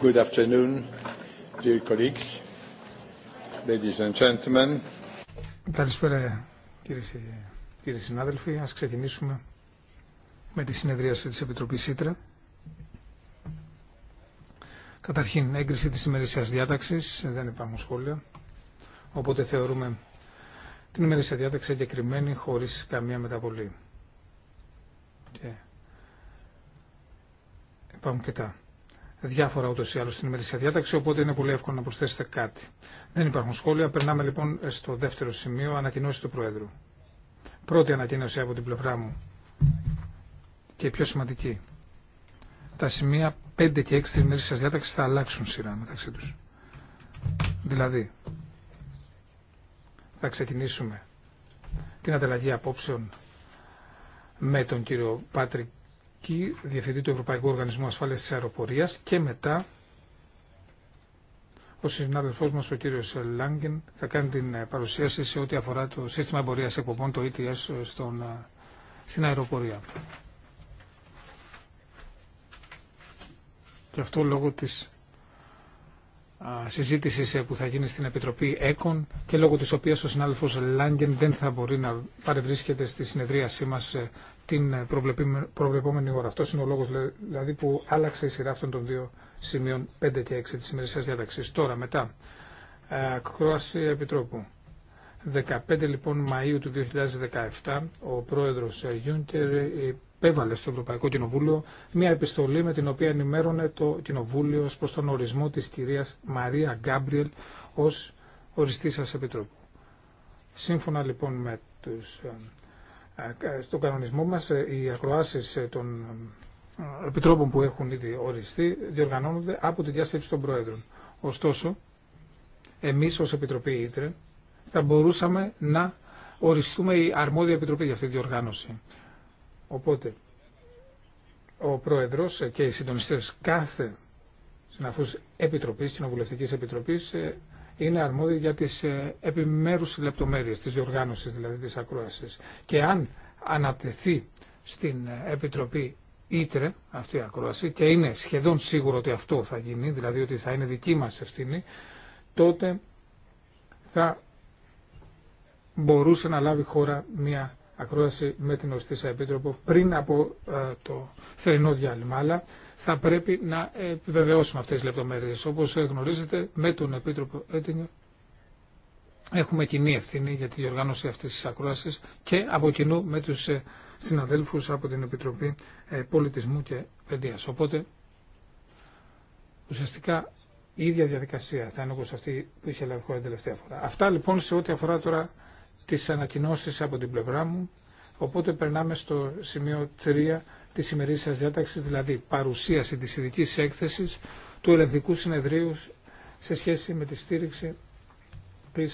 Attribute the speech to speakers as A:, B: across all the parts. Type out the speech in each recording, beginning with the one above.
A: Good afternoon, dear colleagues, ladies and gentlemen.
B: Καλησπέρα κύριε και συνάδελφοι. Ας ξεκινήσουμε με τη συνεδρίαση της Επιτροπής Ήτρα. Καταρχήν, έγκριση της ημερήσιας διάταξης, δεν υπάρχουν σχόλια, οπότε θεωρούμε την ημερήσια διάταξη εγκεκριμένη χωρίς καμία μεταβολή. Και Πάμε και τα διάφορα ούτω ή άλλω στην ημερήσια διάταξη, οπότε είναι πολύ εύκολο να προσθέσετε κάτι. Δεν υπάρχουν σχόλια. Περνάμε λοιπόν στο δεύτερο σημείο, ανακοινώσει του Προέδρου. Πρώτη ανακοίνωση από την πλευρά μου και πιο σημαντική. Τα σημεία 5 και 6 τη ημερήσια διάταξη θα αλλάξουν σειρά μεταξύ του. Δηλαδή, θα ξεκινήσουμε την ανταλλαγή απόψεων με τον κύριο Πάτρικ και Διευθυντή του Ευρωπαϊκού Οργανισμού Ασφάλειας τη Αεροπορίας και μετά ο συνάδελφό μα ο κύριος Λάγκεν θα κάνει την ε, παρουσίαση σε ό,τι αφορά το σύστημα εμπορία εκπομπών, το ETS, ε, στον, ε, στην αεροπορία. Και αυτό λόγω της συζήτηση που θα γίνει στην Επιτροπή ΕΚΟΝ και λόγω τη οποία ο συνάδελφο Λάγκεν δεν θα μπορεί να παρευρίσκεται στη συνεδρίασή μα την ε, προβλεπόμενη ώρα. Αυτό είναι ο λόγο δηλαδή που άλλαξε η σειρά αυτών των δύο σημείων 5 και 6 τη ημερησία διάταξη. Τώρα, μετά, ε, ακρόαση επιτρόπου. 15 λοιπόν Μαΐου του 2017 ο πρόεδρος ε, Γιούνκερ υπέβαλε στο Ευρωπαϊκό Κοινοβούλιο μια επιστολή με την οποία ενημέρωνε το Κοινοβούλιο ως προς τον ορισμό της κυρίας Μαρία Γκάμπριελ ως οριστή σας επιτρόπου. Σύμφωνα λοιπόν με τους στον κανονισμό μας ε, οι ακροάσεις ε, των ε, επιτρόπων που έχουν ήδη οριστεί διοργανώνονται από τη διάσκεψη των Προέδρων. Ωστόσο, εμείς ως Επιτροπή Ήτρε θα μπορούσαμε να οριστούμε η αρμόδια επιτροπή για αυτή τη διοργάνωση. Οπότε, ο Πρόεδρος και οι συντονιστές κάθε συναφούς επιτροπής, κοινοβουλευτικής επιτροπής, είναι αρμόδιοι για τις ε, επιμέρους λεπτομέρειες της διοργάνωσης δηλαδή της ακρόασης. Και αν ανατεθεί στην ε, Επιτροπή Ήτρε αυτή η ακρόαση και είναι σχεδόν σίγουρο ότι αυτό θα γίνει, δηλαδή ότι θα είναι δική μας ευθύνη, τότε θα μπορούσε να λάβει χώρα μια ακρόαση με την οστήσα επίτροπο πριν από ε, το θερινό διάλειμμα θα πρέπει να επιβεβαιώσουμε αυτές τις λεπτομέρειες. Όπως γνωρίζετε, με τον Επίτροπο Έτινιο έχουμε κοινή ευθύνη για τη διοργάνωση αυτής της ακρόασης και από κοινού με τους ε, συναδέλφους από την Επιτροπή ε, Πολιτισμού και Παιδείας. Οπότε, ουσιαστικά, η ίδια διαδικασία θα είναι όπως αυτή που είχε λάβει χώρα την τελευταία φορά. Αυτά λοιπόν σε ό,τι αφορά τώρα τις ανακοινώσεις από την πλευρά μου. Οπότε περνάμε στο σημείο 3 τη σημερινή σα διάταξη, δηλαδή παρουσίαση τη ειδική έκθεση του Ελεγχτικού συνεδρίου σε σχέση με τη στήριξη τη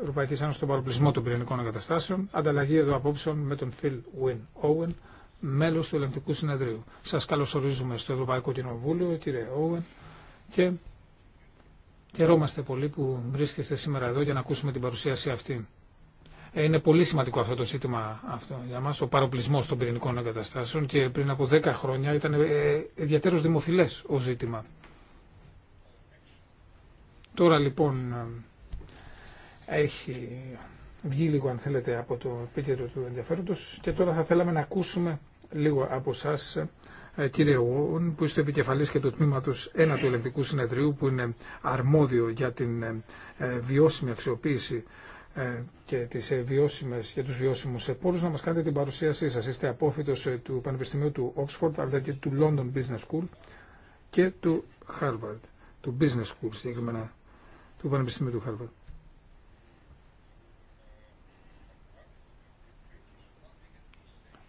B: Ευρωπαϊκή Ένωση στον παροπλισμό των πυρηνικών εγκαταστάσεων, ανταλλαγή εδώ απόψεων με τον Phil Βιν Owen, μέλος του Ελεγχτικού συνεδρίου. Σα καλωσορίζουμε στο Ευρωπαϊκό Κοινοβούλιο, κύριε Owen, και χαιρόμαστε πολύ που βρίσκεστε σήμερα εδώ για να ακούσουμε την παρουσίαση αυτή. Ε, είναι πολύ σημαντικό αυτό το ζήτημα αυτό για μας, ο παροπλισμός των πυρηνικών εγκαταστάσεων και πριν από 10 χρόνια ήταν ε, ιδιαίτερος δημοφιλές ο ζήτημα. Τώρα λοιπόν ε, έχει βγει λίγο αν θέλετε από το επίκεντρο του ενδιαφέροντος και τώρα θα θέλαμε να ακούσουμε λίγο από εσά κύριε Ουόν που είστε επικεφαλής και του τμήματος 1 του Ελεκτικού συνεδρίου που είναι αρμόδιο για την βιώσιμη αξιοποίηση ε, και τις ε, βιώσιμες και τους βιώσιμους ε, πόρους να μας κάνετε την παρουσίασή σας. Είστε απόφυτος του Πανεπιστημίου του Oxford αλλά και του London Business School και του Harvard, του Business School συγκεκριμένα, του Πανεπιστημίου του Harvard.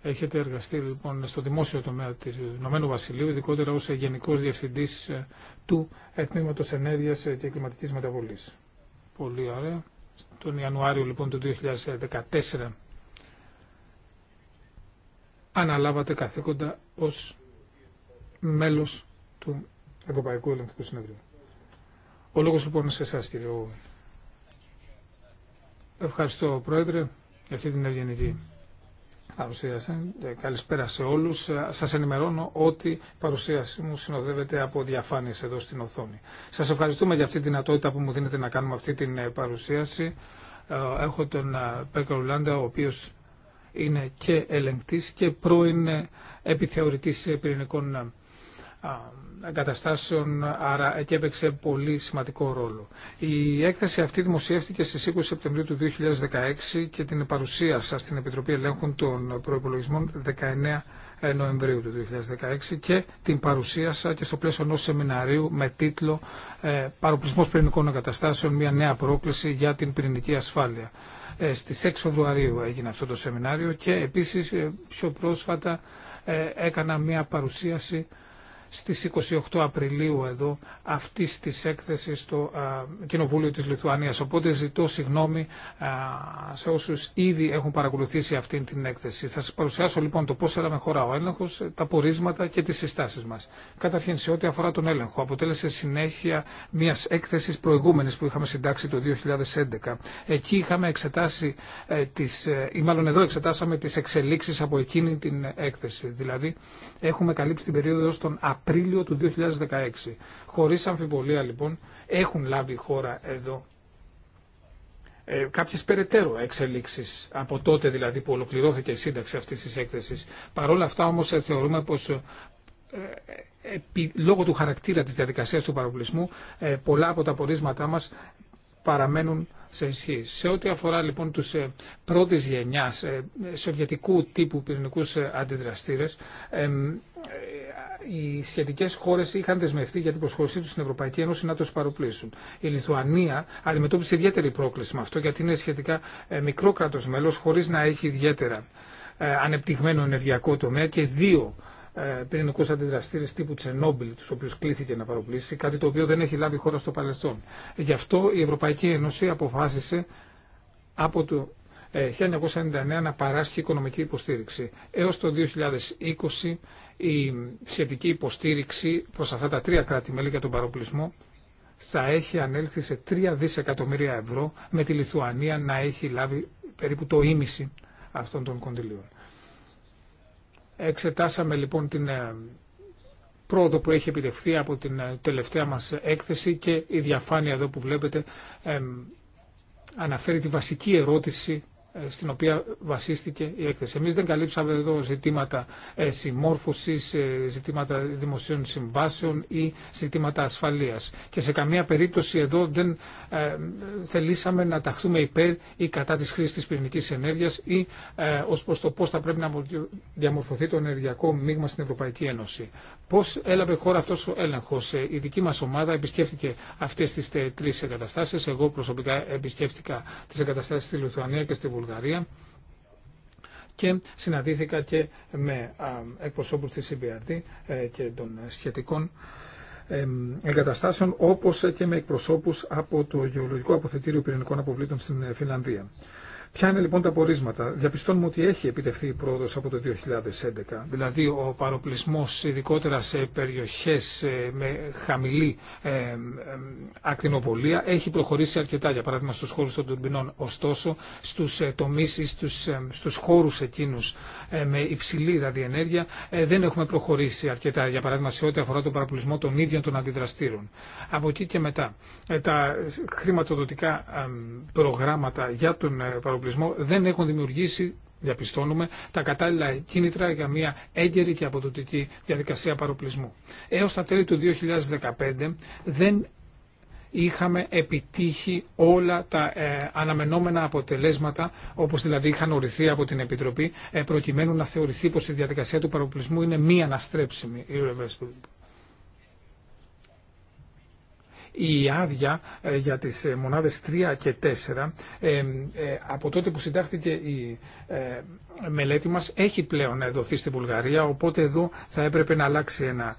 B: Έχετε εργαστεί λοιπόν στο δημόσιο τομέα του Ηνωμένου Βασιλείου, ειδικότερα ως Γενικός Διευθυντής του Ετμήματος Ενέργειας και Κλιματικής Μεταβολής. Πολύ ωραία τον Ιανουάριο λοιπόν του 2014 αναλάβατε καθήκοντα ως μέλος του Ευρωπαϊκού Ελληνικού Συνεδρίου. Ο λόγος λοιπόν είναι σε εσά κύριε Ευχαριστώ Πρόεδρε για αυτή την ευγενική παρουσίαση. Ε, καλησπέρα σε όλους. Ε, Σα ενημερώνω ότι η παρουσίαση μου συνοδεύεται από διαφάνειε εδώ στην οθόνη. Σα ευχαριστούμε για αυτή τη δυνατότητα που μου δίνετε να κάνουμε αυτή την ε, παρουσίαση. Έχω τον Πέκρο Ουλάντα, ο οποίο είναι και ελεγκτή και πρώην επιθεωρητής πυρηνικών εγκαταστάσεων, άρα εκεί έπαιξε πολύ σημαντικό ρόλο. Η έκθεση αυτή δημοσιεύτηκε στις 20 Σεπτεμβρίου του 2016 και την παρουσίασα στην Επιτροπή Ελέγχων των Προϋπολογισμών 19 Νοεμβρίου του 2016 και την παρουσίασα και στο πλαίσιο ενός σεμιναρίου με τίτλο ε, «Παροπλισμός πυρηνικών εγκαταστάσεων. Μια νέα πρόκληση για την πυρηνική ασφάλεια». Ε, στις 6 Φεβρουαρίου έγινε αυτό το σεμινάριο και επίση ε, πιο πρόσφατα έκανα μια παρουσίαση στις 28 Απριλίου εδώ αυτή τη έκθεση στο Κοινοβούλιο της Λιθουανίας. Οπότε ζητώ συγγνώμη σε όσους ήδη έχουν παρακολουθήσει αυτή την έκθεση. Θα σας παρουσιάσω λοιπόν το πώς έλαμε χώρα ο έλεγχος, τα πορίσματα και τις συστάσεις μας. Καταρχήν σε ό,τι αφορά τον έλεγχο, αποτέλεσε συνέχεια μιας έκθεσης προηγούμενης που είχαμε συντάξει το 2011. Εκεί είχαμε εξετάσει ε, τις, ε, ή μάλλον εδώ εξετάσαμε τις εξελίξεις από εκείνη την έκθεση. Δηλαδή έχουμε καλύψει την περίοδο στον Απρίλιο του 2016. Χωρίς αμφιβολία λοιπόν έχουν λάβει χώρα εδώ ε, κάποιες περαιτέρω εξελίξεις από τότε δηλαδή που ολοκληρώθηκε η σύνταξη αυτής της έκθεσης. Παρ' όλα αυτά όμως ε, θεωρούμε πως ε, ε, επί, λόγω του χαρακτήρα της διαδικασίας του παροπλισμού ε, πολλά από τα πορίσματά μας παραμένουν σε ισχύ. Σε ό,τι αφορά λοιπόν τους ε, πρώτης γενιάς ε, ε σοβιετικού τύπου πυρηνικούς ε, οι σχετικέ χώρε είχαν δεσμευτεί για την προσχώρησή του στην Ευρωπαϊκή Ένωση να του παροπλήσουν. Η Λιθουανία αντιμετώπισε ιδιαίτερη πρόκληση με αυτό, γιατί είναι σχετικά ε, μικρό κράτο μέλο, χωρί να έχει ιδιαίτερα ε, ανεπτυγμένο ενεργειακό τομέα και δύο ε, πυρηνικού αντιδραστήρε τύπου Τσενόμπιλ, του οποίου κλήθηκε να παροπλήσει, κάτι το οποίο δεν έχει λάβει χώρα στο παρελθόν. Γι' αυτό η Ευρωπαϊκή Ένωση αποφάσισε από το 1999 να παράσχει οικονομική υποστήριξη. Έως το 2020 η σχετική υποστήριξη προς αυτά τα τρία κράτη-μέλη για τον παροπλισμό θα έχει ανέλθει σε 3 δισεκατομμύρια ευρώ με τη Λιθουανία να έχει λάβει περίπου το ίμιση αυτών των κοντιλίων. Εξετάσαμε λοιπόν την ε, πρόοδο που έχει επιτευχθεί από την ε, τελευταία μας έκθεση και η διαφάνεια εδώ που βλέπετε ε, αναφέρει τη βασική ερώτηση ε, στην οποία βασίστηκε η έκθεση. Εμείς δεν καλύψαμε εδώ ζητήματα ε, συμμόρφωσης, ε, ζητήματα δημοσίων συμβάσεων ή ζητήματα ασφαλείας. Και σε καμία περίπτωση εδώ δεν θελήσαμε να ταχθούμε υπέρ ή κατά της χρήσης της πυρηνικής ενέργειας ή ως προς το πώς θα πρέπει να διαμορφωθεί το ενεργειακό μείγμα στην Ευρωπαϊκή Ένωση. Πώς έλαβε χώρα αυτός ο έλεγχος. Η δική μας ομάδα επισκέφθηκε αυτές τι τρεις εγκαταστάσεις. Εγώ προσωπικά επισκέφτηκα τις εγκαταστάσεις στη Λιθουανία και στη Βουλγαρία και συναντήθηκα και με εκπροσώπους της CBRD ε, και των σχετικών ε, εγκαταστάσεων όπως και με εκπροσώπους από το Γεωλογικό Αποθετήριο Πυρηνικών Αποβλήτων στην ε, Φιλανδία. Ποια είναι λοιπόν τα πορίσματα. Διαπιστώνουμε ότι έχει επιτευχθεί η πρόοδος από το 2011. Δηλαδή ο παροπλισμός ειδικότερα σε περιοχές ε, με χαμηλή ε, ε, ακτινοβολία έχει προχωρήσει αρκετά. Για παράδειγμα στους χώρους των τουρμπινών. Ωστόσο στους τομείς ή στους, στους χώρους εκείνους με υψηλή ραδιενέργεια δεν έχουμε προχωρήσει αρκετά. Για παράδειγμα σε ό,τι αφορά τον παροπλισμό των ίδιων των αντιδραστήρων. Από εκεί και μετά τα χρηματοδοτικά προγράμματα για τον παροπλισμό δεν έχουν δημιουργήσει διαπιστώνουμε τα κατάλληλα κίνητρα για μια έγκαιρη και αποδοτική διαδικασία παροπλισμού. Έως τα τέλη του 2015 δεν είχαμε επιτύχει όλα τα ε, αναμενόμενα αποτελέσματα, όπως δηλαδή είχαν οριθεί από την Επιτροπή, ε, προκειμένου να θεωρηθεί πως η διαδικασία του παροπλισμού είναι μη αναστρέψιμη, irreversible η άδεια ε, για τις ε, μονάδες 3 και 4 ε, από τότε που συντάχθηκε η μελέτη μας έχει πλέον δοθεί στη Βουλγαρία οπότε εδώ θα έπρεπε να αλλάξει ένα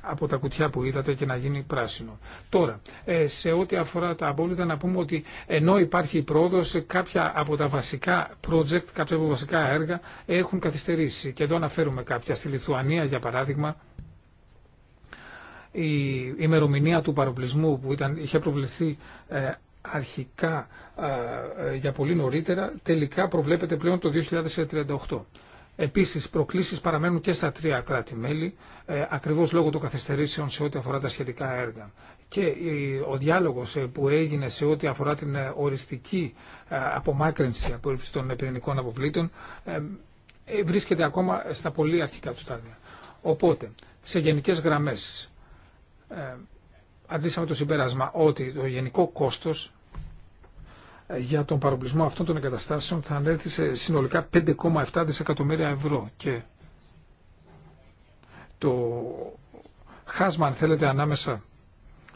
B: από τα κουτιά που είδατε και να γίνει πράσινο. Τώρα, σε ό,τι αφορά τα απόλυτα να πούμε ότι ενώ υπάρχει πρόοδος κάποια από τα βασικά project, κάποια από τα βασικά έργα έχουν καθυστερήσει και εδώ αναφέρουμε κάποια στη Λιθουανία για παράδειγμα η ημερομηνία του παροπλισμού που ήταν, είχε προβληθεί ε, αρχικά ε, ε, για πολύ νωρίτερα, τελικά προβλέπεται πλέον το 2038. Επίσης, προκλήσεις παραμένουν και στα τρία κράτη-μέλη, ακριβώς λόγω των καθυστερήσεων σε ό,τι αφορά τα σχετικά έργα. Και ο διάλογος που έγινε σε ό,τι αφορά την οριστική απομάκρυνση από των πυρηνικών αποβλήτων βρίσκεται ακόμα στα πολύ αρχικά του στάδια. Οπότε, σε γενικές γραμμές, ε, Αντίσαμε το συμπέρασμα ότι το γενικό κόστος ε, για τον παροπλισμό αυτών των εγκαταστάσεων θα ανέλθει σε συνολικά 5,7 δισεκατομμύρια ευρώ και το χάσμα αν θέλετε ανάμεσα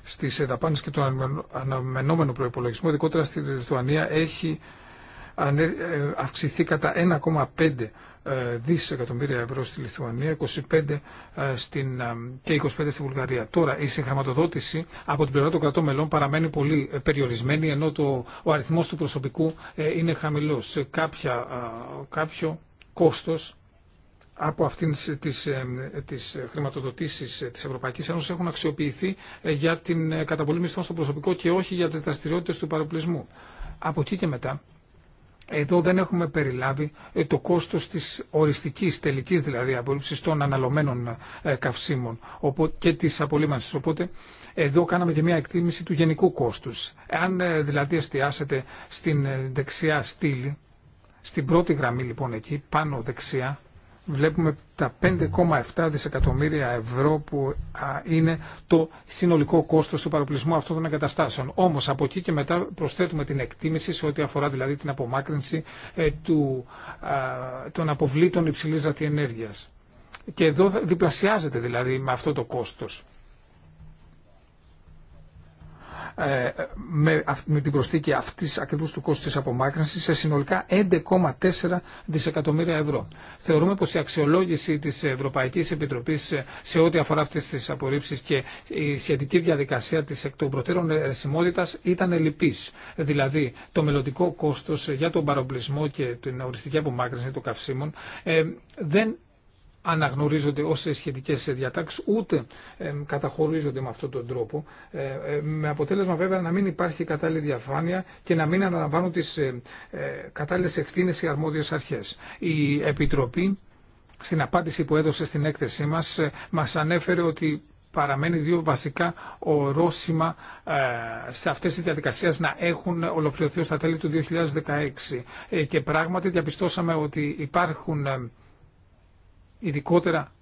B: στις δαπάνε και το αναμενόμενο προϋπολογισμό ειδικότερα στη Λιθουανία, έχει ε, αυξηθεί κατά 1,5 ε, δισεκατομμύρια ευρώ στη Λιθουανία 25 ε, στην, ε, και 25 στη Βουλγαρία. Τώρα η συγχρηματοδότηση από την πλευρά των κρατών μελών παραμένει πολύ περιορισμένη ενώ το, ο αριθμός του προσωπικού είναι χαμηλός. Κάποια, κάποιο κόστος από αυτήν τις, τις χρηματοδοτήσεις της Ευρωπαϊκής Ένωσης έχουν αξιοποιηθεί για την καταβολή μισθών στο προσωπικό και όχι για τις δραστηριότητες του παροπλισμού. Από εκεί και μετά εδώ δεν έχουμε περιλάβει ε, το κόστος της οριστικής, τελικής δηλαδή απολύψης των αναλωμένων ε, καυσίμων και της απολύμανσης. Οπότε εδώ κάναμε και μια εκτίμηση του γενικού κόστους. Αν ε, δηλαδή εστιάσετε στην δεξιά στήλη, στην πρώτη γραμμή λοιπόν εκεί, πάνω δεξιά, βλέπουμε τα 5,7 δισεκατομμύρια ευρώ που είναι το συνολικό κόστος του παροπλισμού αυτών των εγκαταστάσεων. Όμως από εκεί και μετά προσθέτουμε την εκτίμηση σε ό,τι αφορά δηλαδή την απομάκρυνση ε, του, των αποβλήτων υψηλής ενέργειας. Και εδώ διπλασιάζεται δηλαδή με αυτό το κόστος. Ε, με, με την προσθήκη αυτή ακριβώς του κόστου τη απομάκρυνση σε συνολικά 11,4 δισεκατομμύρια ευρώ. Θεωρούμε πως η αξιολόγηση της Ευρωπαϊκής Επιτροπής σε ό,τι αφορά αυτές τις απορρίψει και η σχετική διαδικασία της εκ των προτέρων ερεσιμότητα ήταν ελλειπής. Δηλαδή το μελλοντικό κόστος για τον παροπλισμό και την οριστική απομάκρυνση των καυσίμων ε, δεν αναγνωρίζονται ως σχετικές διατάξεις, ούτε καταχωρίζονται με αυτόν τον τρόπο, ε, ε, με αποτέλεσμα βέβαια να μην υπάρχει κατάλληλη διαφάνεια και να μην αναλαμβάνουν τις ε, κατάλληλες ευθύνες οι αρμόδιες αρχές. Η Επιτροπή στην απάντηση που έδωσε στην έκθεσή μας μας ανέφερε ότι παραμένει δύο βασικά ορόσημα σε αυτές τις διαδικασίες να έχουν ολοκληρωθεί ως τα τέλη του 2016. Και πράγματι διαπιστώσαμε ότι υπάρχουν Ειδικότερα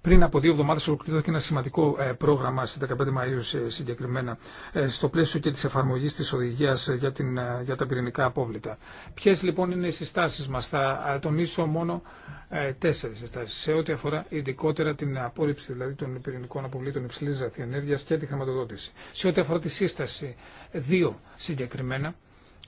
B: πριν από δύο εβδομάδε ολοκληρώθηκε ένα σημαντικό ε, πρόγραμμα στι 15 Μαου συγκεκριμένα ε, στο πλαίσιο και τη εφαρμογή τη οδηγία για, ε, για τα πυρηνικά απόβλητα. Ποιε λοιπόν είναι οι συστάσει μα, θα τονίσω μόνο τέσσερι συστάσει σε ό,τι αφορά ειδικότερα την απόρριψη δηλαδή των πυρηνικών αποβλήτων υψηλή ραθιενέργεια και τη χρηματοδότηση. Σε ό,τι αφορά τη σύσταση δύο συγκεκριμένα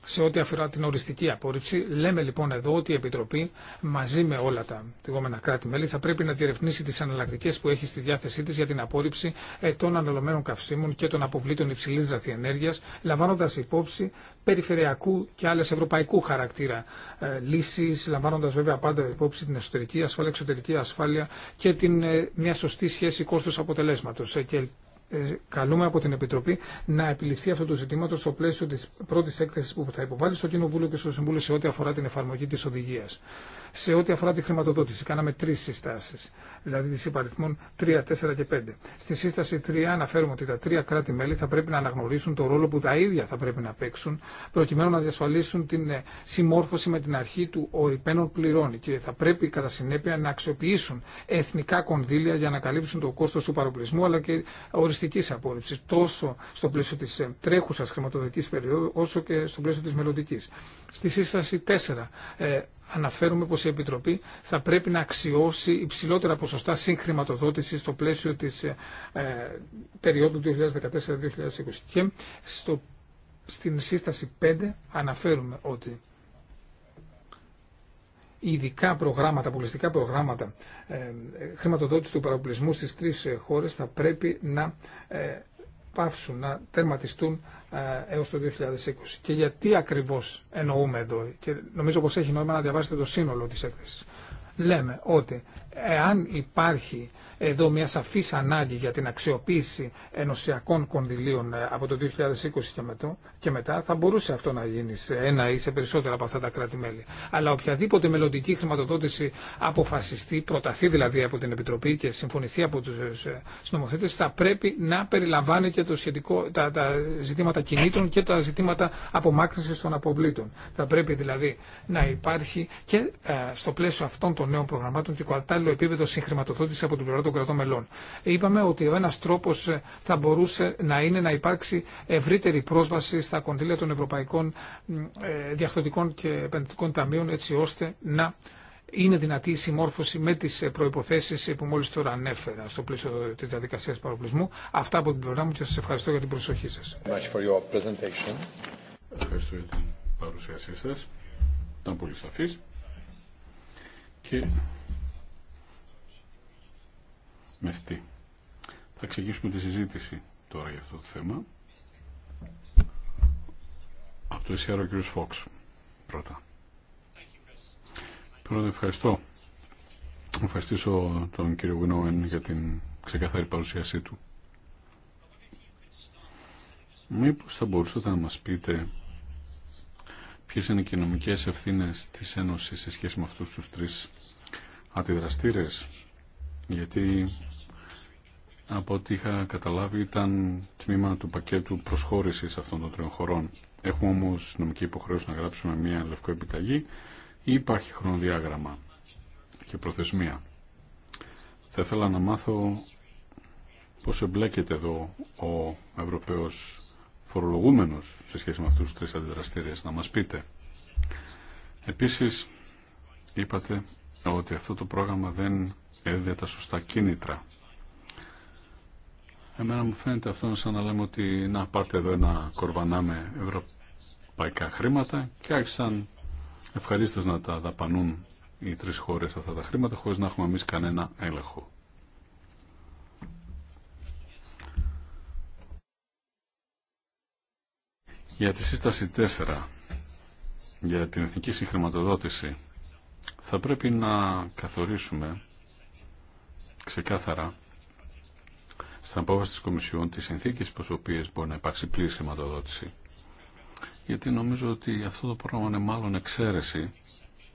B: σε ό,τι αφορά την οριστική απόρριψη. Λέμε λοιπόν εδώ ότι η Επιτροπή μαζί με όλα τα λεγόμενα κράτη-μέλη θα πρέπει να διερευνήσει τι αναλλακτικέ που έχει στη διάθεσή τη για την απόρριψη ε, των αναλωμένων καυσίμων και των αποβλήτων υψηλή ενέργεια, λαμβάνοντα υπόψη περιφερειακού και άλλε ευρωπαϊκού χαρακτήρα ε, λύσει, λαμβάνοντα βέβαια πάντα υπόψη την εσωτερική ασφάλεια, εξωτερική ασφάλεια και την, ε, μια σωστή σχέση κόστο αποτελέσματο. Ε, καλούμε από την Επιτροπή να επιληθεί αυτό το ζητήμα στο πλαίσιο τη πρώτη έκθεση που θα υποβάλει στο Κοινοβούλιο και στο Συμβούλιο σε ό,τι αφορά την εφαρμογή τη οδηγία. Σε ό,τι αφορά τη χρηματοδότηση, κάναμε τρει συστάσει δηλαδή τη υπαριθμών 3, 4 και 5. Στη σύσταση 3 αναφέρουμε ότι τα τρία κράτη-μέλη θα πρέπει να αναγνωρίσουν το ρόλο που τα ίδια θα πρέπει να παίξουν προκειμένου να διασφαλίσουν την ε, συμμόρφωση με την αρχή του ορυπαίνων πληρών και θα πρέπει κατά συνέπεια να αξιοποιήσουν εθνικά κονδύλια για να καλύψουν το κόστο του παροπλισμού αλλά και οριστική απόρριψη τόσο στο πλαίσιο τη ε, τρέχουσα χρηματοδοτικής περίοδου όσο και στο πλαίσιο τη μελλοντική. Στη σύσταση 4 αναφέρουμε πως η Επιτροπή θα πρέπει να αξιώσει υψηλότερα ποσοστά συγχρηματοδότηση στο πλαίσιο της ε, ε περίοδου 2014-2020. Και στο, στην σύσταση 5 αναφέρουμε ότι ειδικά προγράμματα, πολιτιστικά προγράμματα ε, χρηματοδότηση του παραπλησμού στις τρεις ε, χώρες θα πρέπει να ε, πάυσουν, να τερματιστούν ε, έως το 2020. Και γιατί ακριβώς εννοούμε εδώ, και νομίζω πως έχει νόημα να διαβάσετε το σύνολο της έκθεσης. Λέμε ότι εάν υπάρχει εδώ μια σαφής ανάγκη για την αξιοποίηση ενωσιακών κονδυλίων ε, από το 2020 και μετά, θα μπορούσε αυτό να γίνει σε ένα ή σε περισσότερα από αυτά τα κράτη-μέλη. Αλλά οποιαδήποτε μελλοντική χρηματοδότηση αποφασιστεί, προταθεί δηλαδή από την Επιτροπή και συμφωνηθεί από του ε, συνομοθέτες, θα πρέπει να περιλαμβάνει και το σχετικό, τα, ζητήματα κινήτων και τα ζητήματα απομάκρυνσης των αποβλήτων. Θα πρέπει δηλαδή να υπάρχει και ε, στο πλαίσιο αυτών των νέων προγραμμάτων και κατάλληλο επίπεδο συγχρηματοδότηση από την πλευρά των Είπαμε ότι ο ένας τρόπος ε, θα μπορούσε να είναι να υπάρξει ευρύτερη πρόσβαση στα κονδύλια των ευρωπαϊκών ε, διαχρονικών και επενδυτικών ταμείων έτσι ώστε να είναι δυνατή η συμμόρφωση με τις ε, προϋποθέσεις που μόλις τώρα ανέφερα στο πλαίσιο της διαδικασίας παροπλισμού. Αυτά από την πλευρά μου και σα ευχαριστώ για την προσοχή σα.
C: Ευχαριστώ για την παρουσίασή σας. Ήταν πολύ σαφής. Και μεστή. Θα ξεκινήσουμε τη συζήτηση τώρα για αυτό το θέμα. Από το ΕΣΥΑΡΟ κ. Φόξ πρώτα. Πρώτα ευχαριστώ. Ευχαριστήσω τον κύριο Γουινόεν για την ξεκαθαρή παρουσίασή του. Μήπως θα μπορούσατε να μας πείτε ποιες είναι οι κοινωνικές ευθύνες της Ένωσης σε σχέση με αυτούς τους τρεις αντιδραστήρες γιατί από ό,τι είχα καταλάβει ήταν τμήμα του πακέτου προσχώρησης αυτών των τριών χωρών. Έχουμε όμως νομική υποχρέωση να γράψουμε μια λευκό επιταγή ή υπάρχει χρονοδιάγραμμα και προθεσμία. Θα ήθελα να μάθω πώς εμπλέκεται εδώ ο Ευρωπαίος φορολογούμενος σε σχέση με αυτούς τους τρεις αντιδραστήριες, να μας πείτε. Επίσης, είπατε ότι αυτό το πρόγραμμα δεν έδινε τα σωστά κίνητρα Εμένα μου φαίνεται αυτό σαν να λέμε ότι να πάρτε εδώ ένα κορβανά με ευρωπαϊκά χρήματα και άρχισαν ευχαρίστως να τα δαπανούν οι τρεις χώρες αυτά τα χρήματα χωρίς να έχουμε εμείς κανένα έλεγχο. Για τη σύσταση 4, για την εθνική συγχρηματοδότηση, θα πρέπει να καθορίσουμε ξεκάθαρα στην απόφαση της Κομισιόν τις συνθήκες προς οποίες μπορεί να υπάρξει πλήρη χρηματοδότηση. Γιατί νομίζω ότι αυτό το πρόγραμμα είναι μάλλον εξαίρεση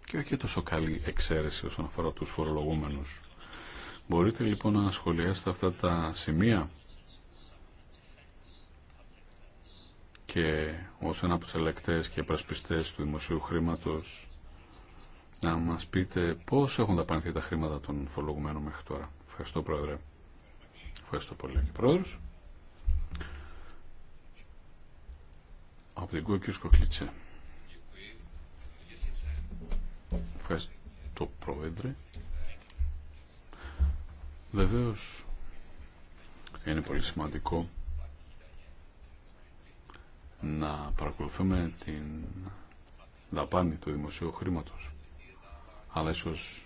C: και όχι τόσο καλή εξαίρεση όσον αφορά τους φορολογούμενους. Μπορείτε λοιπόν να σχολιάσετε αυτά τα σημεία και ως ένα από τους ελεκτές και πρασπιστές του δημοσίου χρήματος να μας πείτε πώς έχουν δαπανηθεί τα χρήματα των φορολογουμένων μέχρι τώρα. Ευχαριστώ Πρόεδρε. Ευχαριστώ πολύ, κύριε Πρόεδρος. Από την ΚΟΕ, κύριος Κοκλίτσε. Ευχαριστώ, Πρόεδρε. Βεβαίως, είναι πολύ σημαντικό να παρακολουθούμε την δαπάνη του δημοσίου χρήματος. Αλλά ίσως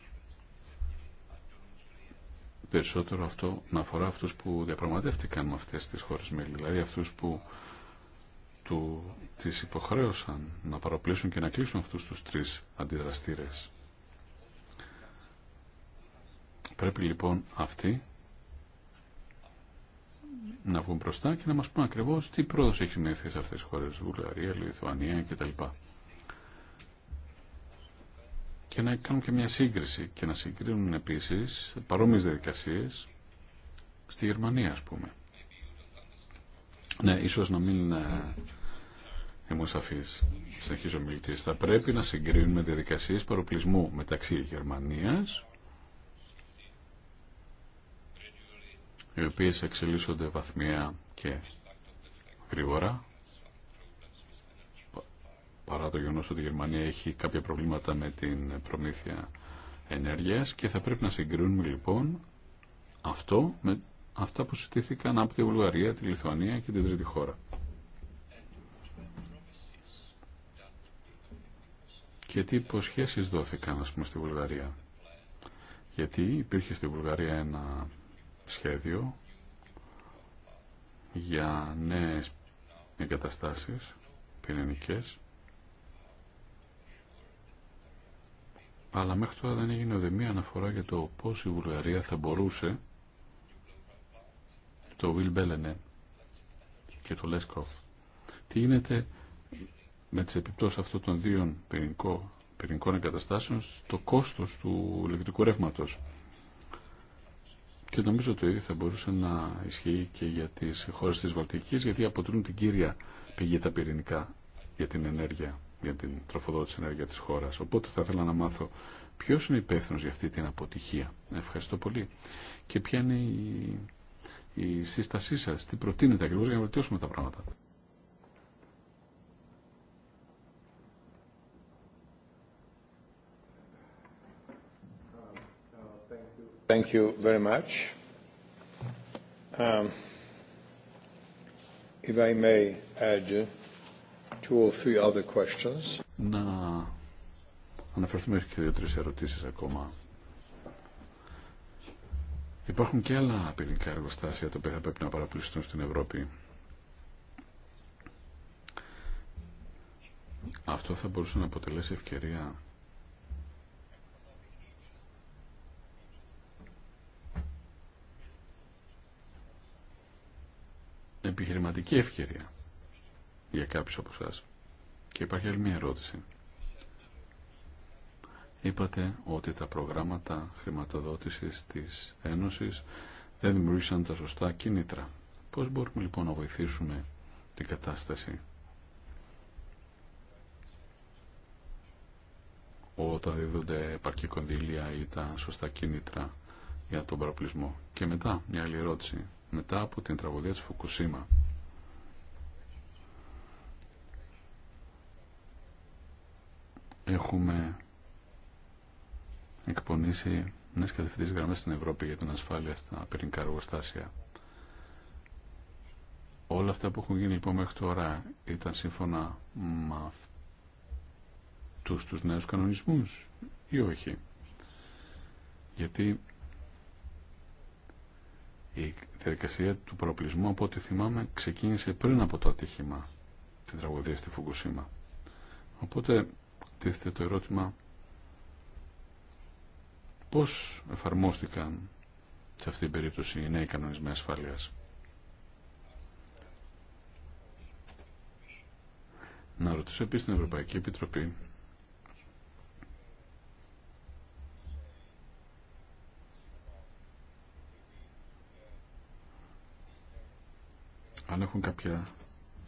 C: περισσότερο αυτό να αφορά αυτούς που διαπραγματεύτηκαν με αυτές τις χώρες μέλη, δηλαδή αυτούς που του, τις υποχρέωσαν να παροπλήσουν και να κλείσουν αυτούς τους τρεις αντιδραστήρες. Πρέπει λοιπόν αυτοί να βγουν μπροστά και να μας πούν ακριβώς τι πρόοδος έχει μεθεί σε αυτές τις χώρες, Βουλγαρία, Λιθουανία κτλ και να κάνουν και μια σύγκριση και να συγκρίνουν επίσης παρόμοιες διαδικασίες στη Γερμανία ας πούμε. Ναι, ίσως να μην ε, ε, είμαι σαφής. Συνεχίζω μιλητής. Θα πρέπει να συγκρίνουμε διαδικασίες παροπλισμού μεταξύ Γερμανίας οι οποίες εξελίσσονται βαθμια και γρήγορα παρά το γεγονό ότι η Γερμανία έχει κάποια προβλήματα με την προμήθεια ενέργεια και θα πρέπει να συγκρίνουμε λοιπόν αυτό με αυτά που συστήθηκαν από τη Βουλγαρία, τη Λιθουανία και την τρίτη χώρα. Και τι υποσχέσει δόθηκαν, α πούμε, στη Βουλγαρία. Γιατί υπήρχε στη Βουλγαρία ένα σχέδιο για νέες εγκαταστάσεις πυρηνικές αλλά μέχρι τώρα δεν έγινε ούτε μία αναφορά για το πώ η Βουλγαρία θα μπορούσε το Βιλ Μπέλενε και το Λέσκοφ. Τι γίνεται με τι επιπτώσει αυτών των δύο πυρηνικών, πυρηνικών εγκαταστάσεων στο κόστο του ηλεκτρικού ρεύματο. Και νομίζω το ίδιο θα μπορούσε να ισχύει και για τι χώρε τη Βαλτική γιατί αποτελούν την κύρια πηγή τα πυρηνικά για την ενέργεια για την τροφοδότηση ενέργεια της χώρας. Οπότε θα ήθελα να μάθω ποιος είναι υπεύθυνο για αυτή την αποτυχία. Ευχαριστώ πολύ. Και ποια είναι η, η σύστασή σας, τι προτείνετε ακριβώ για να βελτιώσουμε τα πράγματα.
B: Thank you very much. Um, if may
C: να αναφερθούμε και δύο-τρεις ερωτήσεις ακόμα. Υπάρχουν και άλλα πυρηνικά εργοστάσια τα οποία θα πρέπει να παραπληστούν στην Ευρώπη. Αυτό θα μπορούσε να αποτελέσει ευκαιρία επιχειρηματική ευκαιρία για κάποιους από εσά. Και υπάρχει άλλη μια ερώτηση. Είπατε ότι τα προγράμματα χρηματοδότησης της Ένωσης δεν δημιουργήσαν τα σωστά κίνητρα. Πώς μπορούμε λοιπόν να βοηθήσουμε την κατάσταση όταν δίδονται επαρκή κονδύλια ή τα σωστά κίνητρα για τον παραπλησμό. Και μετά, μια άλλη ερώτηση. Μετά από την τραγωδία της Φουκουσίμα, έχουμε εκπονήσει νέες κατευθυντές γραμμές στην Ευρώπη για την ασφάλεια στα πυρηνικά εργοστάσια. Όλα αυτά που έχουν γίνει λοιπόν μέχρι τώρα ήταν σύμφωνα με αυτούς τους νέους κανονισμούς ή όχι. Γιατί η διαδικασία του προπλισμού από ό,τι θυμάμαι ξεκίνησε πριν από το ατύχημα την τραγωδία στη Φουκουσίμα. Οπότε τίθεται το ερώτημα πώς εφαρμόστηκαν σε αυτή την περίπτωση οι νέοι κανονισμοί ασφαλείας. Να ρωτήσω επίσης την Ευρωπαϊκή Επιτροπή αν έχουν κάποια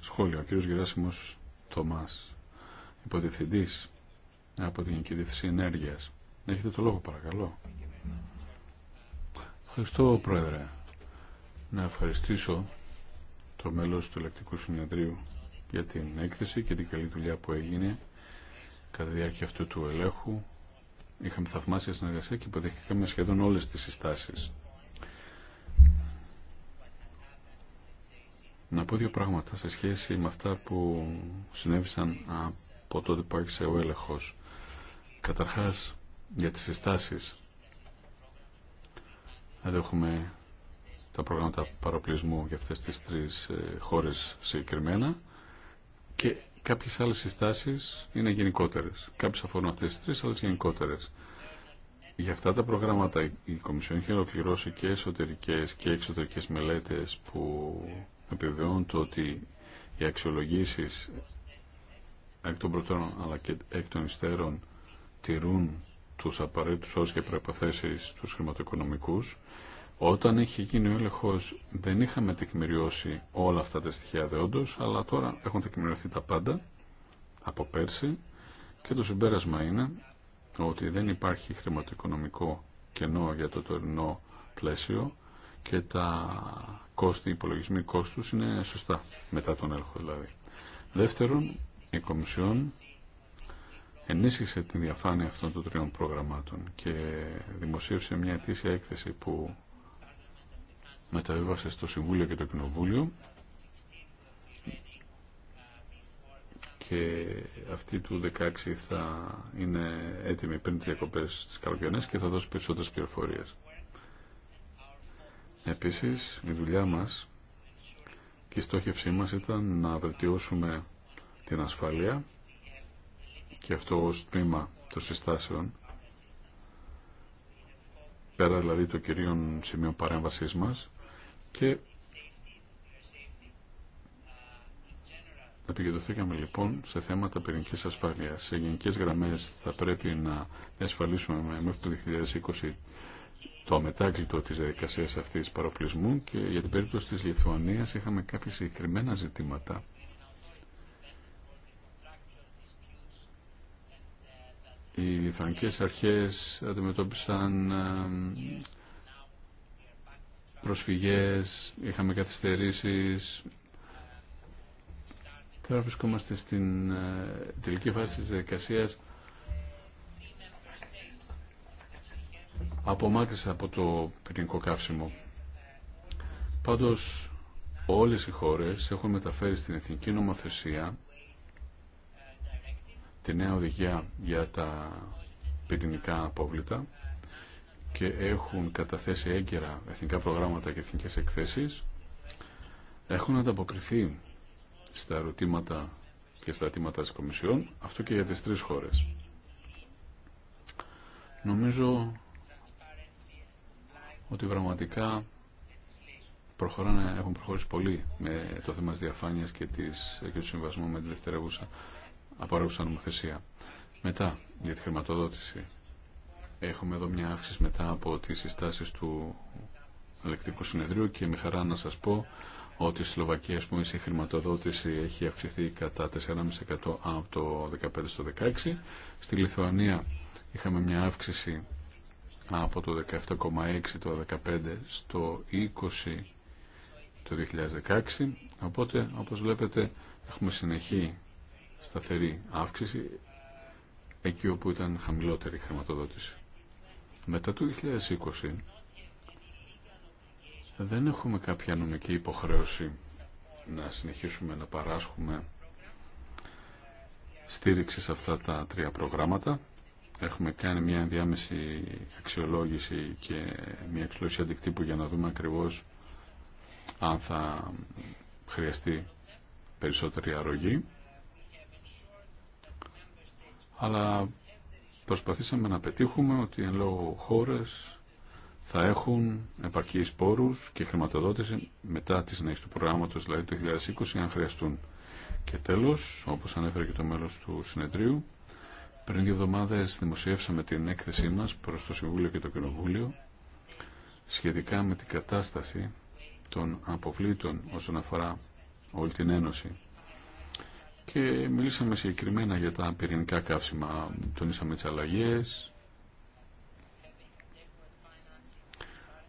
C: σχόλια. Ο κύριος Γεράσιμος Τομάς, υποδιευθυντής από την Κοινή ενέργεια. Έχετε το λόγο παρακαλώ. Ευχαριστώ Πρόεδρε. Να ευχαριστήσω το μέλος του Ελεκτικού Συνεδρίου για την έκθεση και την καλή δουλειά που έγινε κατά τη διάρκεια αυτού του ελέγχου. Είχαμε θαυμάσια συνεργασία και υποδεχτήκαμε σχεδόν όλες τις συστάσεις. Να πω δύο πράγματα σε σχέση με αυτά που συνέβησαν από τότε που άρχισε ο έλεγχος. Καταρχάς, για τις συστάσεις. Εδώ έχουμε τα προγράμματα παροπλισμού για αυτές τις τρεις ε, χώρες συγκεκριμένα και κάποιες άλλες συστάσεις είναι γενικότερες. Κάποιες αφορούν αυτές τις τρεις, άλλες γενικότερες. Για αυτά τα προγράμματα η Κομισιόν έχει ολοκληρώσει και εσωτερικές και εξωτερικές μελέτες που επιβεβαιώνουν το ότι οι αξιολογήσεις εκ των προτέρων αλλά και εκ των υστέρων τηρούν τους απαραίτητους όρους και προϋποθέσεις τους χρηματοοικονομικούς. Όταν έχει γίνει ο έλεγχος δεν είχαμε τεκμηριώσει όλα αυτά τα στοιχεία δεόντως, αλλά τώρα έχουν τεκμηριωθεί τα πάντα από πέρσι και το συμπέρασμα είναι ότι δεν υπάρχει χρηματοοικονομικό κενό για το τωρινό πλαίσιο και τα κόστη, οι υπολογισμοί κόστους είναι σωστά μετά τον έλεγχο δηλαδή. Δεύτερον, η Κομισιόν ενίσχυσε την διαφάνεια αυτών των τριών προγραμμάτων και δημοσίευσε μια αιτήσια έκθεση που μεταβίβασε στο Συμβούλιο και το Κοινοβούλιο και αυτή του 16 θα είναι έτοιμη πριν τις διακοπές της καλοκαιρινές και θα δώσει περισσότερες πληροφορίες. Επίσης, η δουλειά μας και η στόχευσή μας ήταν να βελτιώσουμε την ασφάλεια και αυτό ως τμήμα των συστάσεων πέρα δηλαδή των κυρίων σημείων παρέμβασής μας και επικεντρωθήκαμε λοιπόν σε θέματα πυρηνικής ασφάλειας. Σε γενικές γραμμές θα πρέπει να ασφαλίσουμε μέχρι το 2020 το αμετάκλητο της διαδικασίας αυτής παροπλισμού και για την περίπτωση της Λιθουανίας είχαμε κάποια συγκεκριμένα ζητήματα οι Λιθουανικές αρχές αντιμετώπισαν προσφυγές, είχαμε καθυστερήσεις. Τώρα βρισκόμαστε στην ε, τελική φάση της διαδικασίας απομάκρυνση από το πυρηνικό καύσιμο. Πάντως όλες οι χώρες έχουν μεταφέρει στην εθνική νομοθεσία τη νέα οδηγία για τα πυρηνικά απόβλητα και έχουν καταθέσει έγκαιρα εθνικά προγράμματα και εθνικές εκθέσεις έχουν ανταποκριθεί στα ερωτήματα και στα αιτήματα της Κομισιόν αυτό και για τις τρεις χώρες. Νομίζω ότι πραγματικά προχωράνε, έχουν προχωρήσει πολύ με το θέμα της διαφάνειας και, της, και του συμβασμού με τη δευτερεύουσα απορρέουσα νομοθεσία. Μετά, για τη χρηματοδότηση. Έχουμε εδώ μια αύξηση μετά από τις συστάσεις του Ελεκτρικού Συνεδρίου και με χαρά να σας πω ότι η Σλοβακία ας πούμε, η χρηματοδότηση έχει αυξηθεί κατά 4,5% από το 2015 στο 2016. Στη Λιθουανία είχαμε μια αύξηση από το 17,6% το 2015 στο 20% το 2016. Οπότε, όπως βλέπετε, έχουμε συνεχή σταθερή αύξηση εκεί όπου ήταν χαμηλότερη η χρηματοδότηση. Μετά το 2020 δεν έχουμε κάποια νομική υποχρέωση να συνεχίσουμε να παράσχουμε στήριξη σε αυτά τα τρία προγράμματα. Έχουμε κάνει μια διάμεση αξιολόγηση και μια αξιολόγηση αντικτύπου για να δούμε ακριβώς αν θα χρειαστεί περισσότερη αρρωγή αλλά προσπαθήσαμε να πετύχουμε ότι εν λόγω χώρες θα έχουν επαρκή πόρους και χρηματοδότηση μετά τη συνέχιση του προγράμματος, δηλαδή το 2020, αν χρειαστούν. Και τέλος, όπως ανέφερε και το μέλος του συνεδρίου, πριν δύο εβδομάδες δημοσιεύσαμε την έκθεσή μας προς το Συμβούλιο και το Κοινοβούλιο σχετικά με την κατάσταση των αποβλήτων όσον αφορά όλη την Ένωση και μιλήσαμε συγκεκριμένα για τα πυρηνικά καύσιμα. Τονίσαμε τις αλλαγές,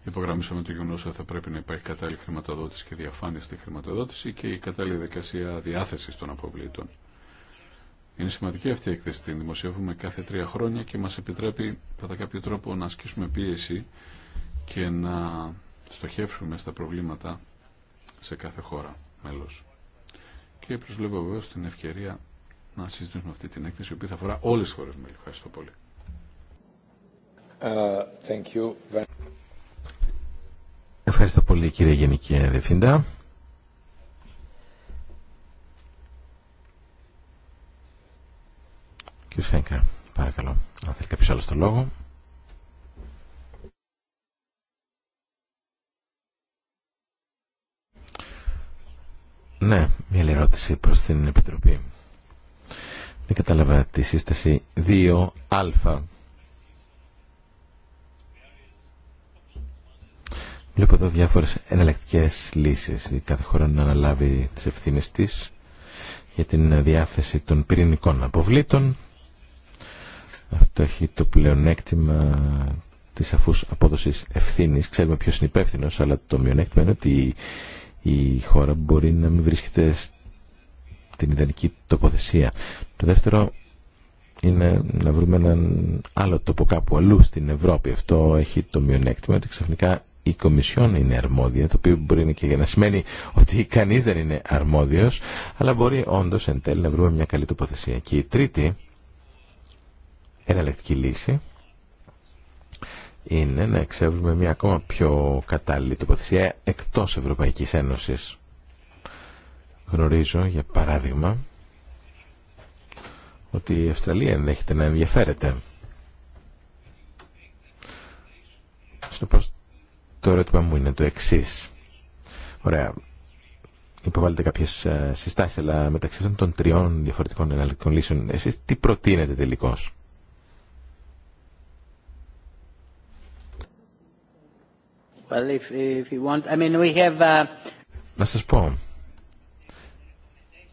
C: Υπογραμμίσαμε το γεγονό ότι θα πρέπει να υπάρχει κατάλληλη χρηματοδότηση και διαφάνεια στη χρηματοδότηση και η κατάλληλη δικασία διάθεση των αποβλήτων. Είναι σημαντική αυτή η έκθεση. Την δημοσιεύουμε κάθε τρία χρόνια και μα επιτρέπει κατά κάποιο τρόπο να ασκήσουμε πίεση και να στοχεύσουμε στα προβλήματα σε κάθε χώρα μέλος και προσβλέπω βεβαίω την ευκαιρία να συζητήσουμε αυτή την έκθεση, η οποία θα αφορά όλε τι χώρε μέλη. Ευχαριστώ πολύ.
A: Uh,
D: Ευχαριστώ πολύ κύριε Γενική Διευθυντά. Κύριε Φέγκρα, παρακαλώ, αν θέλει κάποιος άλλος το λόγο. Ναι, μια ερώτηση προς την Επιτροπή. Δεν κατάλαβα τη σύσταση 2α. Βλέπω εδώ διάφορες εναλλακτικές λύσεις. Η κάθε χώρα να αναλάβει τις ευθύνες της για την διάθεση των πυρηνικών αποβλήτων. Αυτό έχει το πλεονέκτημα της αφούς απόδοσης ευθύνης. Ξέρουμε ποιος είναι υπεύθυνο, αλλά το μειονέκτημα είναι ότι η χώρα μπορεί να μην βρίσκεται στην ιδανική τοποθεσία. Το δεύτερο είναι να βρούμε έναν άλλο τόπο κάπου αλλού στην Ευρώπη. Αυτό έχει το μειονέκτημα ότι ξαφνικά η Κομισιόν είναι αρμόδια, το οποίο μπορεί και να σημαίνει ότι κανείς δεν είναι αρμόδιος, αλλά μπορεί όντως εν τέλει να βρούμε μια καλή τοποθεσία. Και η τρίτη εναλλακτική λύση είναι να εξεύρουμε μια ακόμα πιο κατάλληλη τοποθεσία εκτός Ευρωπαϊκής Ένωσης. Γνωρίζω, για παράδειγμα, ότι η Αυστραλία ενδέχεται να ενδιαφέρεται. Συνεπώς, το ερώτημα μου είναι το εξής. Ωραία, υποβάλλετε κάποιε συστάσει, αλλά μεταξύ των τριών διαφορετικών εναλλακτικών λύσεων, εσεί τι προτείνετε τελικώ. Να σας πω,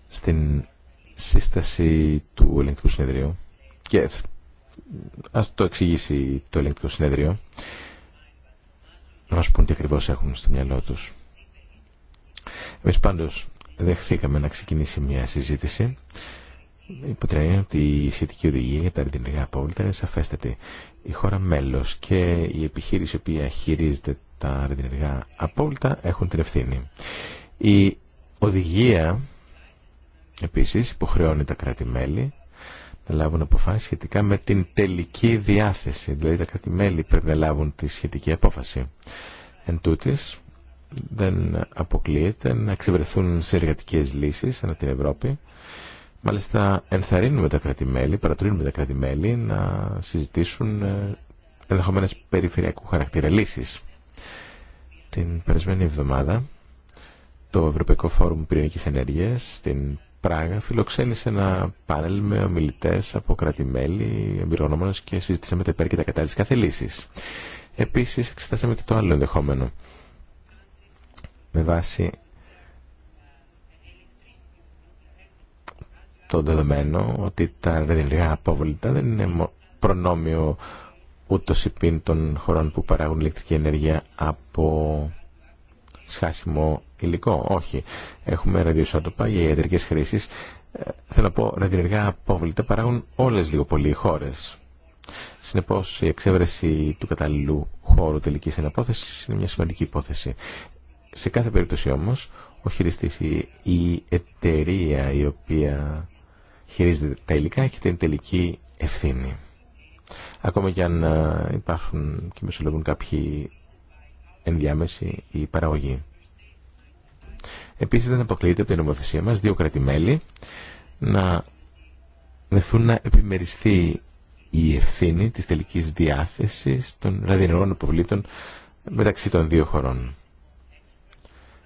D: στην σύσταση του ελεγκτικού συνεδρίου, και ας το εξηγήσει το ελεγκτικό συνεδρίο, να μας πούν τι ακριβώς έχουν στο μυαλό τους. Εμείς πάντως δεχθήκαμε να ξεκινήσει μια συζήτηση. είναι ότι η σχετική οδηγία για τα αρτηνικά απόλυτα είναι σαφέστατη. Η χώρα μέλος και η επιχείρηση η οποία χειρίζεται τα ρεδινεργά απόλυτα έχουν την ευθύνη. Η οδηγία επίσης υποχρεώνει τα κράτη-μέλη να λάβουν αποφάσεις σχετικά με την τελική διάθεση. Δηλαδή τα κράτη-μέλη πρέπει να λάβουν τη σχετική απόφαση. Εν τούτης, δεν αποκλείεται να εξευρεθούν σε εργατικές λύσεις ανά την Ευρώπη. Μάλιστα ενθαρρύνουμε τα κράτη-μέλη, παρατρύνουμε τα κράτη-μέλη να συζητήσουν ε, ενδεχομένες περιφερειακού χαρακτήρα λύσεις. Την περασμένη εβδομάδα το Ευρωπαϊκό Φόρουμ Πυρηνικής Ενέργειας στην Πράγα φιλοξένησε ένα πάνελ με ομιλητέ από κράτη-μέλη, εμπειρογνώμονε και συζήτησαμε τα υπέρ και τα κατά τη κάθε Επίση, εξετάσαμε και το άλλο ενδεχόμενο. Με βάση το δεδομένο ότι τα ενεργά απόβλητα δεν είναι προνόμιο ούτως υπήν των χωρών που παράγουν ηλεκτρική ενέργεια από σχάσιμο υλικό. Όχι. Έχουμε ραδιοσότοπα για ιατρικέ χρήσει. Ε, θέλω να πω, ραδιενεργά απόβλητα παράγουν όλες λίγο πολύ οι χώρες. Συνεπώς, η εξέβρεση του κατάλληλου χώρου τελικής αναπόθεση είναι μια σημαντική υπόθεση. Σε κάθε περίπτωση όμως, ο χειριστής ή η εταιρεία η οποία χειρίζεται τα υλικά έχει την τελική ευθύνη. Ακόμα και αν ε, υπάρχουν και μεσολογούν δεν αποκλείεται από την νομοθεσία μας δύο κρατημέλη να δεθούν να επιμεριστεί η παραγωγοί. επισης δεν αποκλειεται απο την νομοθεσια μας δυο κρατημελη να δεθουν να επιμεριστει η ευθυνη της τελικής διάθεσης των ραδιενεργών αποβλήτων μεταξύ των δύο χωρών.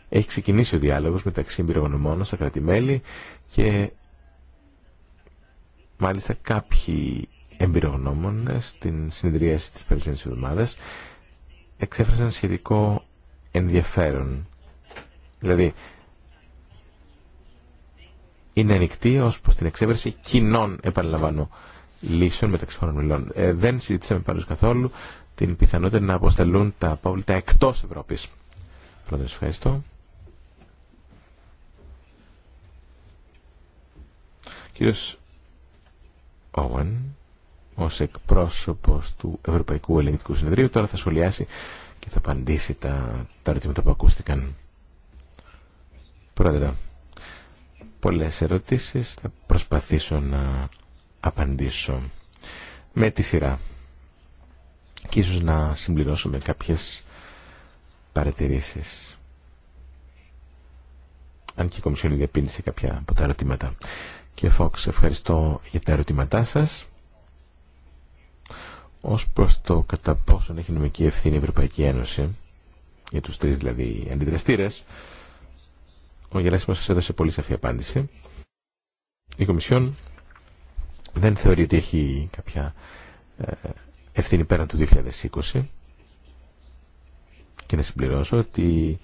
D: Έχει ξεκινήσει ο διάλογος μεταξύ εμπειρογνωμών στα κρατημέλη και μάλιστα κάποιοι εμπειρογνώμων στην συνεδρίαση της περισσότερης εβδομάδας εξέφρασαν σχετικό ενδιαφέρον. Δηλαδή, είναι ανοιχτή ως προς την εξέβρεση κοινών, επαναλαμβάνω, λύσεων μεταξύ χωρών μιλών. Ε, δεν συζητήσαμε πάντως καθόλου την πιθανότητα να αποσταλούν τα απόβλητα εκτός Ευρώπης. Πρόεδρος, ευχαριστώ. Κύριος Owen ως εκπρόσωπος του Ευρωπαϊκού Ελληνικού Συνεδρίου τώρα θα σχολιάσει και θα απαντήσει τα, τα ερωτήματα που ακούστηκαν. Πρόεδρε, πολλές ερωτήσεις θα προσπαθήσω να απαντήσω με τη σειρά και ίσως να συμπληρώσω με κάποιες παρατηρήσεις αν και η Κομισιόν διαπίνησε κάποια από τα ερωτήματα. Κύριε Φόξ, ευχαριστώ για τα ερωτήματά σας ως προς το κατά πόσον έχει νομική ευθύνη η Ευρωπαϊκή Ένωση, για τους τρεις δηλαδή αντιδραστήρες, ο Γεράσιμος σας έδωσε πολύ σαφή απάντηση. Η Κομισιόν δεν θεωρεί ότι έχει κάποια ε, ευθύνη πέραν του 2020 και να συμπληρώσω ότι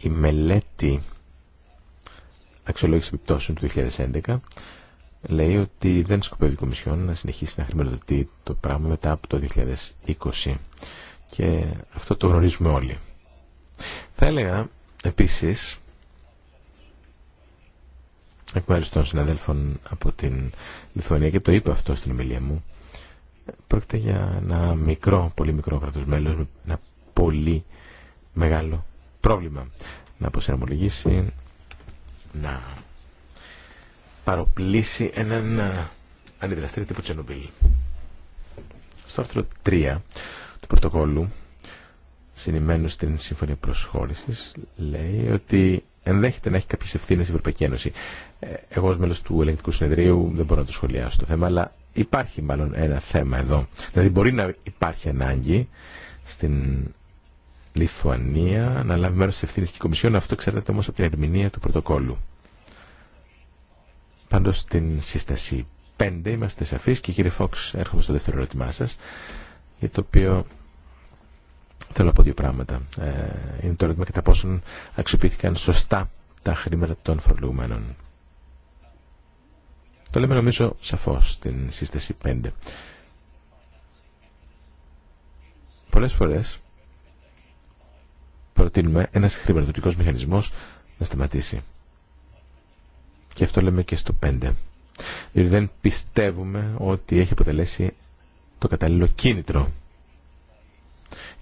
D: η μελέτη αξιολόγηση επιπτώσεων του 2011 λέει ότι δεν σκοπεύει η Κομισιόν να συνεχίσει να χρηματοδοτεί το πράγμα μετά από το 2020. Και αυτό το γνωρίζουμε όλοι. Θα έλεγα επίσης εκ μέρους των συναδέλφων από την Λιθουανία και το είπα αυτό στην ομιλία μου πρόκειται για ένα μικρό, πολύ μικρό κράτος μέλος με ένα πολύ μεγάλο πρόβλημα να αποσυναμολογήσει να παροπλήσει έναν ε, αντιδραστήριο τύπου Τσενομπίλ. Στο άρθρο 3 του πρωτοκόλλου, συνημένου στην Σύμφωνια προσχώρηση, λέει ότι ενδέχεται να έχει κάποιε ευθύνε η Ευρωπαϊκή Ένωση. Ε, εγώ ω μέλο του ελεγκτικού συνεδρίου δεν μπορώ να το σχολιάσω το θέμα, αλλά υπάρχει μάλλον ένα θέμα εδώ. Δηλαδή μπορεί να υπάρχει ανάγκη στην Λιθουανία να λάβει μέρο τη ευθύνη και η Κομισιόν, αυτό εξαρτάται όμω από την ερμηνεία του πρωτοκόλλου. Πάντως στην σύσταση 5 είμαστε σαφείς και κύριε Φόξ έρχομαι στο δεύτερο ερώτημά σας για το οποίο θέλω να πω δύο πράγματα. Ε, είναι το ερώτημα κατά πόσον αξιοποιήθηκαν σωστά τα χρήματα των φορολογουμένων. Το λέμε νομίζω σαφώς στην σύσταση 5. Πολλές φορές προτείνουμε ένας χρηματοδοτικός μηχανισμός να σταματήσει. Και αυτό λέμε και στο 5. Διότι δηλαδή δεν πιστεύουμε ότι έχει αποτελέσει το κατάλληλο κίνητρο.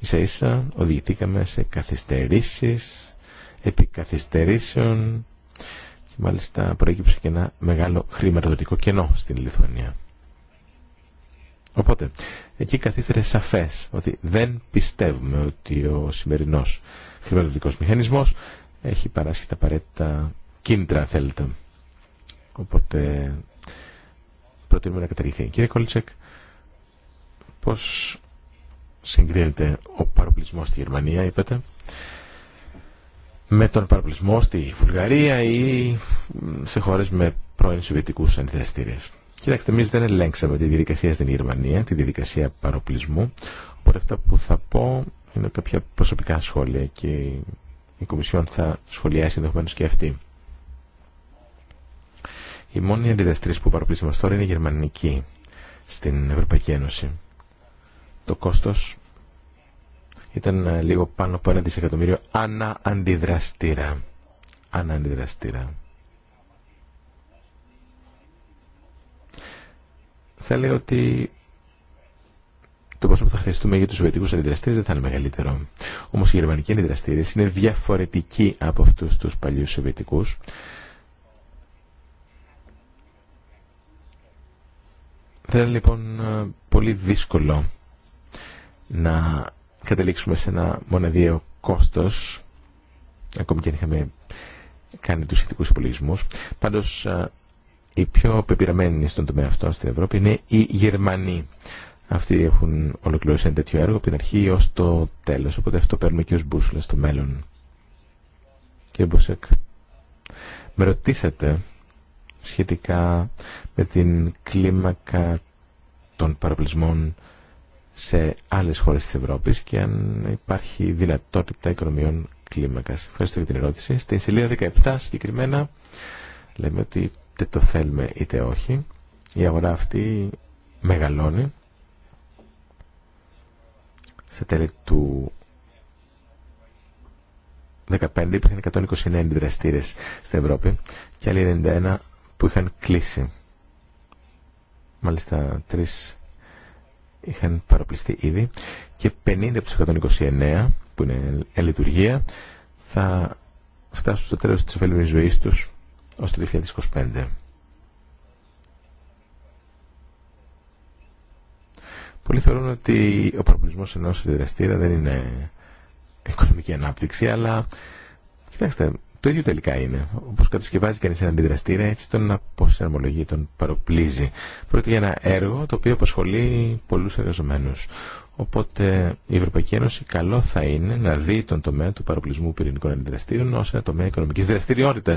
D: Ίσα ίσα οδηγηθήκαμε σε καθυστερήσεις, επικαθυστερήσεων και μάλιστα προέκυψε και ένα μεγάλο χρηματοδοτικό κενό στην Λιθουανία. Οπότε, εκεί καθίστερε σαφές ότι δεν πιστεύουμε ότι ο σημερινός χρηματοδοτικός μηχανισμός έχει παράσχει τα απαραίτητα κίνητρα, θέλετε. Οπότε προτείνουμε να καταργηθεί. Κύριε Κόλτσεκ, πώς συγκρίνεται ο παροπλισμός στη Γερμανία, είπατε, με τον παροπλισμό στη Βουλγαρία ή σε χώρες με πρώην Σοβιετικούς αντιδραστήρες. Κοιτάξτε, εμεί δεν ελέγξαμε τη διαδικασία στην Γερμανία, τη διαδικασία παροπλισμού. Οπότε αυτά που θα πω είναι κάποια προσωπικά σχόλια και η Κομισιόν θα σχολιάσει ενδεχομένω και αυτή. Η μόνη αντιδραστήρες που παροπλήσαμε τώρα είναι η γερμανική στην Ευρωπαϊκή Ένωση. Το κόστος ήταν ε, λίγο πάνω από ένα δισεκατομμύριο ανά αντιδραστήρα. Ανά αντιδραστήρα. Θα λέω ότι το πόσο που θα χρειαστούμε για του Σοβιετικού αντιδραστήρε δεν θα είναι μεγαλύτερο. Όμω οι γερμανικοί αντιδραστήρε είναι διαφορετικοί από αυτού του παλιού Σοβιετικού. Θα είναι λοιπόν ε, πολύ δύσκολο να καταλήξουμε σε ένα μοναδιαίο κόστος, ακόμη και αν είχαμε κάνει τους σχετικούς υπολογισμούς. Πάντως, ε, οι πιο πεπειραμένοι στον τομέα αυτό στην Ευρώπη είναι οι Γερμανοί. Αυτοί έχουν ολοκληρώσει ένα τέτοιο έργο από την αρχή ως το τέλος, οπότε αυτό παίρνουμε και ως μπούσουλα στο μέλλον. Κύριε Μποσέκ, με ρωτήσατε σχετικά με την κλίμακα των παραπλησμών σε άλλες χώρες της Ευρώπης και αν υπάρχει δυνατότητα οικονομιών κλίμακας. Ευχαριστώ για την ερώτηση. Στην σελίδα 17 συγκεκριμένα λέμε ότι είτε το θέλουμε είτε όχι. Η αγορά αυτή μεγαλώνει. Σε τέλη του 15, υπήρχαν 129 δραστήρες στην Ευρώπη και άλλοι 91 που είχαν κλείσει. Μάλιστα τρει είχαν παροπληστεί ήδη και 50 από τους 129 που είναι λειτουργία θα φτάσουν στο τέλο της ωφέλιμης ζωή του ως το 2025. Πολλοί θεωρούν ότι ο προπολισμός ενό συνδεδεστήρα δεν είναι οικονομική ανάπτυξη, αλλά κοιτάξτε, το ίδιο τελικά είναι. Όπω κατασκευάζει κανεί έναν αντιδραστήρα, έτσι τον αποσαρμολογεί, τον παροπλίζει. Πρόκειται για ένα έργο το οποίο απασχολεί πολλού εργαζομένου. Οπότε η Ευρωπαϊκή Ένωση καλό θα είναι να δει τον τομέα του παροπλισμού πυρηνικών αντιδραστήρων ω ένα τομέα οικονομική δραστηριότητα,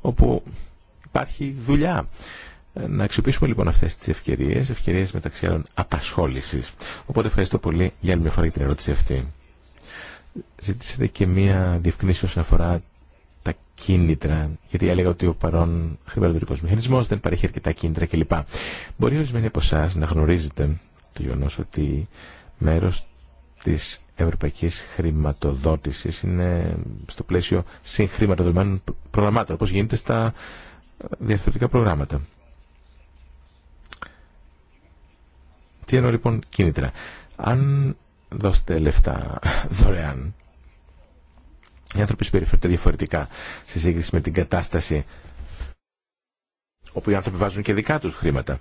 D: όπου υπάρχει δουλειά. Να αξιοποιήσουμε λοιπόν αυτέ τι ευκαιρίε, ευκαιρίε μεταξύ άλλων απασχόληση. Οπότε ευχαριστώ πολύ για άλλη μια φορά για την ερώτηση αυτή. Ζήτησατε και μία διευκρίνηση όσον αφορά κίνητρα, γιατί έλεγα ότι ο παρόν χρηματοδοτικό μηχανισμό δεν παρέχει αρκετά κίνητρα κλπ. Μπορεί ορισμένοι από εσά να γνωρίζετε το γεγονό ότι μέρο τη ευρωπαϊκή χρηματοδότηση είναι στο πλαίσιο συγχρηματοδοτημένων προγραμμάτων, όπω γίνεται στα ε, διαφορετικά προγράμματα. Τι εννοώ λοιπόν κίνητρα. Αν δώσετε λεφτά δωρεάν οι άνθρωποι συμπεριφέρονται διαφορετικά σε σύγκριση με την κατάσταση όπου οι άνθρωποι βάζουν και δικά τους χρήματα.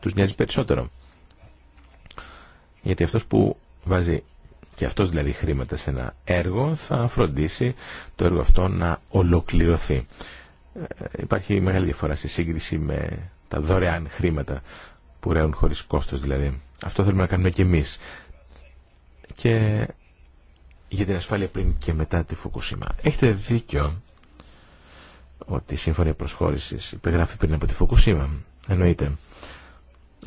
D: Τους νοιάζει περισσότερο. Γιατί αυτός που βάζει και αυτός δηλαδή χρήματα σε ένα έργο θα φροντίσει το έργο αυτό να ολοκληρωθεί. Ε, υπάρχει μεγάλη διαφορά σε σύγκριση με τα δωρεάν χρήματα που ρέουν χωρίς κόστος δηλαδή. Αυτό θέλουμε να κάνουμε και εμείς. Και για την ασφάλεια πριν και μετά τη Φουκουσίμα. Έχετε δίκιο ότι η σύμφωνη προσχώρηση υπεγράφει πριν από τη Φουκουσίμα. Εννοείται.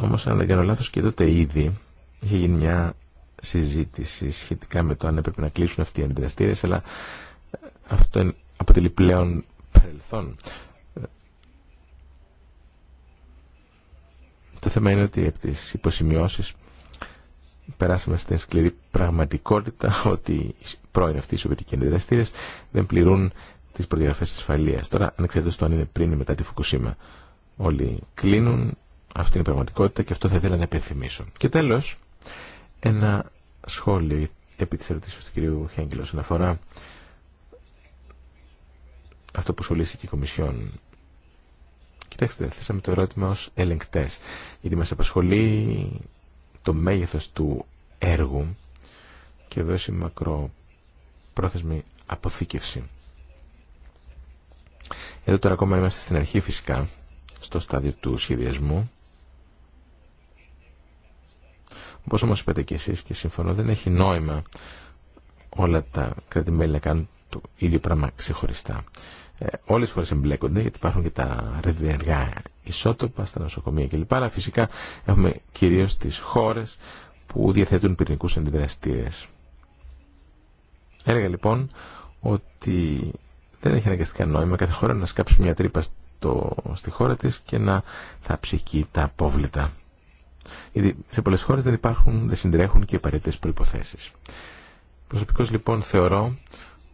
D: Όμω, αν δεν κάνω λάθο, και τότε ήδη είχε γίνει μια συζήτηση σχετικά με το αν έπρεπε να κλείσουν αυτοί οι αντιδραστήρε, αλλά αυτό αποτελεί πλέον παρελθόν. Το θέμα είναι ότι από τι υποσημειώσει περάσουμε στην σκληρή πραγματικότητα ότι οι πρώην αυτοί οι σοβιτικοί αντιδραστήρε δεν πληρούν τι προδιαγραφέ ασφαλεία. Τώρα, ανεξαρτήτω το αν είναι πριν ή μετά τη Φουκουσίμα, όλοι κλείνουν. Αυτή είναι η πραγματικότητα και αυτό θα ήθελα να υπενθυμίσω. Και τέλο, ένα σχόλιο επί τη ερωτήσεω του κυρίου Χέγγελ όσον αφορά αυτό που σχολήσει και η Κομισιόν. Κοιτάξτε, θέσαμε το ερώτημα ω ελεγκτέ, γιατί μα απασχολεί το μέγεθος του έργου και δώσει μακροπρόθεσμη αποθήκευση. Εδώ τώρα ακόμα είμαστε στην αρχή φυσικά, στο στάδιο του σχεδιασμού. Όπως όμως είπατε και εσείς και συμφωνώ, δεν έχει νόημα όλα τα κρατημέλη να κάνουν το ίδιο πράγμα ξεχωριστά. Ε, όλε οι φορέ εμπλέκονται, γιατί υπάρχουν και τα ρευδιαργά ισότοπα, στα νοσοκομεία κλπ. Αλλά φυσικά έχουμε κυρίω τι χώρε που διαθέτουν πυρηνικού αντιδραστήρε. Έλεγα λοιπόν ότι δεν έχει αναγκαστικά νόημα κάθε χώρα να σκάψει μια τρύπα στο, στη χώρα της και να θα ψυχεί τα απόβλητα. Γιατί σε πολλές χώρες δεν υπάρχουν, δεν συντρέχουν και οι απαραίτητες προϋποθέσεις. Προσωπικώς λοιπόν θεωρώ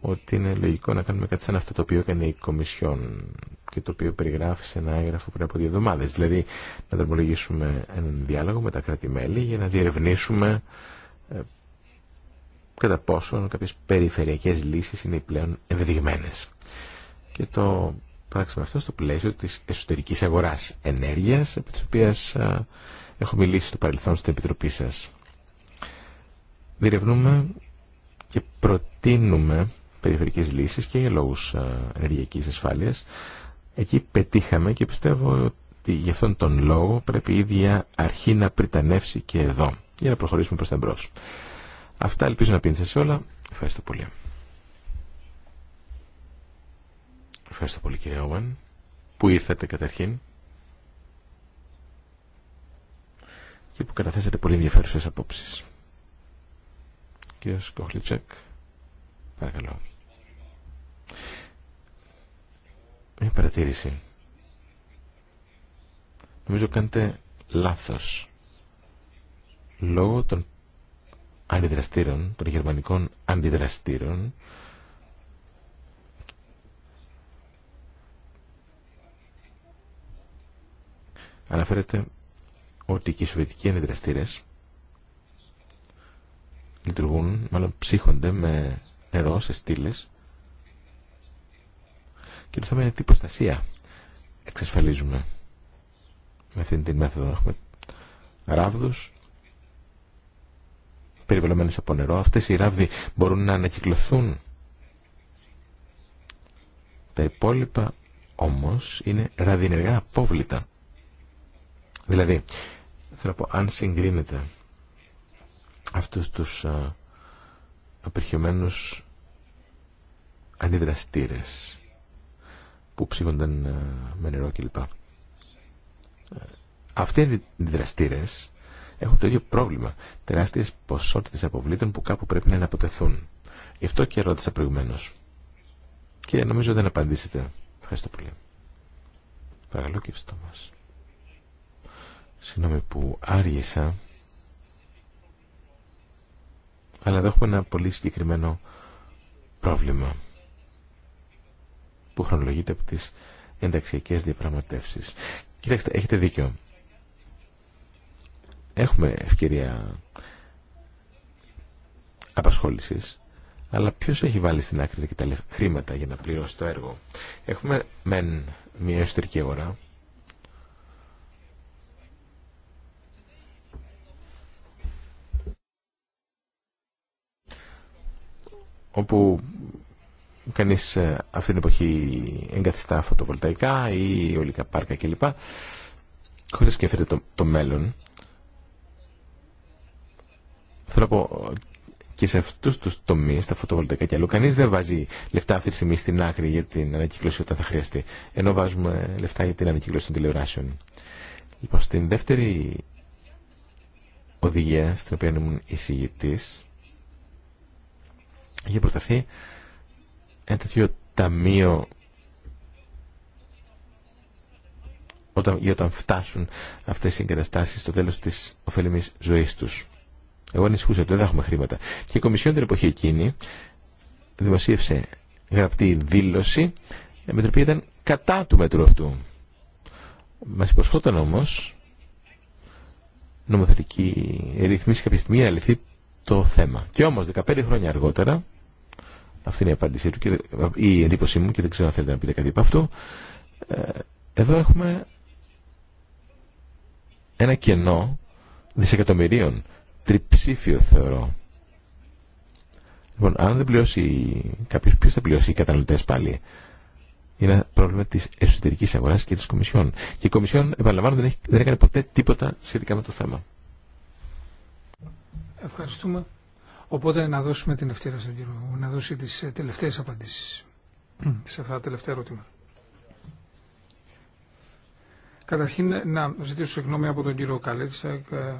D: ότι είναι λογικό να κάνουμε κάτι σαν αυτό το οποίο έκανε η Κομισιόν και το οποίο περιγράφει σε ένα έγγραφο πριν από δύο εβδομάδε. Δηλαδή να δρομολογήσουμε έναν διάλογο με τα κράτη-μέλη για να διερευνήσουμε ε, κατά πόσο κάποιε περιφερειακέ λύσει είναι πλέον ενδεδειγμένε. Και το πράξαμε αυτό στο πλαίσιο τη εσωτερική αγορά ενέργεια, επί τη οποία ε, έχω μιλήσει στο παρελθόν στην Επιτροπή σα. Διερευνούμε και προτείνουμε περιφερειακές λύσεις και για λόγους ε, ενεργειακής ασφάλειας. Εκεί πετύχαμε και πιστεύω ότι γι' αυτόν τον λόγο πρέπει η ίδια αρχή να πριτανεύσει και εδώ για να προχωρήσουμε προς τα μπρος. Αυτά ελπίζω να πίνετε σε όλα. Ευχαριστώ πολύ. Ευχαριστώ πολύ κύριε Όμαν που ήρθατε καταρχήν και που καταθέσατε πολύ ενδιαφέρουσες απόψεις. Κύριος Κοχλιτσέκ, παρακαλώ. Μια παρατήρηση. Νομίζω κάνετε λάθος. Λόγω των αντιδραστήρων, των γερμανικών αντιδραστήρων, αναφέρεται ότι και οι σοβιετικοί αντιδραστήρες λειτουργούν, μάλλον ψύχονται με νερό σε στήλες και το θέμα είναι τι προστασία εξασφαλίζουμε με αυτήν την μέθοδο. Έχουμε ράβδου περιβαλλομένε από νερό. Αυτές οι ράβδοι μπορούν να ανακυκλωθούν. Τα υπόλοιπα όμως είναι ραδινεργά απόβλητα. Δηλαδή, θέλω να πω, αν συγκρίνεται αυτούς τους απερχιωμένου αντιδραστήρες που ψήφονταν ε, με νερό κλπ. Ε, αυτοί οι δραστήρε έχουν το ίδιο πρόβλημα. Τεράστιε ποσότητε αποβλήτων που κάπου πρέπει να αναποτεθούν. Γι' αυτό και ρώτησα προηγουμένω. Και νομίζω δεν απαντήσετε. Ευχαριστώ πολύ. Παρακαλώ και ευστό μα. Συγγνώμη που άργησα. Αλλά εδώ έχουμε ένα πολύ συγκεκριμένο πρόβλημα που χρονολογείται από τις ενταξιακές διαπραγματεύσεις. Κοιτάξτε, έχετε δίκιο. Έχουμε ευκαιρία απασχόλησης, αλλά ποιος έχει βάλει στην άκρη και τα χρήματα για να πληρώσει το έργο. Έχουμε μεν μια εσωτερική αγορά, όπου Κανείς ε, αυτή την εποχή εγκαθιστά φωτοβολταϊκά ή ολικά πάρκα κλπ. Χωρίς σκέφτεται το, το μέλλον. Θέλω να πω ε, και σε αυτού του τομεί, τα φωτοβολταϊκά και αλλού, κανεί δεν βάζει λεφτά αυτή τη στιγμή στην άκρη για την ανακύκλωση όταν θα χρειαστεί. Ενώ βάζουμε λεφτά για την ανακύκλωση των τηλεοράσεων. Λοιπόν, στην δεύτερη οδηγία, στην οποία ήμουν εισηγητή, είχε προταθεί ένα τέτοιο ταμείο όταν, για όταν φτάσουν αυτές οι εγκαταστάσεις στο τέλος της ωφελημής ζωής τους. Εγώ ανησυχούσα ότι δεν έχουμε χρήματα. Και η Κομισιόν την εποχή εκείνη δημοσίευσε γραπτή δήλωση με την οποία ήταν κατά του μέτρου αυτού. Μας υποσχόταν όμως νομοθετική ρυθμίση κάποια στιγμή να λυθεί το θέμα. Και όμως 15 χρόνια αργότερα αυτή είναι η απάντησή του και, ή η εντυπωση μου και δεν ξέρω αν θέλετε να πείτε κάτι από αυτό. Ε, εδώ έχουμε ένα κενό δισεκατομμυρίων, τριψήφιο θεωρώ. Λοιπόν, αν δεν πληρώσει κάποιο, ποιο θα πληρώσει οι καταναλωτέ πάλι. Είναι πρόβλημα τη εσωτερική αγορά και τη Κομισιόν. Και η Κομισιόν, επαναλαμβάνω, δεν, δεν έκανε ποτέ τίποτα σχετικά με το θέμα.
B: Ευχαριστούμε. Οπότε να δώσουμε την ευκαιρία στον κύριο να δώσει τις ε, τελευταίες απαντήσεις σε αυτά τα τελευταία ερώτημα. Καταρχήν ε, να ζητήσω συγγνώμη από τον κύριο Καλέτσακ. Ε,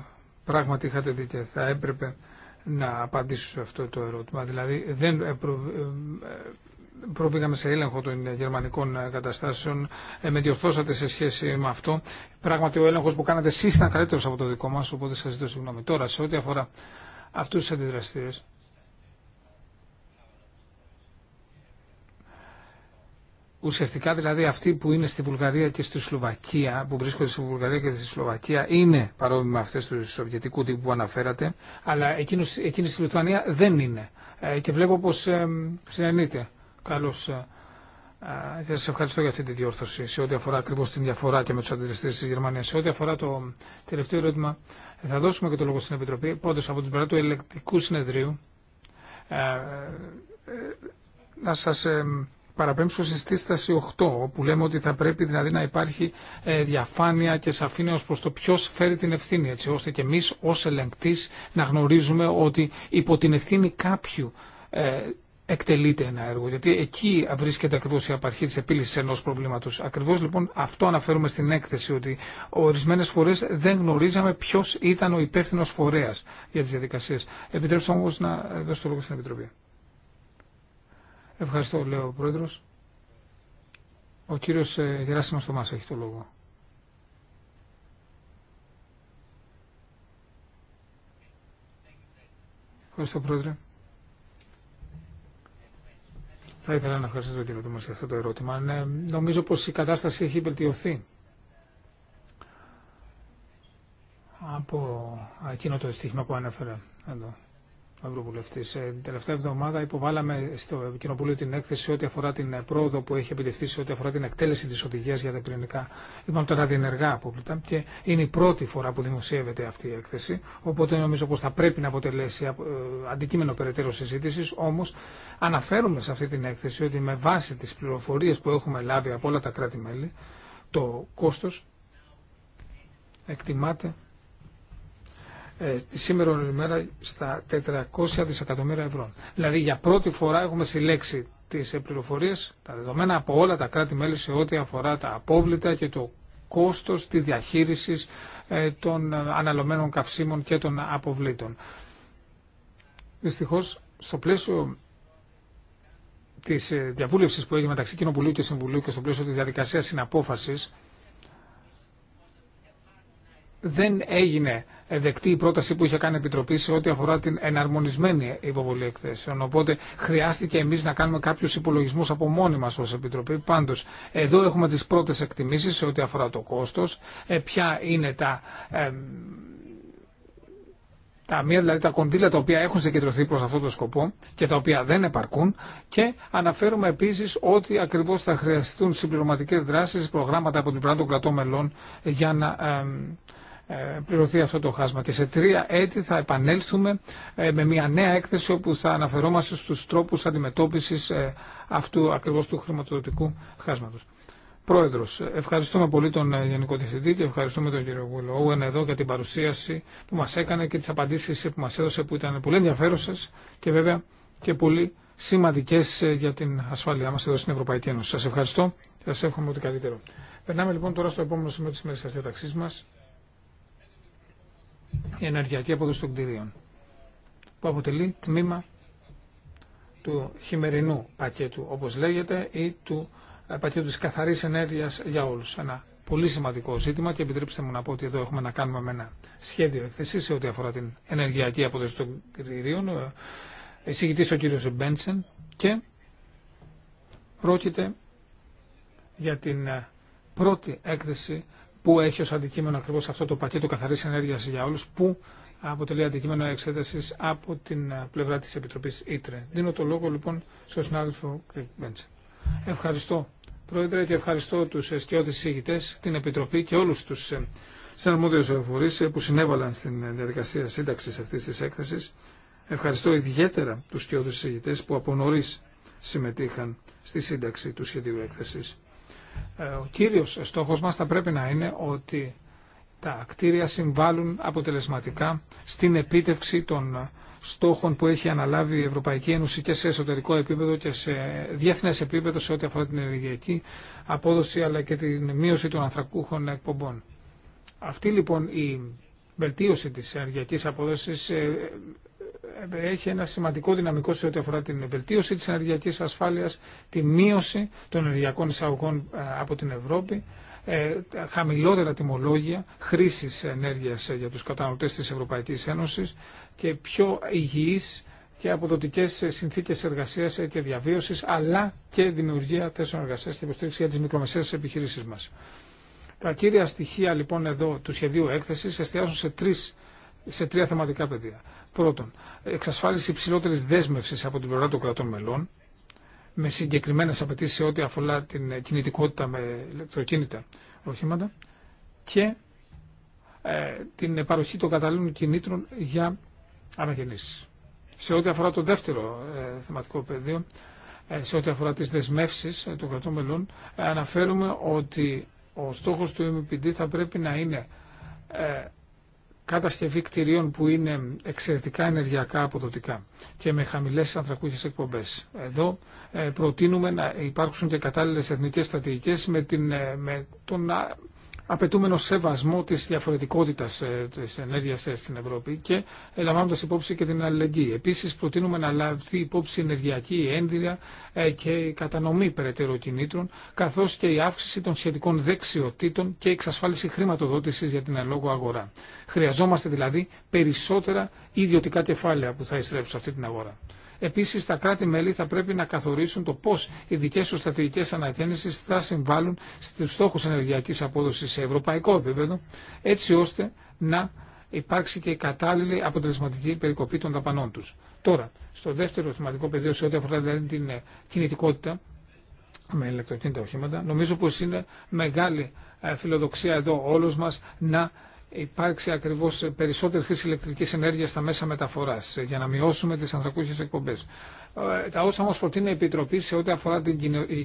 B: πράγματι είχατε και Θα έπρεπε να απαντήσω σε αυτό το ερώτημα. Δηλαδή δεν προ... σε έλεγχο των γερμανικών καταστάσεων. Με διορθώσατε σε σχέση με αυτό. Πράγματι ο έλεγχος που κάνατε εσείς ήταν καλύτερος από το δικό μας, οπότε σας ζητώ συγγνώμη. Τώρα σε ό,τι αφορά αυτούς τους αντιδραστήρες. Ουσιαστικά δηλαδή αυτοί που είναι στη Βουλγαρία και στη Σλοβακία, που βρίσκονται στη Βουλγαρία και στη Σλοβακία, είναι παρόμοιοι με αυτέ του Σοβιετικού τύπου που αναφέρατε, αλλά εκείνος, εκείνη στη Λιθουανία δεν είναι. Ε, και βλέπω πω ε, συνεννείται. Καλώ. Ε, σα ευχαριστώ για αυτή τη διόρθωση σε ό,τι αφορά ακριβώ την διαφορά και με του αντιδραστήρες τη Γερμανία. Σε ό,τι αφορά το τελευταίο ερώτημα θα δώσουμε και το λόγο στην Επιτροπή. Πρώτο από την πλευρά του ελεκτικού συνεδρίου ε, ε, να σας ε, παραπέμψω στη στήσταση 8, όπου λέμε ότι θα πρέπει δηλαδή να υπάρχει διαφάνεια και σαφήνεια ως προς το ποιος φέρει την ευθύνη, έτσι ώστε και εμείς ως ελεγκτής να γνωρίζουμε ότι υπό την ευθύνη κάποιου εκτελείται ένα έργο, γιατί εκεί βρίσκεται ακριβώς η απαρχή της επίλυσης ενός προβλήματος. Ακριβώς λοιπόν αυτό αναφέρουμε στην έκθεση, ότι ορισμένες φορές δεν γνωρίζαμε ποιος ήταν ο υπεύθυνο φορέας για τις διαδικασίες. Επιτρέψτε όμως να δώσω το λόγο στην Επιτροπή. Ευχαριστώ, λέω ο Πρόεδρος. Ο κύριος ε, Γεράσιμος Θωμάς έχει το λόγο. Ευχαριστώ, Πρόεδρε. Θα ήθελα να ευχαριστήσω κύριο Τόμας για αυτό το ερώτημα. Ναι, νομίζω πως η κατάσταση έχει βελτιωθεί από εκείνο το στοίχημα που ανέφερα εδώ Ευρωβουλευτή. Ε, την τελευταία εβδομάδα υποβάλαμε στο Κοινοβούλιο την έκθεση ό,τι αφορά την πρόοδο που έχει επιτευχθεί σε ό,τι αφορά την εκτέλεση τη οδηγία για τα πυρηνικά, είπαμε τώρα διενεργά απόπλητα και είναι η πρώτη φορά που δημοσιεύεται αυτή η έκθεση. Οπότε νομίζω πω θα πρέπει να αποτελέσει ε, αντικείμενο περαιτέρω συζήτηση. Όμω αναφέρουμε σε αυτή την έκθεση ότι με βάση τι πληροφορίε που έχουμε λάβει από όλα τα κράτη-μέλη, το κόστο εκτιμάται ε, σήμερα ημέρα στα 400 δισεκατομμύρια ευρώ. Δηλαδή για πρώτη φορά έχουμε συλλέξει τις πληροφορίες, τα δεδομένα από όλα τα κράτη-μέλη σε ό,τι αφορά τα απόβλητα και το κόστος της διαχείρισης ε, των αναλωμένων καυσίμων και των αποβλήτων. Δυστυχώς, στο πλαίσιο της ε, διαβούλευσης που έγινε μεταξύ Κοινοβουλίου και Συμβουλίου και στο πλαίσιο της διαδικασίας συναπόφασης, δεν έγινε δεκτή η πρόταση που είχε κάνει η Επιτροπή σε ό,τι αφορά την εναρμονισμένη υποβολή εκθέσεων. Οπότε χρειάστηκε εμεί να κάνουμε κάποιου υπολογισμού από μόνοι μα ω Επιτροπή. Πάντω, εδώ έχουμε τι πρώτε εκτιμήσει σε ό,τι αφορά το κόστο, ε, ποια είναι τα. Ε, τα μία, δηλαδή τα κονδύλια τα οποία έχουν συγκεντρωθεί προς αυτό το σκοπό και τα οποία δεν επαρκούν και αναφέρουμε επίσης ότι ακριβώς θα χρειαστούν συμπληρωματικές δράσεις, προγράμματα από την πλευρά των κρατών μελών για να ε, πληρωθεί αυτό το χάσμα. Και σε τρία έτη θα επανέλθουμε ε, με μια νέα έκθεση όπου θα αναφερόμαστε στους τρόπους αντιμετώπισης ε, αυτού ακριβώς του χρηματοδοτικού χάσματος. Πρόεδρος, ευχαριστούμε πολύ τον Γενικό Διευθυντή και ευχαριστούμε τον κύριο Γουλόου εδώ για την παρουσίαση που μας έκανε και τις απαντήσεις που μας έδωσε που ήταν πολύ ενδιαφέρουσες και βέβαια και πολύ σημαντικές για την ασφάλειά μας εδώ στην Ευρωπαϊκή Ένωση. Σας ευχαριστώ και σας εύχομαι ότι καλύτερο. Περνάμε λοιπόν τώρα στο επόμενο σημείο της σημερινής διαταξής μας η ενεργειακή απόδοση των κτηρίων, που αποτελεί τμήμα του χειμερινού πακέτου, όπως λέγεται, ή του ε, πακέτου της καθαρής ενέργειας για όλους. Ένα πολύ σημαντικό ζήτημα και επιτρέψτε μου να πω ότι εδώ έχουμε να κάνουμε με ένα σχέδιο εκθεσής σε ό,τι αφορά την ενεργειακή απόδοση των κτηρίων, ε, εισηγητής ο κύριος Μπέντσεν και πρόκειται για την ε, πρώτη έκθεση που έχει ως αντικείμενο ακριβώς αυτό το πακέτο καθαρής ενέργειας για όλους, που αποτελεί αντικείμενο εξέτασης από την πλευρά της Επιτροπής Ήτρε. Δίνω το λόγο λοιπόν στον συνάδελφο Κρικ Μπέντσε. Ευχαριστώ. Πρόεδρε, και ευχαριστώ τους σκιώδει συγητές, την Επιτροπή και όλου του ε, συναρμόδιου εφορείς ε, που συνέβαλαν στην διαδικασία σύνταξης αυτής της έκθεσης. Ευχαριστώ ιδιαίτερα τους σκιώδει συγητές που από νωρί συμμετείχαν στη σύνταξη του σχεδίου έκθεσης. Ε, ο κύριος στόχος μας θα πρέπει να είναι ότι τα κτίρια συμβάλλουν αποτελεσματικά στην επίτευξη των στόχων που έχει αναλάβει η Ευρωπαϊκή Ένωση και σε εσωτερικό επίπεδο και σε διεθνές επίπεδο σε ό,τι αφορά την ενεργειακή απόδοση αλλά και την μείωση των ανθρακούχων εκπομπών. Αυτή λοιπόν η βελτίωση της ενεργειακής απόδοσης ε, έχει ένα σημαντικό δυναμικό σε ό,τι αφορά την βελτίωση της ενεργειακής ασφάλειας, τη μείωση των ενεργειακών εισαγωγών ε, από την Ευρώπη, ε, χαμηλότερα τιμολόγια χρήσης ενέργειας ε, για τους καταναλωτές της Ευρωπαϊκής Ένωσης και πιο υγιείς και αποδοτικές συνθήκες εργασίας και διαβίωσης, αλλά και δημιουργία θέσεων εργασίας και υποστήριξη για τις μικρομεσαίες επιχειρήσεις μας. Τα κύρια στοιχεία λοιπόν εδώ του σχεδίου έκθεσης εστιάζουν σε, τρεις, σε τρία θεματικά πεδία. Πρώτον, εξασφάλιση υψηλότερη δέσμευση από την πλευρά των κρατών μελών με συγκεκριμένε απαιτήσει σε ό,τι αφορά την κινητικότητα με ηλεκτροκίνητα οχήματα και ε, την παροχή των καταλλήλων κινήτρων για αναγεννήσει. Σε ό,τι αφορά το δεύτερο ε, θεματικό πεδίο, ε, σε ό,τι αφορά τις δεσμεύσεις των κρατών μελών, αναφέρουμε ότι ο στόχο του MPD θα πρέπει να είναι κατασκευή κτηρίων που είναι εξαιρετικά ενεργειακά αποδοτικά και με χαμηλέ ανθρακούχε εκπομπέ. Εδώ ε, προτείνουμε να υπάρξουν και κατάλληλε εθνικέ στρατηγικέ με, ε, με τον απαιτούμενο σεβασμό της διαφορετικότητας ε, της ενέργειας ε, στην Ευρώπη και λαμβάνοντας υπόψη και την αλληλεγγύη. Επίσης προτείνουμε να λάβει υπόψη η ενεργειακή ένδυα ε, και η κατανομή περαιτέρω κινήτρων καθώς και η αύξηση των σχετικών δεξιοτήτων και η εξασφάλιση χρηματοδότησης για την ελόγω αγορά. Χρειαζόμαστε δηλαδή περισσότερα ιδιωτικά κεφάλαια που θα εισρέψουν σε αυτή την αγορά. Επίσης, τα κράτη-μέλη θα πρέπει να καθορίσουν το πώς οι δικές τους στρατηγικές ανακαίνισεις θα συμβάλλουν στους στόχους ενεργειακής απόδοσης σε ευρωπαϊκό επίπεδο, έτσι ώστε να υπάρξει και η κατάλληλη αποτελεσματική περικοπή των δαπανών τους. Τώρα, στο δεύτερο θεματικό πεδίο σε ό,τι αφορά δηλαδή, την ε, κινητικότητα με ηλεκτροκίνητα οχήματα, νομίζω πως είναι μεγάλη ε, φιλοδοξία εδώ όλος μας να υπάρξει ακριβώς περισσότερη χρήση ηλεκτρικής ενέργειας στα μέσα μεταφορά ε, για να μειώσουμε τις ανθρακούχε εκπομπές. Ε, τα όσα μας προτείνει η Επιτροπή σε ό,τι αφορά την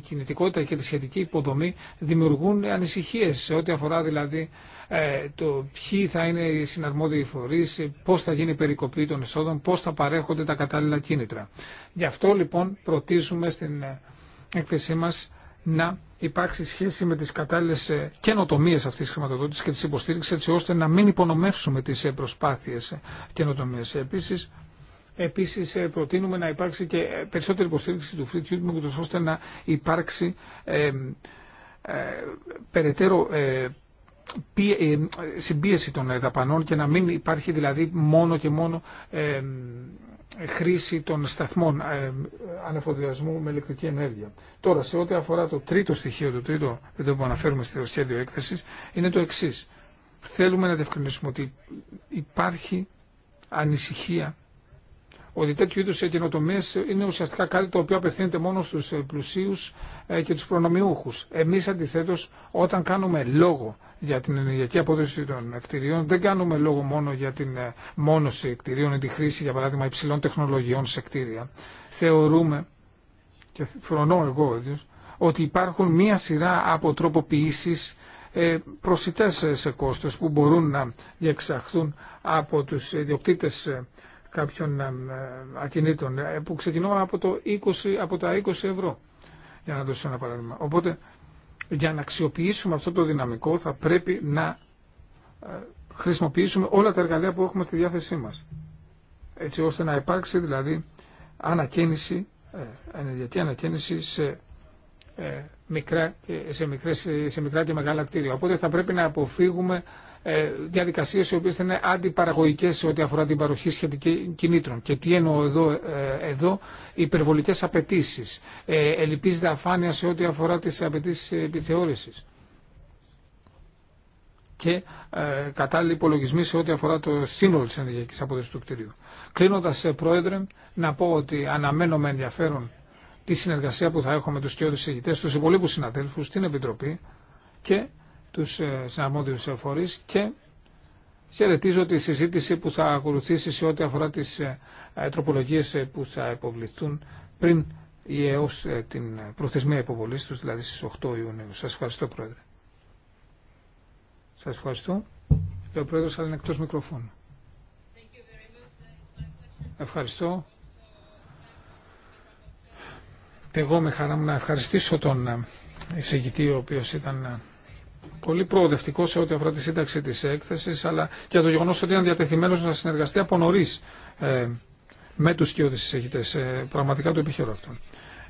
B: κινητικότητα και τη σχετική υποδομή δημιουργούν ανησυχίε σε ό,τι αφορά δηλαδή ε, το ποιοι θα είναι οι συναρμόδιοι φορεί, πώς θα γίνει η περικοπή των εσόδων, πώ θα παρέχονται τα κατάλληλα κίνητρα. Γι' αυτό λοιπόν προτίζουμε στην έκθεσή μα να υπάρξει σχέση με τις κατάλληλες ε, καινοτομίες αυτής της χρηματοδότησης και της υποστήριξης έτσι ώστε να μην υπονομεύσουμε τις ε, προσπάθειες ε, καινοτομίες. Επίσης, Επίσης προτείνουμε να υπάρξει και περισσότερη υποστήριξη του free tube ώστε να υπάρξει ε, περαιτέρω ε, συμπίεση των δαπανών και να μην υπάρχει δηλαδή μόνο και μόνο χρήση των σταθμών ε, ανεφοδιασμού με ηλεκτρική ενέργεια. Τώρα, σε ό,τι αφορά το τρίτο στοιχείο, το τρίτο που αναφέρουμε στο σχέδιο έκθεση, είναι το εξή. Θέλουμε να διευκρινίσουμε ότι υπάρχει ανησυχία ότι τέτοιου είδου καινοτομίε είναι ουσιαστικά κάτι το οποίο απευθύνεται μόνο στου ε, πλουσίου ε, και του προνομιούχου. Εμεί αντιθέτω, όταν κάνουμε λόγο για την ενεργειακή απόδοση των κτηρίων, δεν κάνουμε λόγο μόνο για την ε, μόνωση κτηρίων ή τη χρήση, για παράδειγμα, υψηλών τεχνολογιών σε κτίρια. Θεωρούμε, και φρονώ εγώ ίδιο, ότι υπάρχουν μία σειρά από τροποποιήσει προσιτές σε κόστος που μπορούν να διεξαχθούν από τους ιδιοκτήτες κάποιων ακινήτων ε, που ξεκινούν από, το 20, από τα 20 ευρώ για να δώσω ένα παράδειγμα. Οπότε για να αξιοποιήσουμε αυτό το δυναμικό θα πρέπει να ε, χρησιμοποιήσουμε όλα τα εργαλεία που έχουμε στη διάθεσή μας. Έτσι ώστε να υπάρξει δηλαδή ανακαίνιση, ε, ενεργειακή ανακαίνιση σε μικρά, σε, μικρές, σε μικρά και μεγάλα κτίρια. Οπότε θα πρέπει να αποφύγουμε ε, διαδικασίες οι οποίες θα είναι αντιπαραγωγικές σε ό,τι αφορά την παροχή σχετικών κινήτρων. Και τι εννοώ εδώ, ε, εδώ υπερβολικές απαιτήσει, ε, ελλειπής διαφάνεια σε ό,τι αφορά τις απαιτήσει επιθεώρησης και ε, κατάλληλοι υπολογισμοί σε ό,τι αφορά το σύνολο της ενεργειακής απόδοσης του κτηρίου. Κλείνοντας, Πρόεδρε, να πω ότι αναμένω με ενδιαφέρον τη συνεργασία που θα έχω με τους κοιόδους ηγητές, τους υπολείπους συναδέλφους, την Επιτροπή και του ε, συναρμόδιου φορεί και χαιρετίζω τη συζήτηση που θα ακολουθήσει σε ό,τι αφορά τις ε, ε, τροπολογίε που θα υποβληθούν πριν ή έω την προθεσμία υποβολή του, δηλαδή στις 8 Ιουνίου. Σας ευχαριστώ, Πρόεδρε. Σας ευχαριστώ. Ο Πρόεδρος θα είναι μικροφώνου. Ευχαριστώ. Εγώ με χαρά μου να ευχαριστήσω τον εισηγητή ο οποίος ήταν πολύ προοδευτικό σε ό,τι αφορά τη σύνταξη τη έκθεση, αλλά και το γεγονό ότι ήταν διατεθειμένος να συνεργαστεί από νωρί ε, με του σκιώδεις εισηγητές. Ε, πραγματικά το επιχειρώ αυτό.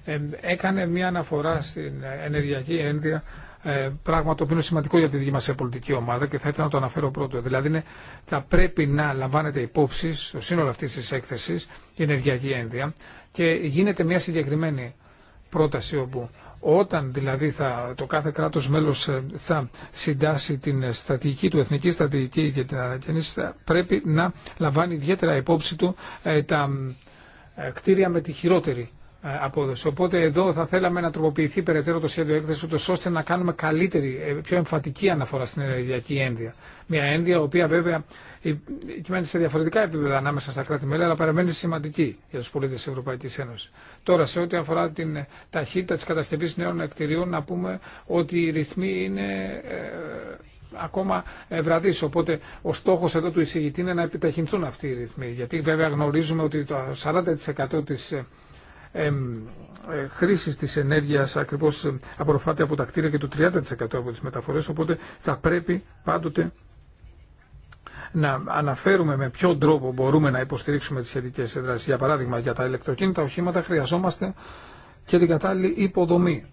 B: Ε, έκανε μια αναφορά στην ενεργειακή ένδυα, ε, πράγμα το οποίο είναι σημαντικό για τη δική μα πολιτική ομάδα και θα ήθελα να το αναφέρω πρώτο. Δηλαδή είναι, θα πρέπει να λαμβάνεται υπόψη στο σύνολο αυτή τη έκθεση, η ενεργειακή ένδυα και γίνεται μια συγκεκριμένη πρόταση όπου όταν δηλαδή θα, το κάθε κράτος μέλος ε, θα συντάσει την στρατηγική του, εθνική στρατηγική για την ανακαινήση, πρέπει να λαμβάνει ιδιαίτερα υπόψη του ε, τα ε, κτίρια με τη χειρότερη ε, απόδοση. Οπότε εδώ θα θέλαμε να τροποποιηθεί περαιτέρω το σχέδιο έκθεση, ώστε να κάνουμε καλύτερη, ε, πιο εμφατική αναφορά στην ενεργειακή ένδυα. Μια ένδυα, η οποία βέβαια ε, κυμαίνεται σε διαφορετικά επίπεδα ανάμεσα στα κράτη-μέλη, αλλά παραμένει σημαντική για του πολίτε τη Ευρωπαϊκή Ένωση. Τώρα, σε ό,τι αφορά την ταχύτητα τη κατασκευή νέων εκτηρίων, να πούμε ότι οι ρυθμοί είναι ακόμα βραδύ. Οπότε ο στόχο εδώ του εισηγητή είναι να επιταχυνθούν αυτοί οι ρυθμοί. Γιατί βέβαια γνωρίζουμε ότι το 40% τη ε, Χρήση τη ενέργεια ακριβώ απορροφάται από τα κτίρια και το 30% από τι μεταφορέ, οπότε θα πρέπει πάντοτε να αναφέρουμε με ποιον τρόπο μπορούμε να υποστηρίξουμε τι σχετικέ δράσεις. Για παράδειγμα, για τα ηλεκτροκίνητα οχήματα χρειαζόμαστε και την κατάλληλη υποδομή.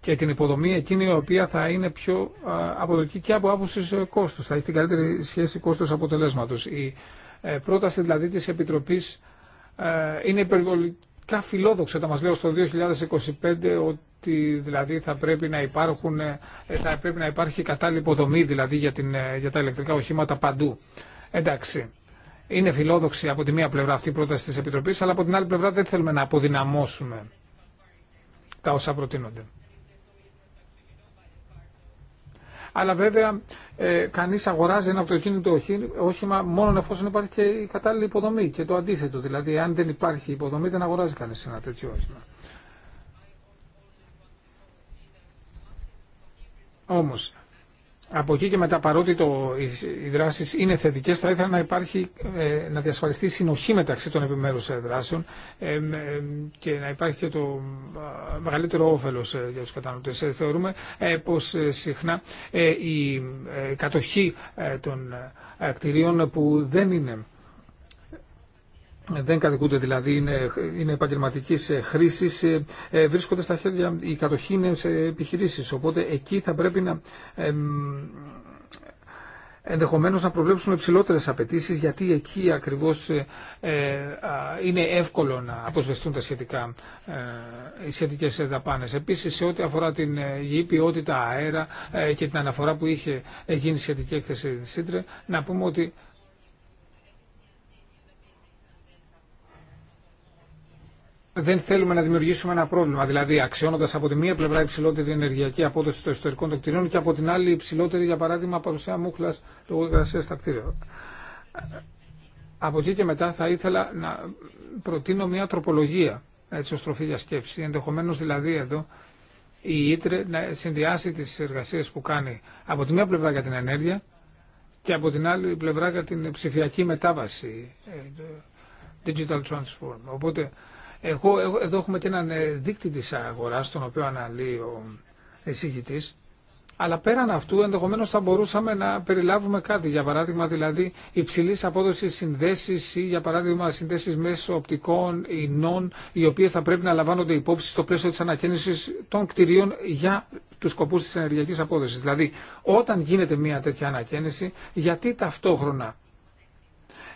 B: Και την υποδομή εκείνη η οποία θα είναι πιο αποδοτική και από άποψη ε, κόστου. Θα έχει την καλύτερη σχέση κόστου αποτελέσματο. Η ε, πρόταση δηλαδή τη Επιτροπή είναι υπερβολική αρκετά φιλόδοξο όταν μας λέω στο 2025 ότι δηλαδή θα πρέπει να, υπάρχουν, ε, θα πρέπει να υπάρχει κατάλληλη υποδομή δηλαδή για, ε, για τα ηλεκτρικά οχήματα παντού. Εντάξει, είναι φιλόδοξη από τη μία πλευρά αυτή η πρόταση της Επιτροπής, αλλά από την άλλη πλευρά δεν θέλουμε να αποδυναμώσουμε τα όσα προτείνονται. αλλά βέβαια ε, κανείς αγοράζει ένα αυτοκίνητο όχημα μόνο εφόσον υπάρχει και η κατάλληλη υποδομή και το αντίθετο. Δηλαδή, αν δεν υπάρχει υποδομή δεν αγοράζει κανείς ένα τέτοιο όχημα. Όμως, από εκεί και μετά, παρότι το, οι δράσεις είναι θετικές, θα ήθελα να υπάρχει, ε, να διασφαλιστεί συνοχή μεταξύ των επιμέρους ε, δράσεων ε, και να υπάρχει και το μεγαλύτερο όφελος για τους καταναλωτές. Θεωρούμε πως συχνά η κατοχή των κτηρίων που δεν είναι δεν κατοικούνται δηλαδή, είναι, είναι επαγγελματική ε, χρήση, ε, ε, βρίσκονται στα χέρια, οι κατοχήνε επιχειρήσει. Οπότε εκεί θα πρέπει να. ενδεχομένως να προβλέψουμε ψηλότερε απαιτήσει γιατί εκεί ακριβώς είναι εύκολο να αποσβεστούν τα σχετικά, οι σχετικές Επίσης σε ό,τι αφορά την υγιή ποιότητα αέρα και την αναφορά που είχε γίνει σχετική έκθεση της ΣΥΤΡΕ να πούμε ότι δεν θέλουμε να δημιουργήσουμε ένα πρόβλημα. Δηλαδή, αξιώνοντα από τη μία πλευρά υψηλότερη ενεργειακή απόδοση των ιστορικών των κτηρίων και από την άλλη υψηλότερη, για παράδειγμα, παρουσία μούχλα λόγω εργασία στα κτίρια. Από εκεί και μετά θα ήθελα να προτείνω μια τροπολογία έτσι και απο τροφή για σκέψη. Ενδεχομένως δηλαδή εδώ η Ήτρε να συνδυάσει τι εργασίες που κάνει από τη μία πλευρά για την ενέργεια και από την άλλη πλευρά για την ψηφιακή μετάβαση, ε, digital transform. Οπότε εγώ, εγώ, εδώ έχουμε και έναν ε, δείκτη της αγοράς, τον οποίο αναλύει ο εισηγητής, αλλά πέραν αυτού ενδεχομένω θα μπορούσαμε να περιλάβουμε κάτι. Για παράδειγμα, δηλαδή υψηλή απόδοση συνδέσει ή για παράδειγμα συνδέσει μέσω οπτικών ινών, οι οποίε θα πρέπει να λαμβάνονται υπόψη στο πλαίσιο τη ανακαίνιση των κτηρίων για του σκοπού τη ενεργειακή απόδοση. Δηλαδή, όταν γίνεται μια τέτοια ανακαίνιση, γιατί ταυτόχρονα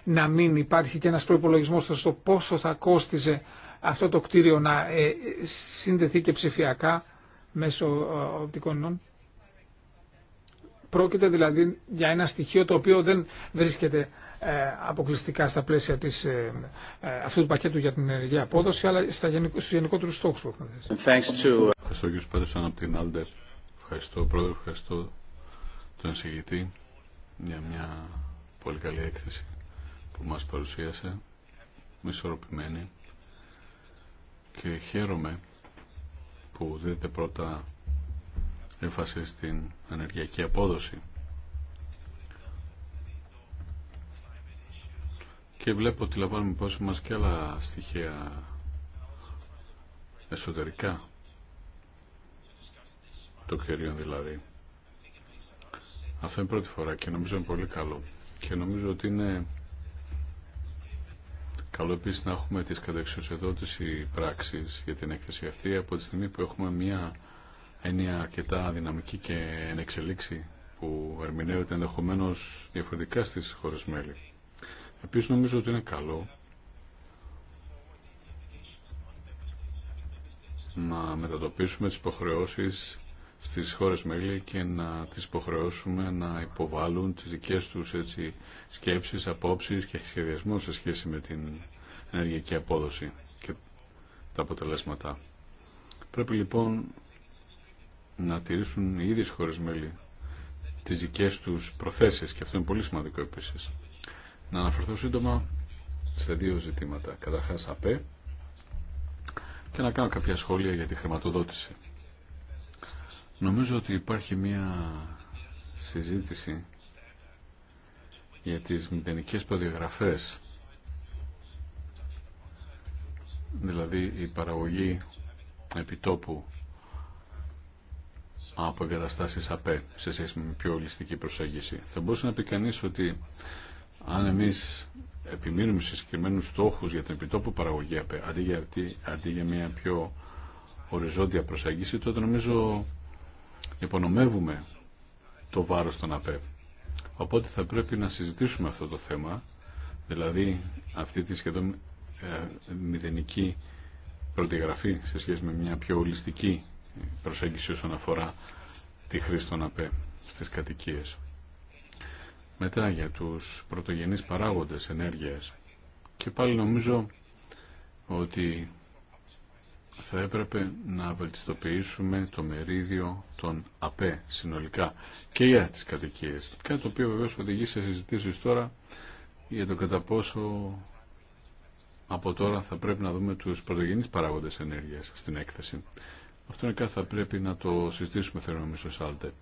B: να μην υπάρχει και ένα προπολογισμό στο πόσο θα κόστιζε αυτό το κτίριο να ε, συνδεθεί και ψηφιακά μέσω ε, οπτικών νόμων. Πρόκειται δηλαδή για ένα στοιχείο το οποίο δεν βρίσκεται ε, αποκλειστικά στα πλαίσια της, αυτού του πακέτου για την ενεργειακή απόδοση, αλλά στα γενικό, στους γενικότερους στόχους που έχουμε
C: uh, Ευχαριστώ κύριε από την Άλντερ. Ευχαριστώ πρόεδρε, ευχαριστώ τον εισηγητή για μια πολύ καλή έκθεση που μας παρουσίασε, μισορροπημένη και χαίρομαι που δείτε πρώτα έμφαση στην ενεργειακή απόδοση. Και βλέπω ότι λαμβάνουμε υπόψη μας και άλλα στοιχεία εσωτερικά το κερίον δηλαδή. Αυτό είναι πρώτη φορά και νομίζω είναι πολύ καλό. Και νομίζω ότι είναι καλό επίσης να έχουμε τις οι πράξεις για την έκθεση αυτή από τη στιγμή που έχουμε μια έννοια αρκετά δυναμική και ενεξελίξη που ερμηνεύεται ενδεχομένω διαφορετικά στις χώρες μέλη. Επίσης νομίζω ότι είναι καλό να μετατοπίσουμε τις υποχρεώσεις στις χώρες μέλη και να τις υποχρεώσουμε να υποβάλουν τις δικές τους έτσι, σκέψεις, απόψεις και σχεδιασμό σε σχέση με την ενεργειακή απόδοση και τα αποτελέσματα. Πρέπει λοιπόν να τηρήσουν οι ίδιες χώρες μέλη τις δικές τους προθέσεις και αυτό είναι πολύ σημαντικό επίσης. Να αναφερθώ σύντομα σε δύο ζητήματα. Καταρχάς ΑΠΕ και να κάνω κάποια σχόλια για τη χρηματοδότηση. Νομίζω ότι υπάρχει μια συζήτηση για τις μηδενικές προδιαγραφές δηλαδή η παραγωγή επιτόπου από εγκαταστάσεις ΑΠΕ σε σχέση με πιο ολιστική προσέγγιση. Θα μπορούσε να πει κανείς ότι αν εμείς επιμείνουμε σε συγκεκριμένους στόχους για την επιτόπου παραγωγή ΑΠΕ αντί για, αντί για μια πιο οριζόντια προσέγγιση τότε νομίζω υπονομεύουμε το βάρος των ΑΠΕ. Οπότε θα πρέπει να συζητήσουμε αυτό το θέμα, δηλαδή αυτή τη σχεδόν ε, μηδενική πρωτογραφή σε σχέση με μια πιο ολιστική προσέγγιση όσον αφορά τη χρήση των ΑΠΕ στις κατοικίες. Μετά για τους πρωτογενείς παράγοντες ενέργειας και πάλι νομίζω ότι θα έπρεπε να βελτιστοποιήσουμε το μερίδιο των ΑΠΕ συνολικά και για τις κατοικίες. Κάτι το οποίο βεβαίως οδηγεί σε συζητήσεις τώρα για το κατά πόσο από τώρα θα πρέπει να δούμε τους πρωτογενείς παράγοντες ενέργειας στην έκθεση. Αυτό είναι κάτι θα πρέπει να το συζητήσουμε θέλω νομίζω Σάλτε.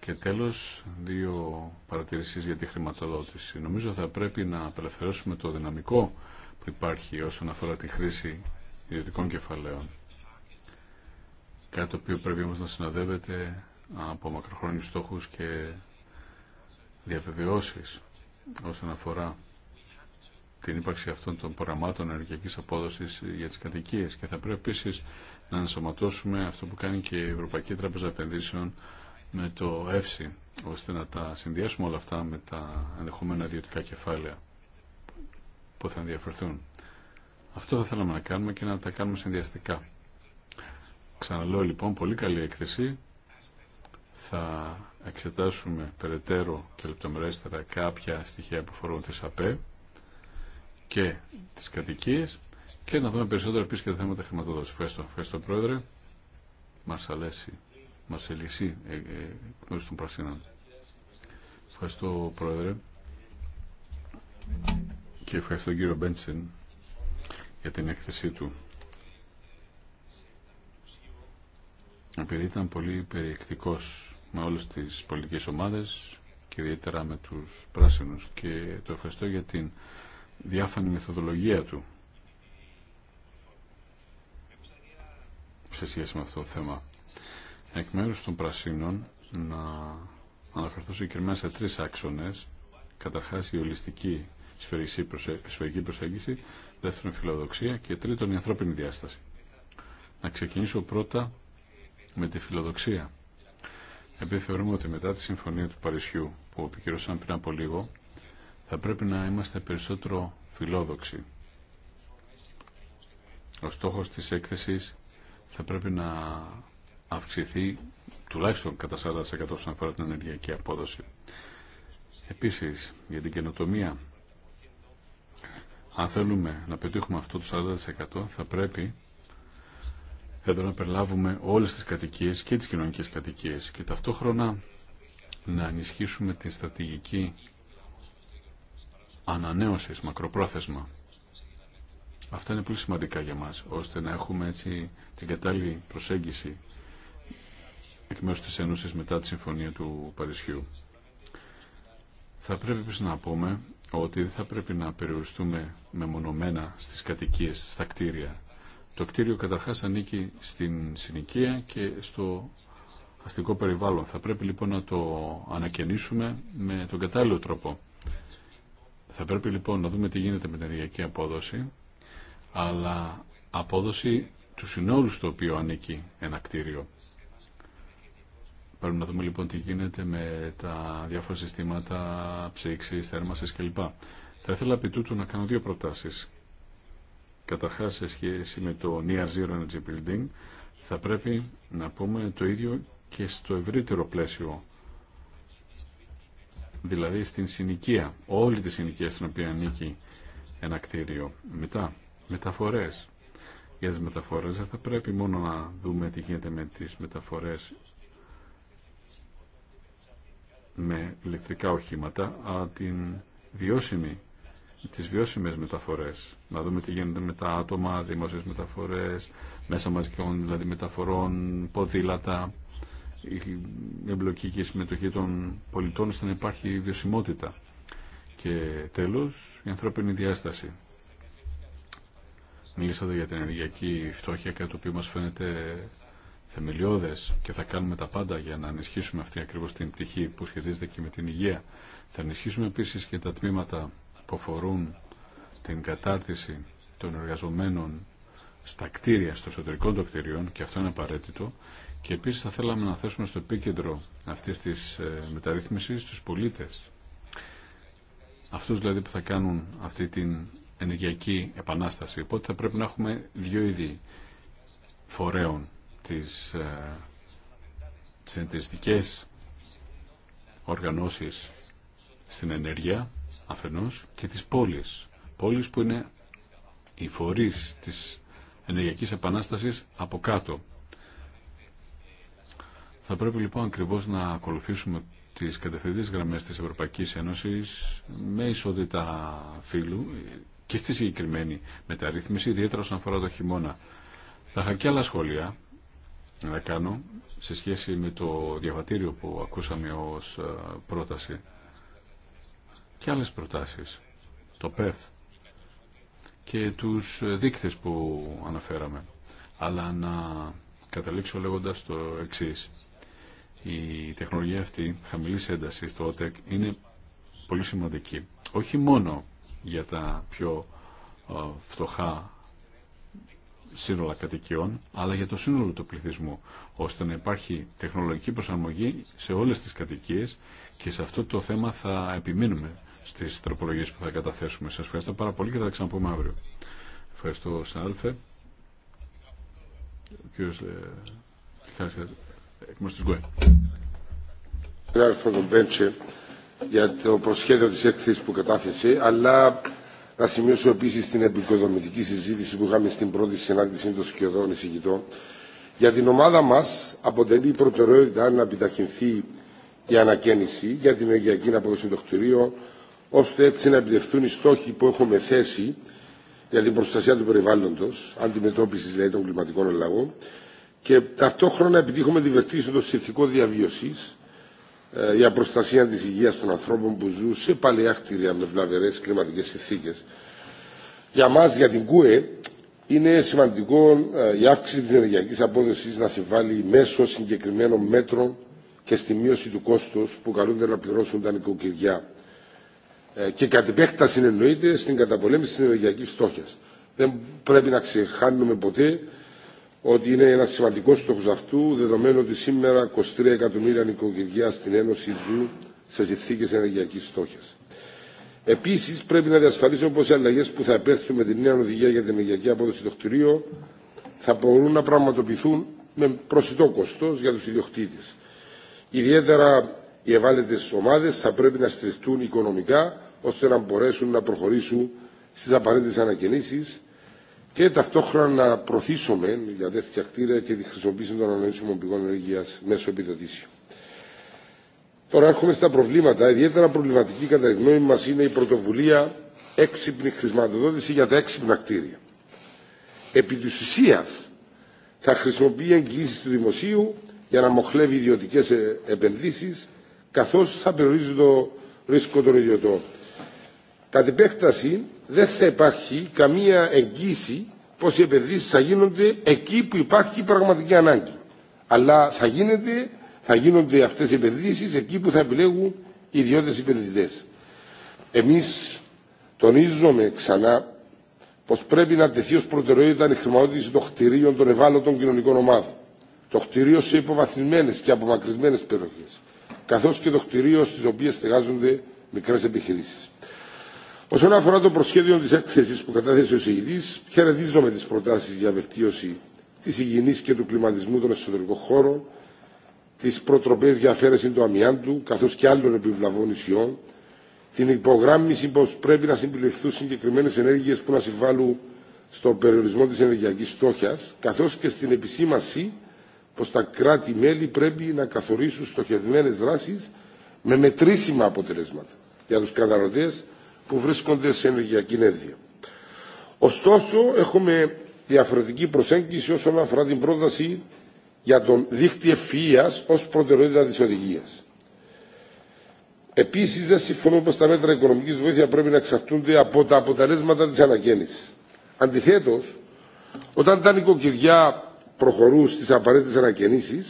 C: Και τέλος, δύο παρατηρήσεις για τη χρηματοδότηση. Νομίζω θα πρέπει να απελευθερώσουμε το δυναμικό που υπάρχει όσον αφορά τη χρήση ιδιωτικών κεφαλαίων. Κάτι το οποίο πρέπει όμως να συνοδεύεται από μακροχρόνιους στόχους και διαβεβαιώσεις όσον αφορά την ύπαρξη αυτών των προγραμμάτων ενεργειακή απόδοση για τι κατοικίε. Και θα πρέπει επίση να ενσωματώσουμε αυτό που κάνει και η Ευρωπαϊκή Τράπεζα Επενδύσεων με το ΕΦΣΥ, ώστε να τα συνδυάσουμε όλα αυτά με τα ενδεχόμενα ιδιωτικά κεφάλαια που θα ενδιαφερθούν. Αυτό θα θέλαμε να κάνουμε και να τα κάνουμε συνδυαστικά. Ξαναλέω λοιπόν, πολύ καλή έκθεση. Θα εξετάσουμε περαιτέρω και λεπτομερέστερα κάποια στοιχεία που αφορούν τις ΑΠΕ και τις κατοικίες και να δούμε περισσότερο επίσης και τα θέματα χρηματοδότηση. Ευχαριστώ, ευχαριστώ Πρόεδρε. Μας αλέσει, ε, ε, των Πρασίνων. Ευχαριστώ Πρόεδρε και ευχαριστώ κύριο Μπέντσεν για την έκθεσή του. Επειδή ήταν πολύ περιεκτικός με όλες τις πολιτικές ομάδες και ιδιαίτερα με τους πράσινους και το ευχαριστώ για την διάφανη μεθοδολογία του σε σχέση με αυτό το θέμα. Εκ μέρους των πρασίνων να αναφερθώ συγκεκριμένα σε τρεις άξονες. Καταρχάς η ολιστική σφαιρική προσέγγιση, δεύτερον φιλοδοξία και τρίτον η ανθρώπινη διάσταση. Να ξεκινήσω πρώτα με τη φιλοδοξία. Επειδή θεωρούμε ότι μετά τη Συμφωνία του Παρισιού που επικυρώσαμε πριν από λίγο, θα πρέπει να είμαστε περισσότερο φιλόδοξοι. Ο στόχος της έκθεσης θα πρέπει να αυξηθεί τουλάχιστον κατά 40% όσον αφορά την ενεργειακή απόδοση. Επίσης, για την καινοτομία αν θέλουμε να πετύχουμε αυτό το 40% θα πρέπει εδώ να περιλάβουμε όλες τις κατοικίες και τις κοινωνικές κατοικίες και ταυτόχρονα να ενισχύσουμε τη στρατηγική ανανέωσης μακροπρόθεσμα. Αυτά είναι πολύ σημαντικά για μας, ώστε να έχουμε έτσι την κατάλληλη προσέγγιση εκ μέρους της Ένωσης μετά τη Συμφωνία του Παρισιού. Θα πρέπει επίσης να πούμε ότι δεν θα πρέπει να περιοριστούμε μεμονωμένα στις κατοικίες, στα κτίρια. Το κτίριο καταρχάς ανήκει στην συνοικία και στο αστικό περιβάλλον. Θα πρέπει λοιπόν να το ανακαινήσουμε με τον κατάλληλο τρόπο. Θα πρέπει λοιπόν να δούμε τι γίνεται με την ενεργειακή απόδοση, αλλά απόδοση του συνόλου στο οποίο ανήκει ένα κτίριο. Πρέπει να δούμε λοιπόν τι γίνεται με τα διάφορα συστήματα ψήξη, θέρμανσης κλπ. Θα ήθελα επί τούτου να κάνω δύο προτάσεις. Καταρχά σε σχέση με το Near Zero Energy Building θα πρέπει να πούμε το ίδιο και στο ευρύτερο πλαίσιο δηλαδή στην συνοικία, όλη τη συνοικία στην οποία ανήκει ένα κτίριο. Μετά, μεταφορές. Για τις μεταφορές θα πρέπει μόνο να δούμε τι γίνεται με τις μεταφορές με ηλεκτρικά οχήματα, αλλά την βιώσιμη, τις βιώσιμες μεταφορές. Να δούμε τι γίνεται με τα άτομα, δημόσιες μεταφορές, μέσα μαζικών δηλαδή μεταφορών, ποδήλατα, η εμπλοκή και συμμετοχή των πολιτών ώστε να υπάρχει βιωσιμότητα. Και τέλος, η ανθρώπινη διάσταση. Μιλήσατε για την ενεργειακή φτώχεια, κάτι το οποίο μας φαίνεται θεμελιώδες και θα κάνουμε τα πάντα για να ενισχύσουμε αυτή ακριβώς την πτυχή που σχετίζεται και με την υγεία. Θα ενισχύσουμε επίσης και τα τμήματα που αφορούν την κατάρτιση των εργαζομένων στα κτίρια, στο εσωτερικό των κτίριων και αυτό είναι απαραίτητο και επίσης θα θέλαμε να θέσουμε στο επίκεντρο αυτής της ε, μεταρρύθμισης τους πολίτες. Αυτούς δηλαδή που θα κάνουν αυτή την ενεργειακή επανάσταση. Οπότε θα πρέπει να έχουμε δύο είδη φορέων τις ε, συνεταιριστικές οργανώσεις στην ενέργεια αφενός και τις πόλεις. Πόλεις που είναι οι φορείς της ενεργειακής επανάστασης από κάτω. Θα πρέπει λοιπόν ακριβώς να ακολουθήσουμε τις κατευθυντές γραμμές της Ευρωπαϊκής Ένωσης με ισότητα φύλου και στη συγκεκριμένη μεταρρύθμιση, ιδιαίτερα όσον αφορά το χειμώνα. Θα είχα και σχόλια, να κάνω σε σχέση με το διαβατήριο που ακούσαμε ως ε, πρόταση και άλλες προτάσεις, το ΠΕΦ και τους δείκτες που αναφέραμε. Αλλά να καταλήξω λέγοντας το εξής. Η τεχνολογία αυτή χαμηλή ένταση στο OTEC, είναι πολύ σημαντική. Όχι μόνο για τα πιο ε, φτωχά σύνολα κατοικιών, αλλά για το σύνολο του πληθυσμού, ώστε να υπάρχει τεχνολογική προσαρμογή σε όλες τις κατοικίες και σε αυτό το θέμα θα επιμείνουμε στις τροπολογίες που θα καταθέσουμε. Σας ευχαριστώ πάρα πολύ και θα τα ξαναπούμε αύριο. Ευχαριστώ, Σάλφε.
A: Ο κύριος ε, για το προσχέδιο της έκθεσης που κατάθεσε, αλλά να σημειώσω επίση την επικοδομητική συζήτηση που είχαμε στην πρώτη συνάντηση των σχεδόν εισηγητών. Για την ομάδα μα αποτελεί η προτεραιότητα να επιταχυνθεί η ανακαίνιση για την ενεργειακή αποδοση των κτηρίων, ώστε έτσι να επιτευχθούν οι στόχοι που έχουμε θέσει για την προστασία του περιβάλλοντο, αντιμετώπιση δηλαδή των κλιματικών αλλαγών, και ταυτόχρονα επιτύχουμε τη βελτίωση των συνθηκών διαβίωση ε, για προστασία της υγείας των ανθρώπων που ζουν σε παλαιά κτίρια με βλαβερές κλιματικές συνθήκες. Για μας, για την ΚΟΕ, είναι σημαντικό ε, η αύξηση της ενεργειακής απόδοσης να συμβάλλει μέσω συγκεκριμένων μέτρων και στη μείωση του κόστους που καλούνται να πληρώσουν τα νοικοκυριά. Ε, και κατ' επέκταση εννοείται στην καταπολέμηση της ενεργειακής στόχιας. Δεν πρέπει να ξεχάνουμε ποτέ ότι είναι ένα σημαντικό στόχο αυτού, δεδομένου ότι σήμερα 23 εκατομμύρια νοικοκυριά στην Ένωση ζουν σε συνθήκε ενεργειακή στόχη. Επίση, πρέπει να διασφαλίσουμε πω οι αλλαγέ που θα επέρθουν με την νέα οδηγία για την ενεργειακή απόδοση των κτηρίων θα μπορούν να πραγματοποιηθούν με προσιτό κόστο για του ιδιοκτήτε. Ιδιαίτερα οι ευάλωτε ομάδε θα πρέπει να στριχτούν οικονομικά ώστε να μπορέσουν να προχωρήσουν στι απαραίτητε ανακαινήσει και ταυτόχρονα να προωθήσουμε για τέτοια κτίρια και τη χρησιμοποίηση των ανανεώσιμων πηγών ενέργεια μέσω επιδοτήσεων. Τώρα έρχομαι στα προβλήματα. Ιδιαίτερα προβληματική κατά τη γνώμη μα είναι η πρωτοβουλία έξυπνη χρηματοδότηση για τα έξυπνα κτίρια. Επί τη ουσία θα χρησιμοποιεί εγγυήσει του δημοσίου για να μοχλεύει ιδιωτικέ επενδύσει καθώ θα περιορίζει το ρίσκο των ιδιωτών. Κατ' επέκταση δεν θα υπάρχει καμία εγγύηση πως οι επενδύσεις θα γίνονται εκεί που υπάρχει πραγματική ανάγκη. Αλλά θα, γίνεται, θα γίνονται αυτές οι επενδύσεις εκεί που θα επιλέγουν οι ιδιώτες επενδυτές. Εμείς τονίζουμε ξανά πως πρέπει να τεθεί ως προτεραιότητα η χρηματοδότηση των κτηρίων των ευάλωτων κοινωνικών ομάδων. Το κτηρίο σε υποβαθμισμένες και απομακρυσμένες περιοχές, καθώς και το κτηρίο στις οποίες στεγάζονται μικρές επιχειρήσεις. Όσον αφορά το προσχέδιο τη έκθεση που κατάθεσε ο συγητή, χαιρετίζομαι τι προτάσει για βελτίωση τη υγιεινή και του κλιματισμού των εσωτερικών χώρων, τι προτροπέ για αφαίρεση του αμοιάντου καθώ και άλλων επιβλαβών νησιών την υπογράμμιση πω πρέπει να συμπληρωθούν συγκεκριμένε ενέργειε που να συμβάλλουν στο περιορισμό τη ενεργειακή στόχιας, καθώ και στην επισήμαση πω τα κράτη-μέλη πρέπει να καθορίσουν στοχευμένε δράσει με μετρήσιμα αποτελέσματα για του καταναλωτέ που βρίσκονται σε ενεργειακή ένδυα. Ωστόσο, έχουμε διαφορετική προσέγγιση όσον αφορά την πρόταση για τον δίχτυ ευφυία ω προτεραιότητα τη οδηγία. Επίση, δεν συμφωνώ πω τα μέτρα οικονομική βοήθεια πρέπει να εξαρτούνται από τα αποτελέσματα τη αναγέννηση. Αντιθέτω, όταν τα νοικοκυριά προχωρούν στι απαραίτητε ανακαινήσει,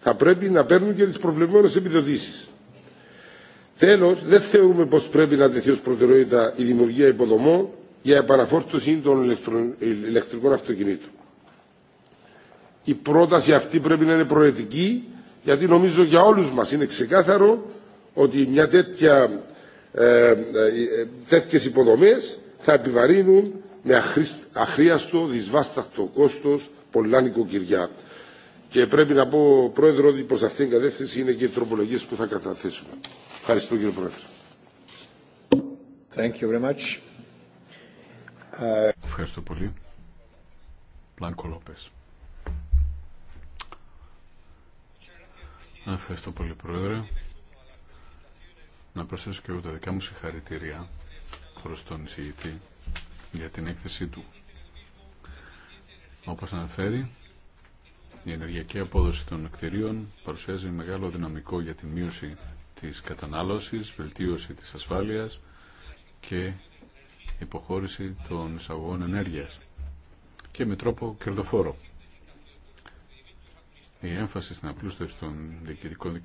A: θα πρέπει να παίρνουν και τι προβλεπόμενε επιδοτήσει. Τέλο, δεν θεωρούμε πω πρέπει να τεθεί ω προτεραιότητα η δημιουργία υποδομών για επαναφόρτωση των ηλεκτρικών αυτοκινήτων. Η πρόταση αυτή πρέπει να είναι προαιρετική, γιατί νομίζω για όλους μας είναι ξεκάθαρο ότι μια τέτοια, ε, ε υποδομές θα επιβαρύνουν με αχρίαστο, δυσβάσταχτο κόστος πολλά νοικοκυριά. Και πρέπει να πω, Πρόεδρο, ότι προς αυτήν την κατεύθυνση είναι και οι τροπολογίες που θα καταθέσουμε. Ευχαριστώ κύριε Πρόεδρε.
C: Thank you ε, Ευχαριστώ πολύ. Πλάνκο Λόπες. Ευχαριστώ πολύ Πρόεδρε. Να προσθέσω και εγώ τα δικά μου συγχαρητήρια προς τον εισηγητή για την έκθεσή του. Όπως αναφέρει, η ενεργειακή απόδοση των κτηρίων παρουσιάζει μεγάλο δυναμικό για τη μείωση της κατανάλωσης, βελτίωση της ασφάλειας και υποχώρηση των εισαγωγών ενέργειας και με τρόπο κερδοφόρο. Η έμφαση στην απλούστευση των διοικητικών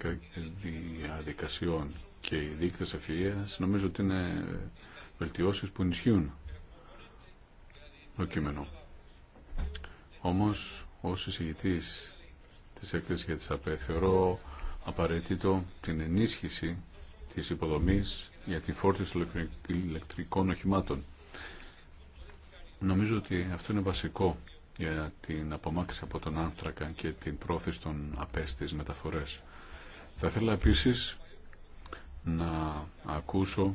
C: διαδικασιών και οι δείκτες ευφυΐας νομίζω ότι είναι βελτιώσεις που ενισχύουν το κείμενο. Όμως, ως εισηγητής της έκθεσης για τις ΑΠΕ, απαραίτητο την ενίσχυση της υποδομής για τη φόρτιση των ηλεκτρικών οχημάτων. Νομίζω ότι αυτό είναι βασικό για την απομάκρυση από τον άνθρακα και την πρόθεση των απέστης μεταφορές. Θα ήθελα επίσης να ακούσω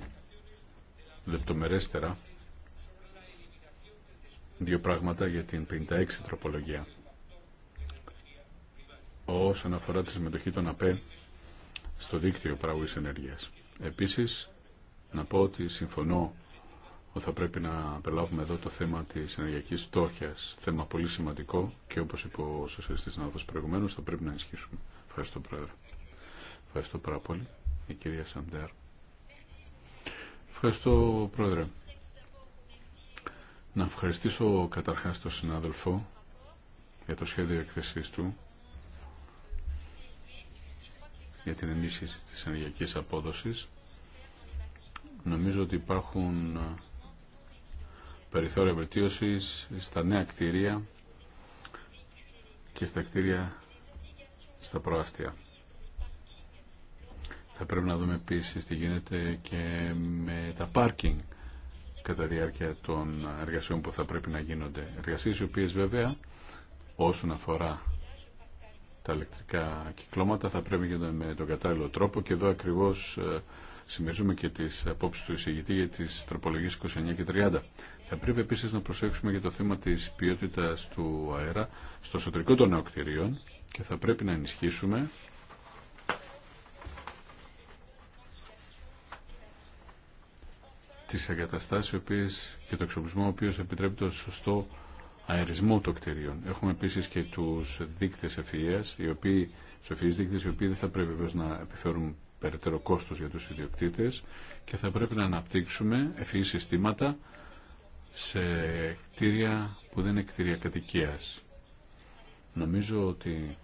C: λεπτομερέστερα δύο πράγματα για την 56 τροπολογία όσον αφορά τη συμμετοχή των ΑΠΕ στο δίκτυο παραγωγής ενέργειας. Επίσης, να πω ότι συμφωνώ ότι θα πρέπει να απελάβουμε εδώ το θέμα της ενεργειακής στόχιας, θέμα πολύ σημαντικό και όπως είπε ο σοσιαλιστής συνάδελφος προηγουμένως θα πρέπει να ενισχύσουμε. Ευχαριστώ Πρόεδρε. Ευχαριστώ πάρα πολύ. Η κυρία Σαντέρ. Ευχαριστώ Πρόεδρε. Να ευχαριστήσω καταρχάς τον συνάδελφο για το σχέδιο εκθεσής του για την ενίσχυση της ενεργειακής απόδοσης. Νομίζω ότι υπάρχουν ε, περιθώρια βελτίωσης στα νέα κτίρια και στα κτίρια στα προάστια. Θα πρέπει να δούμε επίσης τι γίνεται και με τα πάρκινγκ κατά διάρκεια των εργασιών που θα πρέπει να γίνονται. Εργασίες οι οποίες βέβαια όσον αφορά τα ηλεκτρικά κυκλώματα θα πρέπει να γίνονται με τον κατάλληλο τρόπο και εδώ ακριβώς ε, συμμερίζουμε και τις απόψεις του εισηγητή για τις τροπολογίες 29 και 30. Θα πρέπει επίσης να προσέξουμε για το θέμα της ποιότητας του αέρα στο εσωτερικό των νεοκτηρίων και θα πρέπει να ενισχύσουμε τις εγκαταστάσεις και το εξοπλισμό ο οποίος επιτρέπει το σωστό αερισμό των κτηρίων. Έχουμε επίσης και τους δείκτε ευφυΐας, οι οποίοι, οι οποίοι δεν θα πρέπει βεβαίω να επιφέρουν περαιτέρω κόστο για τους ιδιοκτήτε και θα πρέπει να αναπτύξουμε ευφυεί συστήματα σε κτίρια που δεν είναι κτίρια κατοικίας. Νομίζω ότι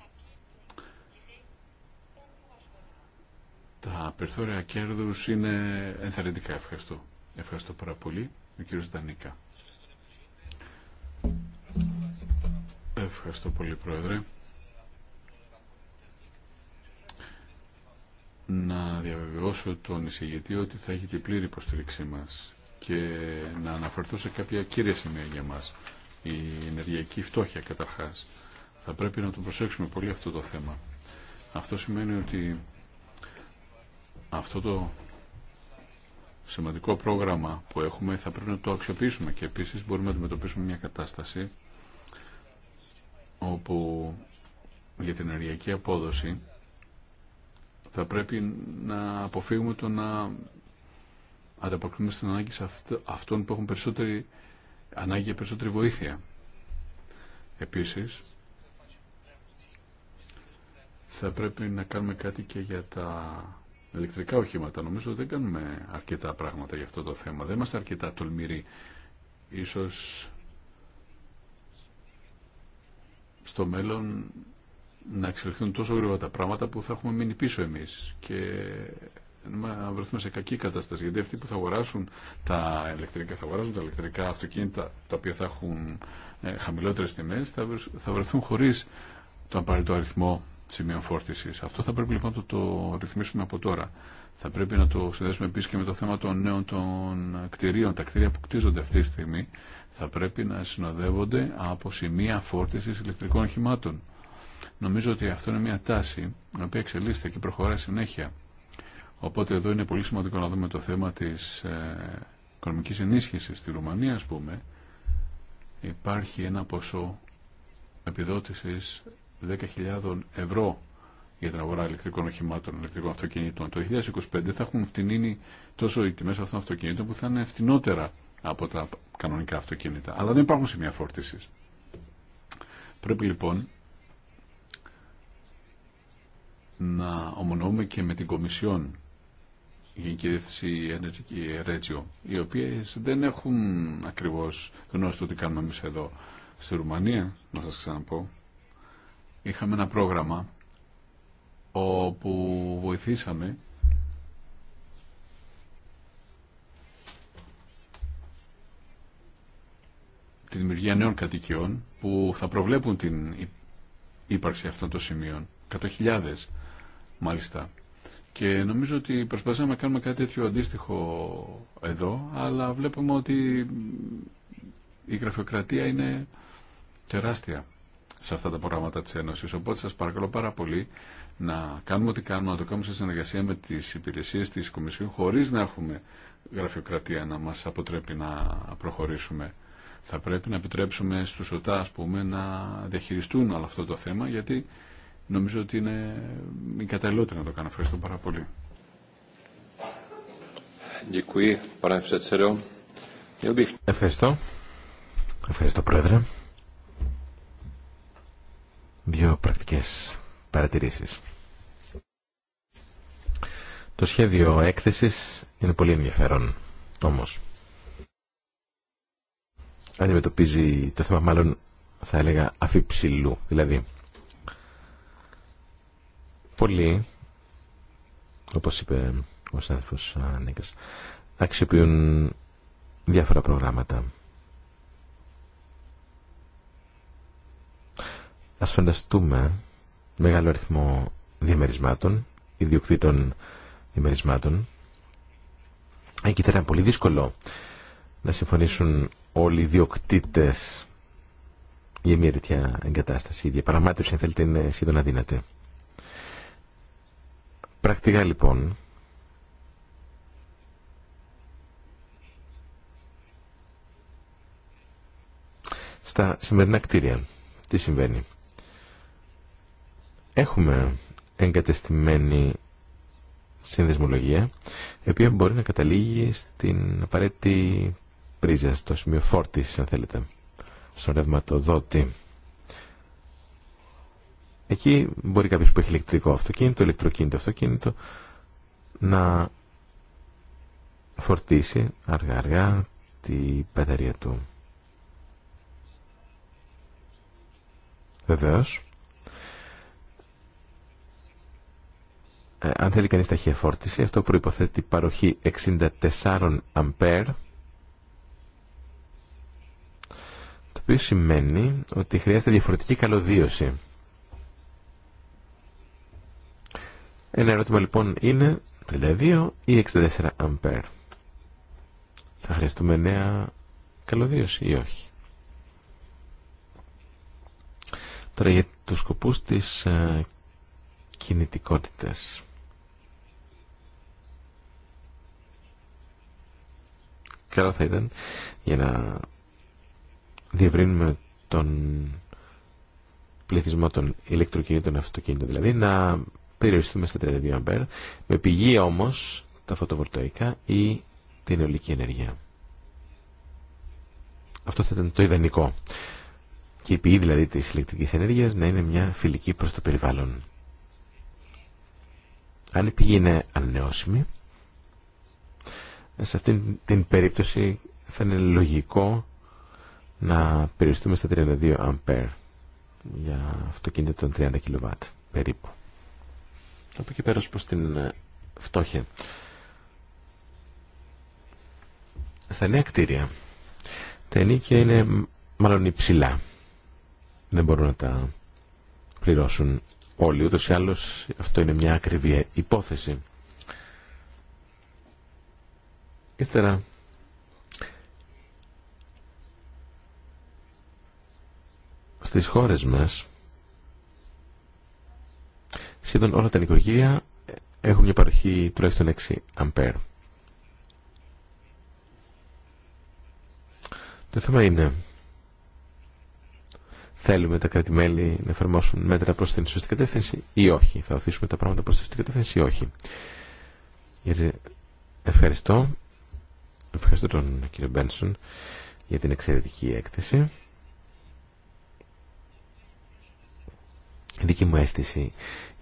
C: τα περιθώρια κέρδους είναι ενθαρρυντικά. Ευχαριστώ. Ευχαριστώ πάρα πολύ. Ο κύριος Δανίκα. Ευχαριστώ πολύ, Πρόεδρε. Να διαβεβαιώσω τον εισηγητή ότι θα έχει την πλήρη υποστήριξή μας και να αναφερθώ σε κάποια κύρια σημεία για μας. Η ενεργειακή φτώχεια, καταρχάς. Θα πρέπει να το προσέξουμε πολύ αυτό το θέμα. Αυτό σημαίνει ότι αυτό το σημαντικό πρόγραμμα που έχουμε θα πρέπει να το αξιοποιήσουμε και επίσης μπορούμε να αντιμετωπίσουμε μια κατάσταση όπου για την ενεργειακή απόδοση θα πρέπει να αποφύγουμε το να ανταποκρίνουμε στην ανάγκη αυτών που έχουν περισσότερη ανάγκη για περισσότερη βοήθεια. Επίσης, θα πρέπει να κάνουμε κάτι και για τα ηλεκτρικά οχήματα. Νομίζω δεν κάνουμε αρκετά πράγματα για αυτό το θέμα. Δεν είμαστε αρκετά τολμηροί. Ίσως στο μέλλον να εξελιχθούν τόσο γρήγορα τα πράγματα που θα έχουμε μείνει πίσω εμεί. και να βρεθούμε σε κακή κατάσταση. Γιατί αυτοί που θα αγοράσουν τα ηλεκτρικά, θα αγοράσουν τα ηλεκτρικά αυτοκίνητα τα οποία θα έχουν ε, χαμηλότερε τιμέ, θα βρεθούν χωρί το απαραίτητο αριθμό σημείων φόρτιση. Αυτό θα πρέπει λοιπόν να το, το ρυθμίσουμε από τώρα. Θα πρέπει να το συνδέσουμε επίση και με το θέμα των νέων των κτηρίων, τα κτίρια που κτίζονται αυτή τη στιγμή θα πρέπει να συνοδεύονται από σημεία φόρτιση ηλεκτρικών οχημάτων. Νομίζω ότι αυτό είναι μια τάση η οποία εξελίσσεται και προχωράει συνέχεια. Οπότε εδώ είναι πολύ σημαντικό να δούμε το θέμα τη ε, οικονομικής ενίσχυσης στη Ρουμανία, α πούμε. Υπάρχει ένα ποσό επιδότηση 10.000 ευρώ για την αγορά ηλεκτρικών οχημάτων, ηλεκτρικών αυτοκινήτων. Το 2025 θα έχουν φτηνίνει τόσο οι τιμέ αυτών αυτοκινήτων που θα είναι φτηνότερα από τα κανονικά αυτοκίνητα. Αλλά δεν υπάρχουν σημεία φόρτιση. Πρέπει λοιπόν να ομονοούμε και με την Κομισιόν Γενική Διεύθυνση Ενεργική Ρέτζιο, οι οποίες δεν έχουν ακριβώς γνώση του τι κάνουμε εμείς εδώ. Στη Ρουμανία, να σα ξαναπώ, είχαμε ένα πρόγραμμα όπου βοηθήσαμε τη δημιουργία νέων κατοικιών που θα προβλέπουν την ύπαρξη αυτών των σημείων. 100.000 μάλιστα. Και νομίζω ότι προσπαθήσαμε να κάνουμε κάτι τέτοιο αντίστοιχο εδώ, αλλά βλέπουμε ότι η γραφειοκρατία είναι τεράστια σε αυτά τα προγράμματα της Ένωσης. Οπότε σας παρακαλώ πάρα πολύ να κάνουμε ό,τι κάνουμε, να το κάνουμε σε συνεργασία με τις υπηρεσίες της Κομισιόν, χωρίς να έχουμε γραφειοκρατία να μας αποτρέπει να προχωρήσουμε. Θα πρέπει να επιτρέψουμε στους ΟΤΑ πούμε, να διαχειριστούν όλο αυτό το θέμα γιατί νομίζω ότι είναι η να το κάνω. Ευχαριστώ πάρα πολύ. Ευχαριστώ. Ευχαριστώ Πρόεδρε.
D: Δύο πρακτικές παρατηρήσεις. Το σχέδιο έκθεσης είναι πολύ ενδιαφέρον όμως αντιμετωπίζει το θέμα μάλλον θα έλεγα αφιψηλού δηλαδή πολλοί όπως είπε ο Σάδεφος Νίκας αξιοποιούν διάφορα προγράμματα ας φανταστούμε μεγάλο αριθμό διαμερισμάτων ιδιοκτήτων διαμερισμάτων εκεί ήταν πολύ δύσκολο να συμφωνήσουν όλοι οι διοκτήτε για μια τέτοια εγκατάσταση. Η διαπραγμάτευση, αν θέλετε, είναι σύντομα δύνατη. Πρακτικά, λοιπόν, στα σημερινά κτίρια. Τι συμβαίνει. Έχουμε εγκατεστημένη συνδεσμολογία, η οποία μπορεί να καταλήγει στην απαραίτητη πρίζα, στο σημείο φόρτισης αν θέλετε, στο ρευματοδότη. Εκεί μπορεί κάποιο που έχει ηλεκτρικό αυτοκίνητο, ηλεκτροκίνητο αυτοκίνητο να φορτίσει αργά αργά τη μπαταρία του. Βεβαίως, ε, αν θέλει κανείς ταχεία φόρτιση, αυτό προϋποθέτει παροχή 64 αμπέρ οποίο σημαίνει ότι χρειάζεται διαφορετική καλωδίωση. Ένα ερώτημα λοιπόν είναι 32 ή 64 αμπέρ. Θα χρειαστούμε νέα καλωδίωση ή όχι. Τώρα για τους σκοπούς της ε, κινητικότητας. Καλό θα ήταν για να διευρύνουμε τον πληθυσμό των ηλεκτροκινήτων αυτοκινήτων, δηλαδή να περιοριστούμε στα 32 αμπέρ, με πηγή όμως τα φωτοβολταϊκά ή την ολική ενέργεια. Αυτό θα ήταν το ιδανικό. Και η πηγή δηλαδή της ηλεκτρικής ενέργειας να είναι μια φιλική προς το περιβάλλον. Αν η πηγή είναι ανανεώσιμη, σε αυτή την περίπτωση θα είναι λογικό να περιοριστούμε στα 32 αμπέρ για αυτοκίνητα των 30 κιλοβάτ περίπου. Από εκεί πέρα προς την ε, φτώχεια. Στα νέα κτίρια τα ενίκια είναι μάλλον υψηλά. Δεν μπορούν να τα πληρώσουν όλοι. Ούτως ή άλλως αυτό είναι μια ακριβή υπόθεση. Ύστερα Στις χώρες μας σχεδόν όλα τα νοικογύρια έχουν μια παροχή τουλάχιστον 6 αμπέρ. Το θέμα είναι θέλουμε τα κρατη να εφαρμόσουν μέτρα προς την σωστή κατεύθυνση ή όχι. Θα οθήσουμε τα πράγματα προς την σωστή κατεύθυνση ή όχι. Ευχαριστώ. Ευχαριστώ τον κύριο Μπένσον για την εξαιρετική έκθεση. Η δική μου αίσθηση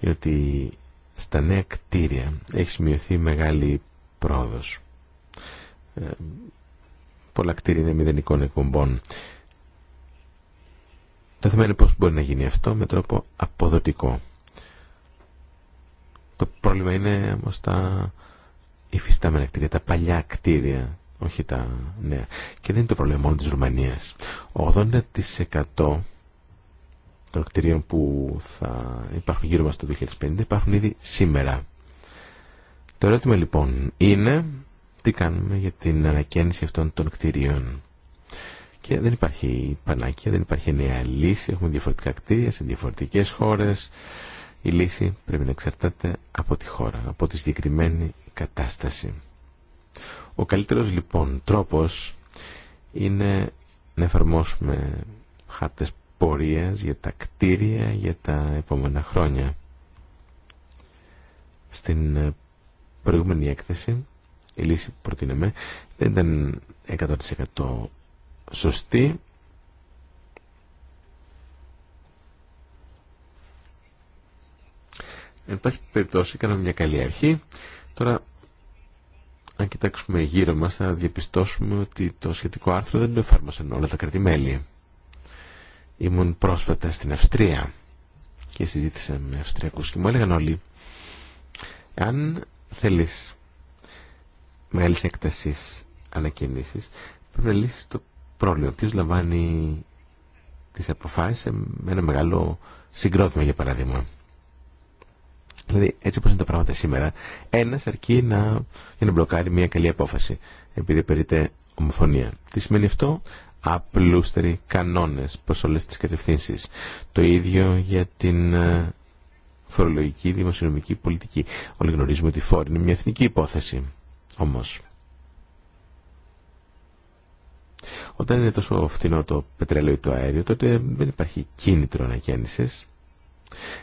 D: είναι ότι στα νέα κτίρια έχει σημειωθεί μεγάλη πρόοδος. Ε, πολλά κτίρια είναι μηδενικών εκπομπών. Το θέμα είναι πώς μπορεί να γίνει αυτό με τρόπο αποδοτικό. Το πρόβλημα είναι όμως τα υφιστάμενα κτίρια, τα παλιά κτίρια, όχι τα νέα. Και δεν είναι το πρόβλημα μόνο της Ρουμανίας. 80% των κτηρίων που θα υπάρχουν γύρω μας το 2050 υπάρχουν ήδη σήμερα. Το ερώτημα λοιπόν είναι τι κάνουμε για την ανακαίνιση αυτών των κτηρίων. Και δεν υπάρχει πανάκια, δεν υπάρχει νέα λύση. Έχουμε διαφορετικά κτίρια σε διαφορετικές χώρες. Η λύση πρέπει να εξαρτάται από τη χώρα, από τη συγκεκριμένη κατάσταση. Ο καλύτερος λοιπόν τρόπος είναι να εφαρμόσουμε χάρτες πορείας, για τα κτίρια για τα επόμενα χρόνια. Στην ε, προηγούμενη έκθεση η λύση που προτείναμε δεν ήταν 100% σωστή. Εν πάση περιπτώσει κάναμε μια καλή αρχή. Τώρα αν κοιτάξουμε γύρω μας θα διαπιστώσουμε ότι το σχετικό άρθρο δεν το εφάρμοσαν όλα τα κρατημέλη. Ήμουν πρόσφατα στην Αυστρία και συζήτησα με Αυστριακούς και μου έλεγαν όλοι αν θέλεις μεγάλης έκτασης ανακαινήσεις πρέπει να λύσεις το πρόβλημα ποιος λαμβάνει τις αποφάσεις με ένα μεγάλο συγκρότημα για παράδειγμα Δηλαδή, έτσι όπως είναι τα πράγματα σήμερα, ένας αρκεί να, για να μπλοκάρει μια καλή απόφαση, επειδή περίτε ομοφωνία. Τι σημαίνει αυτό? απλούστεροι κανόνες προς όλες τις κατευθύνσεις. Το ίδιο για την ε, φορολογική, δημοσιονομική, πολιτική. Όλοι γνωρίζουμε ότι η είναι μια εθνική υπόθεση. Όμως, όταν είναι τόσο φθηνό το πετρέλαιο ή το αέριο, τότε δεν υπάρχει κίνητρο ανακαίνησης.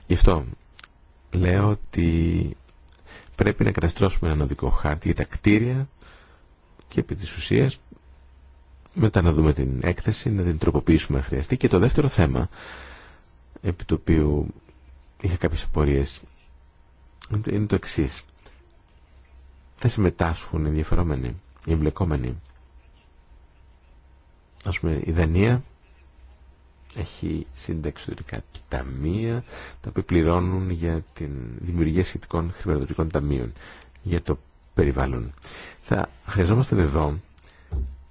D: Γι' αυτό λέω ότι πρέπει να καταστρώσουμε έναν οδικό χάρτη για τα κτίρια και επί της ουσίας μετά να δούμε την έκθεση, να την τροποποιήσουμε αν χρειαστεί. Και το δεύτερο θέμα, επί το οποίο είχα κάποιες απορίες, είναι το εξή. Θα συμμετάσχουν οι ενδιαφερόμενοι, οι εμπλεκόμενοι. Α πούμε, η Δανία έχει συνταξιδωτικά ταμεία, τα οποία πληρώνουν για τη δημιουργία σχετικών χρηματοδοτικών ταμείων για το περιβάλλον. Θα χρειαζόμαστε εδώ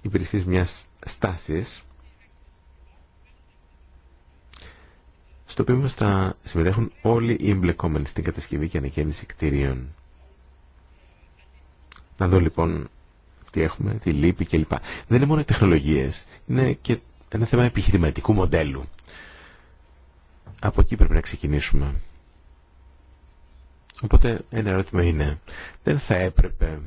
D: υπηρεσίες μιας στάσης στο οποίο μας θα συμμετέχουν όλοι οι εμπλεκόμενοι στην κατασκευή και ανακαίνιση κτηρίων. Να δω λοιπόν τι έχουμε, τι λείπει κλπ. Δεν είναι μόνο οι τεχνολογίες, είναι και ένα θέμα επιχειρηματικού μοντέλου. Από εκεί πρέπει να ξεκινήσουμε. Οπότε ένα ερώτημα είναι, δεν θα έπρεπε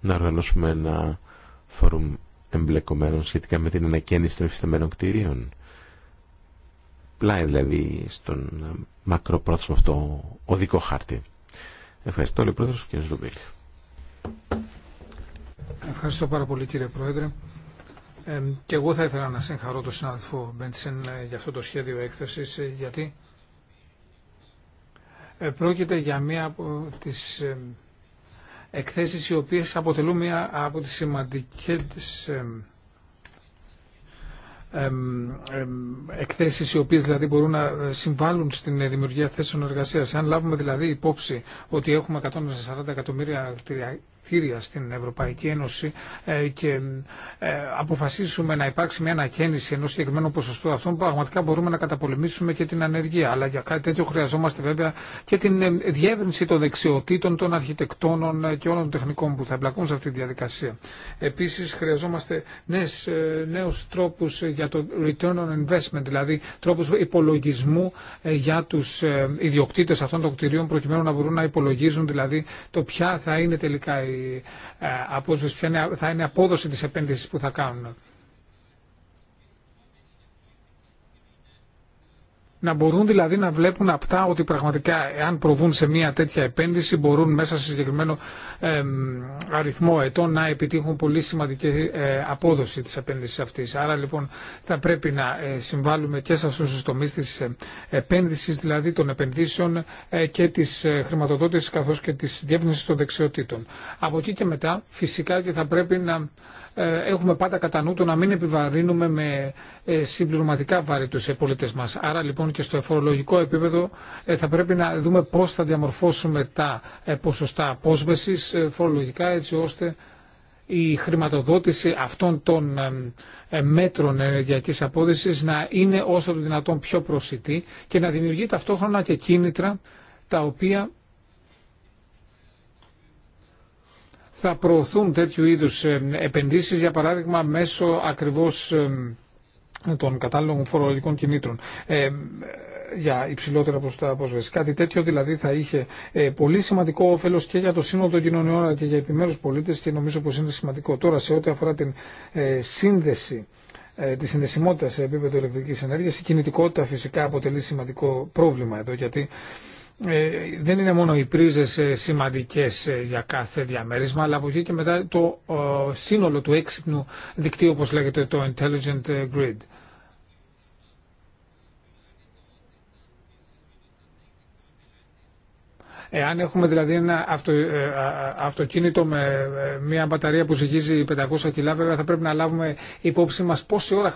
D: να οργανώσουμε ένα φόρουμ εμπλεκομένων σχετικά με την ανακαίνιση των εφισταμένων κτηρίων. Πλάι δηλαδή στον ε, μακροπρόθεσμο αυτό οδικό χάρτη. Ευχαριστώ λέει πρόεδρος κ. Ζουμπίκ.
B: Ευχαριστώ πάρα πολύ κύριε Πρόεδρε. Ε, και εγώ θα ήθελα να συγχαρώ τον συνάδελφο Μπέντσεν ε, για αυτό το σχέδιο έκθεσης ε, γιατί πρόκειται για μία από τις εκθέσεις οι οποίες αποτελούν μία από τις σημαντικές εκθέσεις οι οποίες δηλαδή μπορούν να συμβάλλουν στην δημιουργία θέσεων εργασίας. Αν λάβουμε δηλαδή υπόψη ότι έχουμε 140 εκατομμύρια κτίρια στην Ευρωπαϊκή Ένωση ε, και ε, αποφασίσουμε να υπάρξει μια ανακαίνιση ενό συγκεκριμένου ποσοστού αυτών, πραγματικά μπορούμε να καταπολεμήσουμε και την ανεργία. Αλλά για κάτι τέτοιο χρειαζόμαστε βέβαια και την ε, διεύρυνση των δεξιοτήτων των αρχιτεκτόνων και όλων των τεχνικών που θα εμπλακούν σε αυτή τη διαδικασία. Επίση, χρειαζόμαστε νέου τρόπου για το return on investment, δηλαδή τρόπου υπολογισμού για του ιδιοκτήτε αυτών των κτηρίων προκειμένου να μπορούν να υπολογίζουν δηλαδή το ποια θα είναι τελικά η ε, απόσβεση, ποια θα είναι η απόδοση της επένδυσης που θα κάνουν. Να μπορούν δηλαδή να βλέπουν απτά ότι πραγματικά αν προβούν σε μια τέτοια επένδυση μπορούν μέσα σε συγκεκριμένο αριθμό ετών να επιτύχουν πολύ σημαντική ε, απόδοση της επένδυσης αυτής. Άρα λοιπόν θα πρέπει να ε, συμβάλλουμε και σε αυτούς τους τομείς της ε, επένδυσης, δηλαδή των επενδύσεων και της χρηματοδότησης καθώς και της διεύθυνσης των δεξιοτήτων. Από εκεί και μετά φυσικά και θα πρέπει να ε, έχουμε πάντα κατά νου το να μην επιβαρύνουμε με ε, συμπληρωματικά βάρη τους ε, πολίτες μας. Άρα λοιπόν και στο εφορολογικό επίπεδο θα πρέπει να δούμε πώς θα διαμορφώσουμε τα ποσοστά απόσβεσης φορολογικά έτσι ώστε η χρηματοδότηση αυτών των μέτρων ενεργειακής απόδοση να είναι όσο το δυνατόν πιο προσιτή και να δημιουργεί ταυτόχρονα και κίνητρα τα οποία θα προωθούν τέτοιου είδους ε, επενδύσεις, για παράδειγμα μέσω ακριβώς ε, των κατάλληλων φορολογικών κινήτρων ε, για υψηλότερα ποσοστά απόσβεση. Κάτι τέτοιο δηλαδή θα είχε πολύ σημαντικό όφελο και για το σύνολο των κοινωνιών αλλά και για επιμέρους πολίτες και νομίζω πως είναι σημαντικό. Τώρα σε ό,τι αφορά την σύνδεση τη συνδεσιμότητα σε επίπεδο ηλεκτρική ενέργεια, η κινητικότητα φυσικά αποτελεί σημαντικό πρόβλημα εδώ γιατί ε, δεν είναι μόνο οι πρίζες ε, σημαντικές ε, για κάθε διαμέρισμα, αλλά από εκεί και μετά το σύνολο του έξυπνου δικτύου, όπως λέγεται το Intelligent Grid. Εάν έχουμε δηλαδή ένα αυτο, ε, αυτοκίνητο με ε, μια μπαταρία που ζυγίζει 500 κιλά, βέβαια θα πρέπει να λάβουμε υπόψη μα πόση ώρα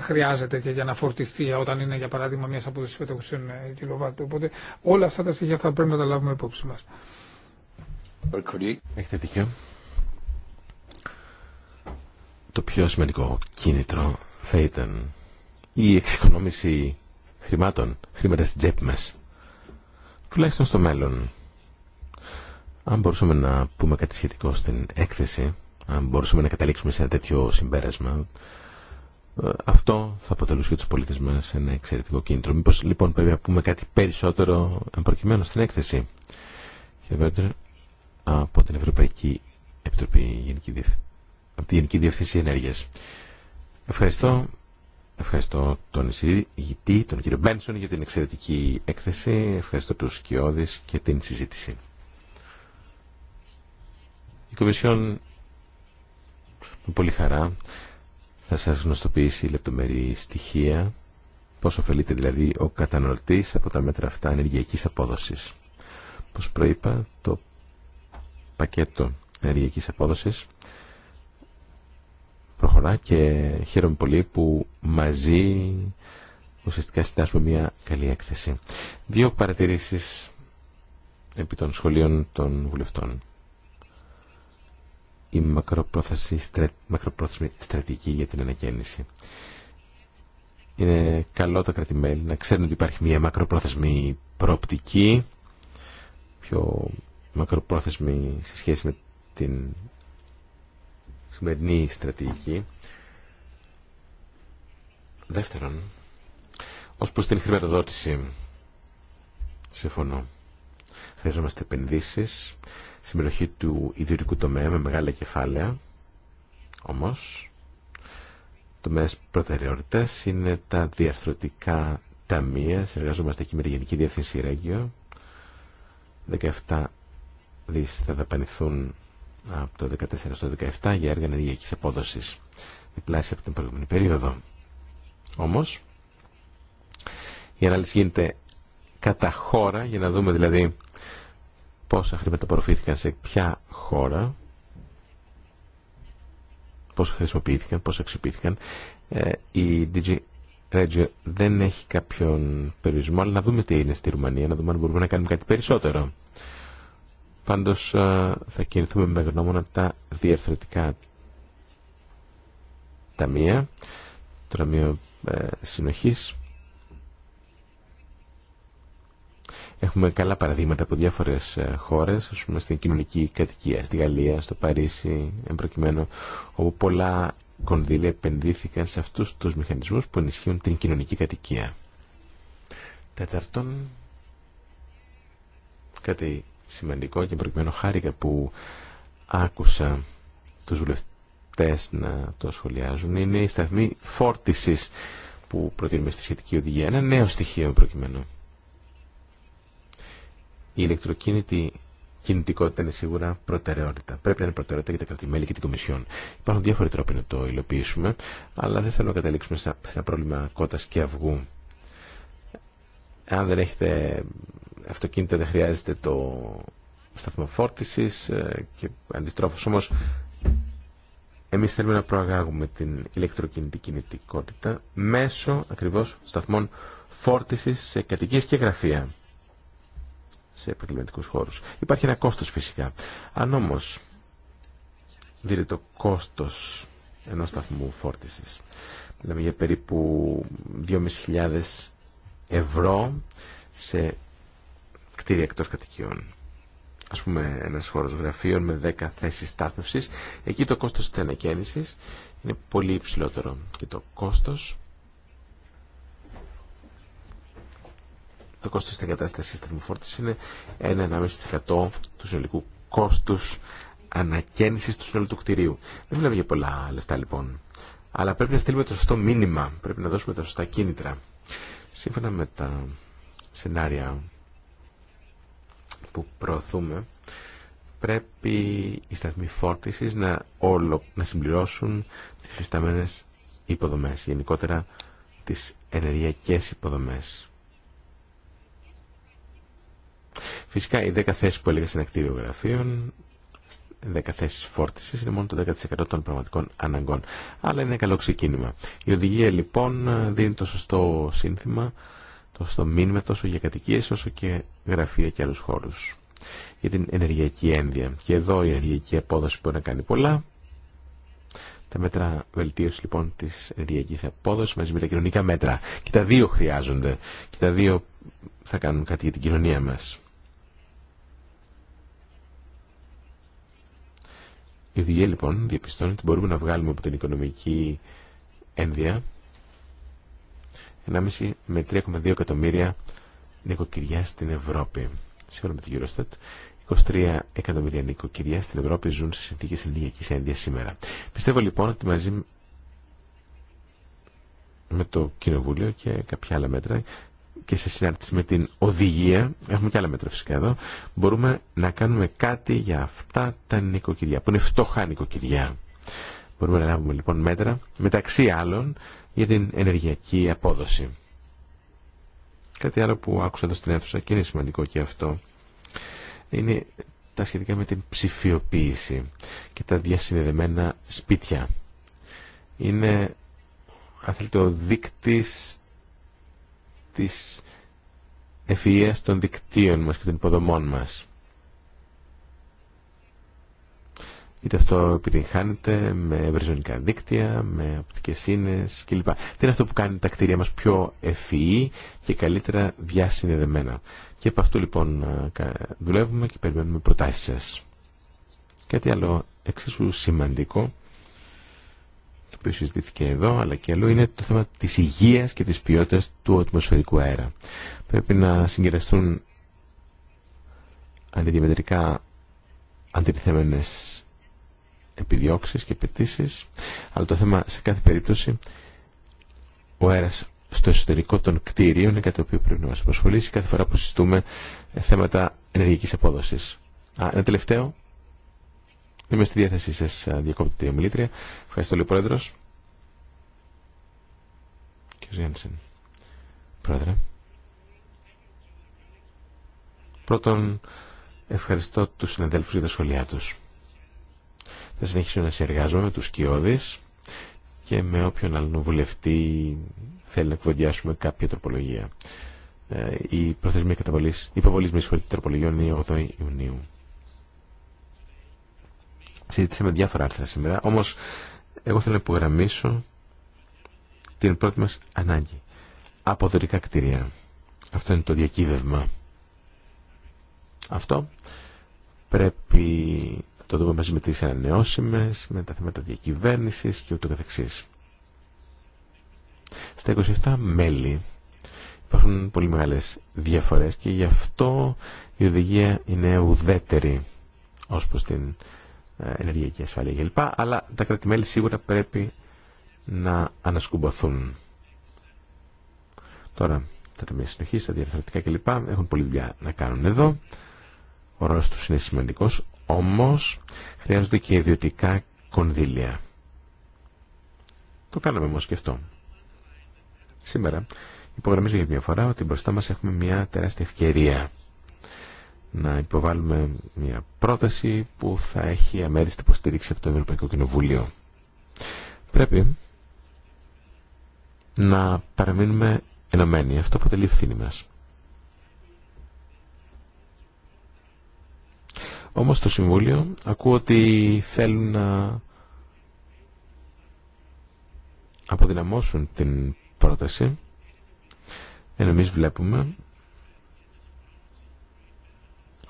B: χρειάζεται για να φορτιστεί όταν είναι για παράδειγμα μια από τι 500 κιλοβάτ. Οπότε όλα αυτά τα στοιχεία θα πρέπει να τα λάβουμε υπόψη μα.
D: Έχετε δίκιο. Το πιο σημαντικό κίνητρο θα ήταν η εξοικονόμηση χρημάτων, χρήματα στην τσέπη μας. Τουλάχιστον στο μέλλον. Αν μπορούσαμε να πούμε κάτι σχετικό στην έκθεση, αν μπορούσαμε να καταλήξουμε σε ένα τέτοιο συμπέρασμα, ε, αυτό θα αποτελούσε για τους πολίτες μας ένα εξαιρετικό κίνητρο. Μήπως λοιπόν πρέπει να πούμε κάτι περισσότερο προκειμένου στην έκθεση. Κύριε Βέντερ, από την Ευρωπαϊκή Επιτροπή Γενική από Γενική Ενέργειας. Ευχαριστώ. Ευχαριστώ τον εισηγητή, τον κύριο Μπένσον για την εξαιρετική έκθεση. Ευχαριστώ τους Σκιώδης και την συζήτηση. Η Κομισιόν με πολύ χαρά θα σας γνωστοποιήσει λεπτομερή στοιχεία πώς ωφελείται δηλαδή ο κατανοητής από τα μέτρα αυτά ενεργειακής απόδοσης. Πώς προείπα το πακέτο ενεργειακής απόδοσης και χαίρομαι πολύ που μαζί ουσιαστικά συντάσσουμε μια καλή έκθεση. Δύο παρατηρήσεις επί των σχολείων των βουλευτών. Η μακροπρόθεσμη στρατηγική για την ανακαίνιση. Είναι καλό τα κρατημέλη να ξέρουν ότι υπάρχει μια μακροπρόθεσμη προοπτική, πιο μακροπρόθεσμη σε σχέση με την σημερινή στρατηγική. Δεύτερον, ως προς την χρηματοδότηση, συμφωνώ. Χρειαζόμαστε επενδύσεις, συμμετοχή του ιδιωτικού τομέα με μεγάλα κεφάλαια, όμως τομέας προτεραιότητας είναι τα διαρθρωτικά ταμεία. Συνεργαζόμαστε εκεί με τη Γενική Διεθνή Ρέγγιο. 17 δις θα δαπανηθούν από το 2014 στο 2017 για έργα ενεργειακής απόδοσης διπλάσια από την προηγούμενη περίοδο. Όμως, η ανάλυση γίνεται κατά χώρα για να δούμε δηλαδή πόσα χρήματα προφήθηκαν, σε ποια χώρα, πόσο χρησιμοποιήθηκαν, πόσο αξιοποιήθηκαν. Ε, η DG Regio δεν έχει κάποιον περιορισμό, αλλά να δούμε τι είναι στη Ρουμανία, να δούμε αν μπορούμε να κάνουμε κάτι περισσότερο. Πάντως ε, θα κινηθούμε με γνώμονα τα διαρθρωτικά ταμεία, το Ταμείο ε, Συνοχής. Έχουμε καλά παραδείγματα από διάφορες ε, χώρες, ας πούμε στην κοινωνική κατοικία, στη Γαλλία, στο Παρίσι, εμπροκειμένου, όπου πολλά κονδύλια επενδύθηκαν σε αυτούς τους μηχανισμούς που ενισχύουν την κοινωνική κατοικία. Τέταρτον, κάτι σημαντικό και προκειμένου χάρηκα που άκουσα τους βουλευτές να το σχολιάζουν είναι η σταθμή φόρτισης που προτείνουμε στη σχετική οδηγία. Ένα νέο στοιχείο προκειμένου. Η ηλεκτροκίνητη κινητικότητα είναι σίγουρα προτεραιότητα. Πρέπει να είναι προτεραιότητα για τα κρατημέλη και την Κομισιόν. Υπάρχουν διάφοροι τρόποι να το υλοποιήσουμε, αλλά δεν θέλω να καταλήξουμε σε ένα πρόβλημα κότα και αυγού. Αν δεν έχετε αυτοκίνητα δεν χρειάζεται το σταθμό φόρτισης ε, και αντιστρόφως όμως εμείς θέλουμε να προαγάγουμε την ηλεκτροκινητική κινητικότητα μέσω ακριβώς σταθμών φόρτισης σε κατοικίες και γραφεία σε επαγγελματικούς χώρους. Υπάρχει ένα κόστος φυσικά. Αν όμως δείτε το κόστος ενός σταθμού φόρτισης, μιλάμε για περίπου 2.500 ευρώ σε κτίρια εκτός κατοικιών. Ας πούμε ένας χώρος γραφείων με 10 θέσεις στάθμευσης, εκεί το κόστος της ανακαίνησης είναι πολύ υψηλότερο και το κόστος το κόστος της εγκατάστασης θερμοφόρτησης είναι 1,5% του συνολικού κόστους ανακαίνησης του συνολικού κτηρίου. Δεν μιλάμε για πολλά λεφτά λοιπόν. Αλλά πρέπει να στείλουμε το σωστό μήνυμα, πρέπει να δώσουμε τα σωστά κίνητρα. Σύμφωνα με τα σενάρια που προωθούμε, πρέπει οι σταθμοί φόρτισης να, όλο, να συμπληρώσουν τις φυσταμένες υποδομές, γενικότερα τις ενεργειακές υποδομές. Φυσικά οι 10 θέσεις που έλεγα σε γραφείων 10 θέσει φόρτιση είναι μόνο το 10% των πραγματικών αναγκών. Αλλά είναι καλό ξεκίνημα. Η οδηγία λοιπόν δίνει το σωστό σύνθημα, το σωστό μήνυμα τόσο για κατοικίε όσο και γραφεία και άλλου χώρου. Για την ενεργειακή ένδυα. Και εδώ η ενεργειακή απόδοση μπορεί να κάνει πολλά. Τα μέτρα βελτίωση λοιπόν τη ενεργειακή απόδοση μαζί με τα κοινωνικά μέτρα. Και τα δύο χρειάζονται. Και τα δύο θα κάνουν κάτι για την κοινωνία μας. Η οδηγία λοιπόν διαπιστώνει ότι μπορούμε να βγάλουμε από την οικονομική ένδια 1,5 με 3,2 εκατομμύρια νοικοκυριά στην Ευρώπη. Σύμφωνα με την Eurostat, 23 εκατομμύρια νοικοκυριά στην Ευρώπη ζουν σε συνθήκε ενεργειακής ένδυας σήμερα. Πιστεύω λοιπόν ότι μαζί με το Κοινοβούλιο και κάποια άλλα μέτρα και σε συνάρτηση με την οδηγία, έχουμε και άλλα μέτρα φυσικά εδώ, μπορούμε να κάνουμε κάτι για αυτά τα νοικοκυριά, που είναι φτωχά νοικοκυριά. Μπορούμε να λάβουμε λοιπόν μέτρα, μεταξύ άλλων, για την ενεργειακή απόδοση. Κάτι άλλο που άκουσα εδώ στην αίθουσα και είναι σημαντικό και αυτό, είναι τα σχετικά με την ψηφιοποίηση και τα διασυνδεδεμένα σπίτια. Είναι, αν θέλετε, ο της ευφυΐας των δικτύων μας και των υποδομών μας. Είτε αυτό επιτυγχάνεται με ευρυζωνικά δίκτυα, με οπτικές ίνες κλπ. Τι είναι αυτό που κάνει τα κτίρια μας πιο ευφυή και καλύτερα διασυνδεδεμένα. Και από αυτού λοιπόν δουλεύουμε και περιμένουμε προτάσεις σας. Κάτι άλλο εξίσου σημαντικό που συζητήθηκε εδώ αλλά και αλλού είναι το θέμα της υγείας και της ποιότητας του ατμοσφαιρικού αέρα. Πρέπει να συγκεραστούν αντιδιαμετρικά αντιθέμενες επιδιώξεις και πετήσει, αλλά το θέμα σε κάθε περίπτωση ο αέρας στο εσωτερικό των κτίριων είναι κάτι το οποίο πρέπει να μας απασχολήσει κάθε φορά που συζητούμε θέματα ενεργειακής απόδοσης. ένα τελευταίο Είμαι στη διάθεσή σα διακόπτη ομιλήτρια. Ευχαριστώ πολύ, Πρόεδρο. Κύριε Γιάννησεν, Πρόεδρε. Πρώτον, ευχαριστώ του συναδέλφου για τα σχολεία τους. Θα συνεχίσω να συνεργάζομαι με του κοιόδη και με όποιον άλλον βουλευτή θέλει να κουβεντιάσουμε κάποια τροπολογία. Ε, η προθεσμία καταβολής, υποβολή με τροπολογιών είναι 8 Ιουνίου. Συζήτησαμε διάφορα άρθρα σήμερα, όμως εγώ θέλω να υπογραμμίσω την πρώτη μας ανάγκη. Αποδορικά κτίρια. Αυτό είναι το διακύβευμα. Αυτό πρέπει να το δούμε μαζί με τις ανανεώσιμες, με τα θέματα διακυβέρνησης και ούτω καθεξής. Στα 27 μέλη υπάρχουν πολύ μεγάλες διαφορές και γι' αυτό η οδηγία είναι ουδέτερη ως προς την ε, ενεργειακή ασφάλεια κλπ. Αλλά τα κρατημέλη σίγουρα πρέπει να ανασκουμποθούν. Τώρα, τα ταμεία συνοχή, τα διαρθρωτικά κλπ. έχουν πολλή δουλειά να κάνουν εδώ. Ο ρόλο του είναι σημαντικό, όμω χρειάζονται και ιδιωτικά κονδύλια. Το κάναμε όμω και αυτό. Σήμερα υπογραμμίζω για μια φορά ότι μπροστά μα έχουμε μια τεράστια ευκαιρία να υποβάλουμε μια πρόταση που θα έχει αμέριστη υποστήριξη από το Ευρωπαϊκό Κοινοβούλιο. Πρέπει να παραμείνουμε ενωμένοι. Αυτό αποτελεί ευθύνη μας. Όμως το Συμβούλιο ακούω ότι θέλουν να αποδυναμώσουν την πρόταση. ενώ εμείς βλέπουμε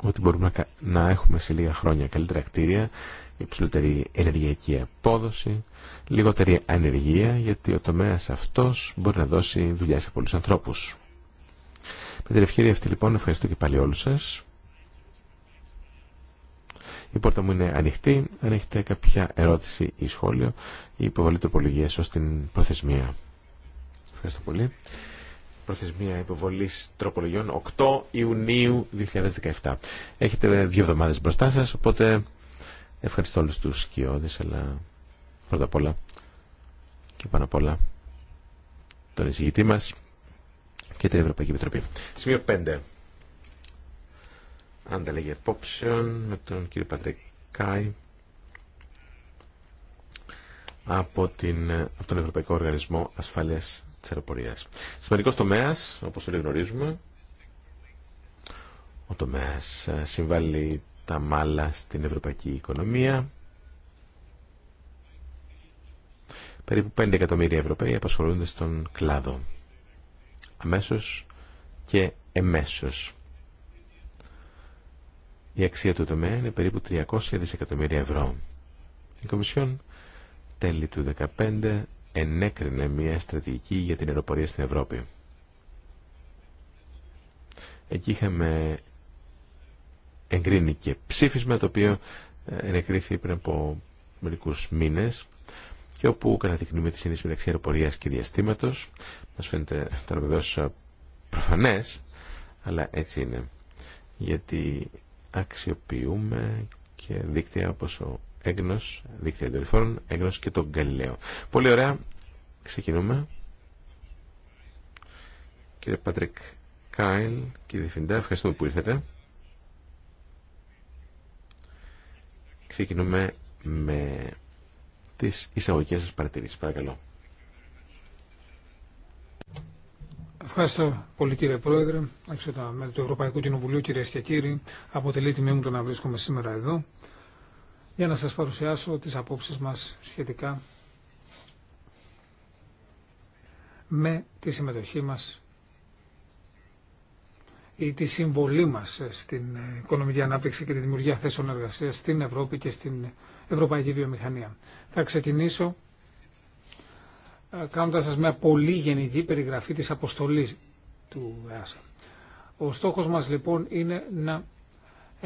D: ότι μπορούμε να έχουμε σε λίγα χρόνια καλύτερα κτίρια, υψηλότερη ενεργειακή απόδοση, λιγότερη ανεργία, γιατί ο τομέας αυτός μπορεί να δώσει δουλειά σε πολλούς ανθρώπους. Με την ευκαιρία αυτή λοιπόν ευχαριστώ και πάλι όλους σας. Η πόρτα μου είναι ανοιχτή. Αν έχετε κάποια ερώτηση ή σχόλιο, η υποβολή τροπολογία ως την προθεσμία. Ευχαριστώ πολύ προθεσμία υποβολή τροπολογιών 8 Ιουνίου 2017. Έχετε δύο εβδομάδες μπροστά σα, οπότε ευχαριστώ όλου τους σκιώδε, αλλά πρώτα απ' όλα και πάνω απ' όλα τον εισηγητή μα και την Ευρωπαϊκή Επιτροπή. Σημείο 5. Ανταλλαγή απόψεων με τον κύριο Πατρικάη από, την, από τον Ευρωπαϊκό Οργανισμό Ασφάλειας της αεροπορίας. Σημαντικός τομέας, όπως όλοι γνωρίζουμε, ο τομέας ε, συμβάλλει τα μάλα στην ευρωπαϊκή οικονομία. Περίπου 5 εκατομμύρια Ευρωπαίοι απασχολούνται στον κλάδο. Αμέσως και εμέσως. Η αξία του τομέα είναι περίπου 300 δισεκατομμύρια ευρώ. Η Κομισιόν τέλη του 2015 ενέκρινε μια στρατηγική για την αεροπορία στην Ευρώπη. Εκεί είχαμε εγκρίνει και ψήφισμα το οποίο ε, ενεκρίθη πριν από μερικούς μήνες και όπου καταδεικνύουμε τη σύνδεση μεταξύ αεροπορίας και διαστήματος. Μας φαίνεται τώρα βεβαίως ε, προφανές, αλλά έτσι είναι. Γιατί αξιοποιούμε και δίκτυα όπως ο έγνος, δίκτυα δορυφόρων, έγνος και τον Γκαλιλαίο. Πολύ ωραία. Ξεκινούμε. Κύριε Πατρικ Κάιλ, κύριε Διευθυντά, ευχαριστούμε που ήρθατε. Ξεκινούμε με τις εισαγωγικές σας παρατηρήσεις. Παρακαλώ.
B: Ευχαριστώ πολύ κύριε Πρόεδρε, τα μέλη του Ευρωπαϊκού Κοινοβουλίου, κυρίε και κύριοι. Αποτελεί τιμή μου το να βρίσκομαι σήμερα εδώ για να σας παρουσιάσω τις απόψεις μας σχετικά με τη συμμετοχή μας ή τη συμβολή μας στην οικονομική ανάπτυξη και τη δημιουργία θέσεων εργασίας στην Ευρώπη και στην ευρωπαϊκή βιομηχανία. Θα ξεκινήσω ε, κάνοντας σας μια πολύ γενική περιγραφή της αποστολής του ΕΑΣΑ. Ο στόχος μας λοιπόν είναι να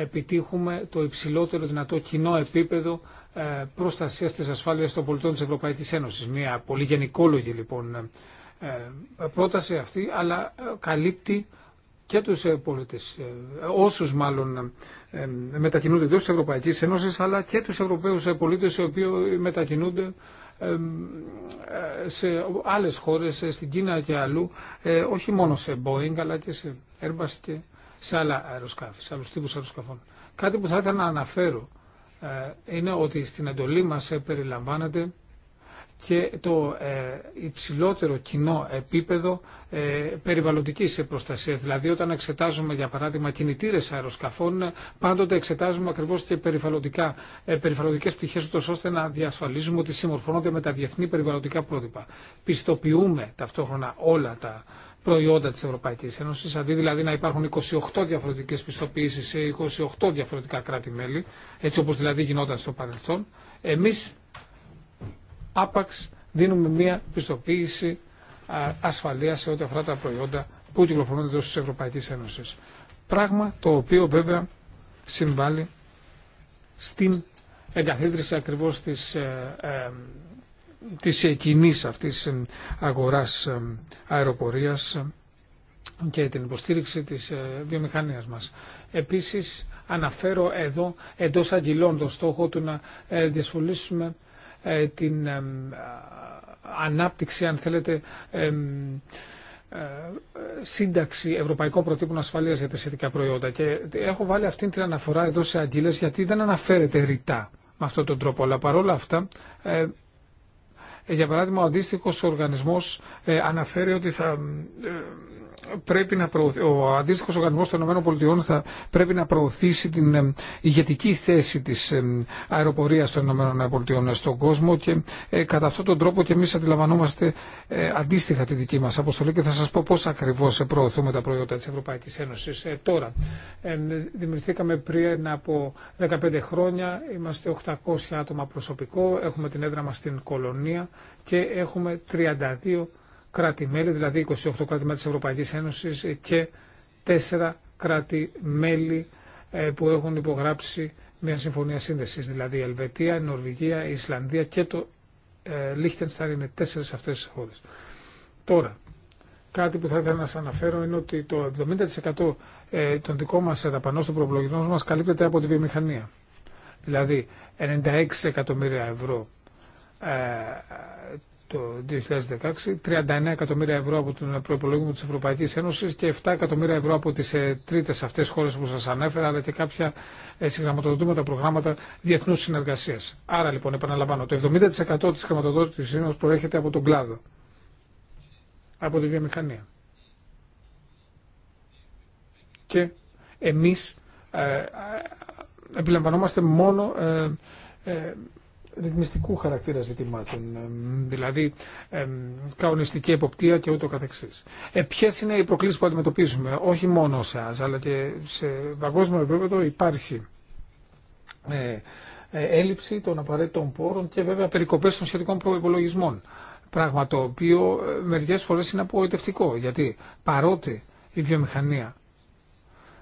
B: επιτύχουμε το υψηλότερο δυνατό κοινό επίπεδο ε, προστασίας της ασφάλειας των πολιτών της Ευρωπαϊκής Ένωσης. Μια πολύ γενικόλογη λοιπόν ε, πρόταση αυτή, αλλά ε, καλύπτει και τους πολίτες, όσους μάλλον μετακινούνται εντός της Ευρωπαϊκής Ένωσης, αλλά και τους Ευρωπαίους πολίτες οι οποίοι μετακινούνται σε άλλες χώρες, στην Κίνα και αλλού, όχι μόνο σε Boeing, αλλά και σε Airbus και σε άλλα αεροσκάφη, σε άλλους τύπους αεροσκαφών. Κάτι που θα ήθελα να αναφέρω ε, είναι ότι στην εντολή μας ε, περιλαμβάνεται και το ε, υψηλότερο κοινό επίπεδο περιβαλλοντικής προστασίας. Δηλαδή όταν εξετάζουμε για παράδειγμα κινητήρες αεροσκαφών πάντοτε εξετάζουμε ακριβώς και περιβαλλοντικά, περιβαλλοντικές πτυχές ώστε να διασφαλίζουμε ότι συμμορφώνονται με τα διεθνή περιβαλλοντικά πρότυπα. Πιστοποιούμε ταυτόχρονα όλα τα προϊόντα της Ευρωπαϊκής Ένωσης, αντί δηλαδή να υπάρχουν 28 διαφορετικές πιστοποιήσεις σε 28 διαφορετικά κράτη-μέλη, έτσι όπως δηλαδή γινόταν στο παρελθόν, εμείς άπαξ δίνουμε μια πιστοποίηση ασφαλεία σε ό,τι αφορά τα προϊόντα που κυκλοφορούν εδώ της Ευρωπαϊκή Ένωσης. Πράγμα το οποίο βέβαια συμβάλλει στην εγκαθίδρυση ακριβώ τη ε, ε, της κοινή αυτής αγοράς ε, αεροπορίας και την υποστήριξη της ε, βιομηχανίας μας. Επίσης αναφέρω εδώ εντός αγγυλών τον στόχο του να ε, διασφαλίσουμε την ανάπτυξη αν θέλετε σύνταξη ευρωπαϊκών προτύπων Ασφαλείας για τα σχετικά προϊόντα. Και έχω βάλει αυτή την αναφορά εδώ σε αγγελές γιατί δεν αναφέρεται ρητά με αυτόν τον τρόπο. Αλλά παρόλα αυτά ε, για παράδειγμα, ο αντίστοιχο οργανισμό ε, αναφέρει ότι θα ε, πρέπει να ο αντίστοιχο οργανισμό των ΗΠΑ θα πρέπει να προωθήσει την ηγετική θέση τη αεροπορία των ΗΠΑ στον κόσμο και ε, κατά αυτόν τον τρόπο και εμεί αντιλαμβανόμαστε ε, αντίστοιχα τη δική μα αποστολή και θα σα πω πώ ακριβώ προωθούμε τα προϊόντα τη Ευρωπαϊκή Ένωση. Ε, τώρα, δημιουργηθήκαμε πριν από 15 χρόνια, είμαστε 800 άτομα προσωπικό, έχουμε την έδρα μα στην Κολονία και έχουμε 32 κράτη-μέλη, δηλαδή 28 κράτη-μέλη της Ευρωπαϊκής Ένωσης και 4 κράτη-μέλη ε, που έχουν υπογράψει μια συμφωνία σύνδεσης, δηλαδή η Ελβετία, η Νορβηγία, η Ισλανδία και το ε, Λίχτενσταρ είναι τέσσερις αυτές τις χώρες. Τώρα, κάτι που θα ήθελα να σας αναφέρω είναι ότι το 70% ε, των δικών μας δαπανών του προβλογισμό μας καλύπτεται από τη βιομηχανία. Δηλαδή 96 εκατομμύρια ευρώ το 2016, 39 εκατομμύρια ευρώ από τον προπολογισμό της Ευρωπαϊκής Ένωσης και 7 εκατομμύρια ευρώ από τις ε, τρίτες αυτές χώρες που σας ανέφερα, αλλά και κάποια ε, συγγραμματοδοτούμετα προγράμματα διεθνούς συνεργασίας. Άρα λοιπόν, επαναλαμβάνω, το 70% της χρηματοδότησης μας προέρχεται από τον κλάδο, από τη βιομηχανία. Και εμείς ε, ε επιλαμβανόμαστε μόνο ε, ε, ρυθμιστικού χαρακτήρα ζητημάτων, ε, δηλαδή ε, καονιστική εποπτεία και ούτω καθεξής. Ε, ποιες είναι οι προκλήσεις που αντιμετωπίζουμε, όχι μόνο σε ΑΖ, αλλά και σε παγκόσμιο επίπεδο υπάρχει ε, ε, έλλειψη των απαραίτητων πόρων και βέβαια περικοπές των σχετικών προϋπολογισμών. Πράγμα το οποίο μερικές φορές είναι απογοητευτικό, γιατί παρότι η βιομηχανία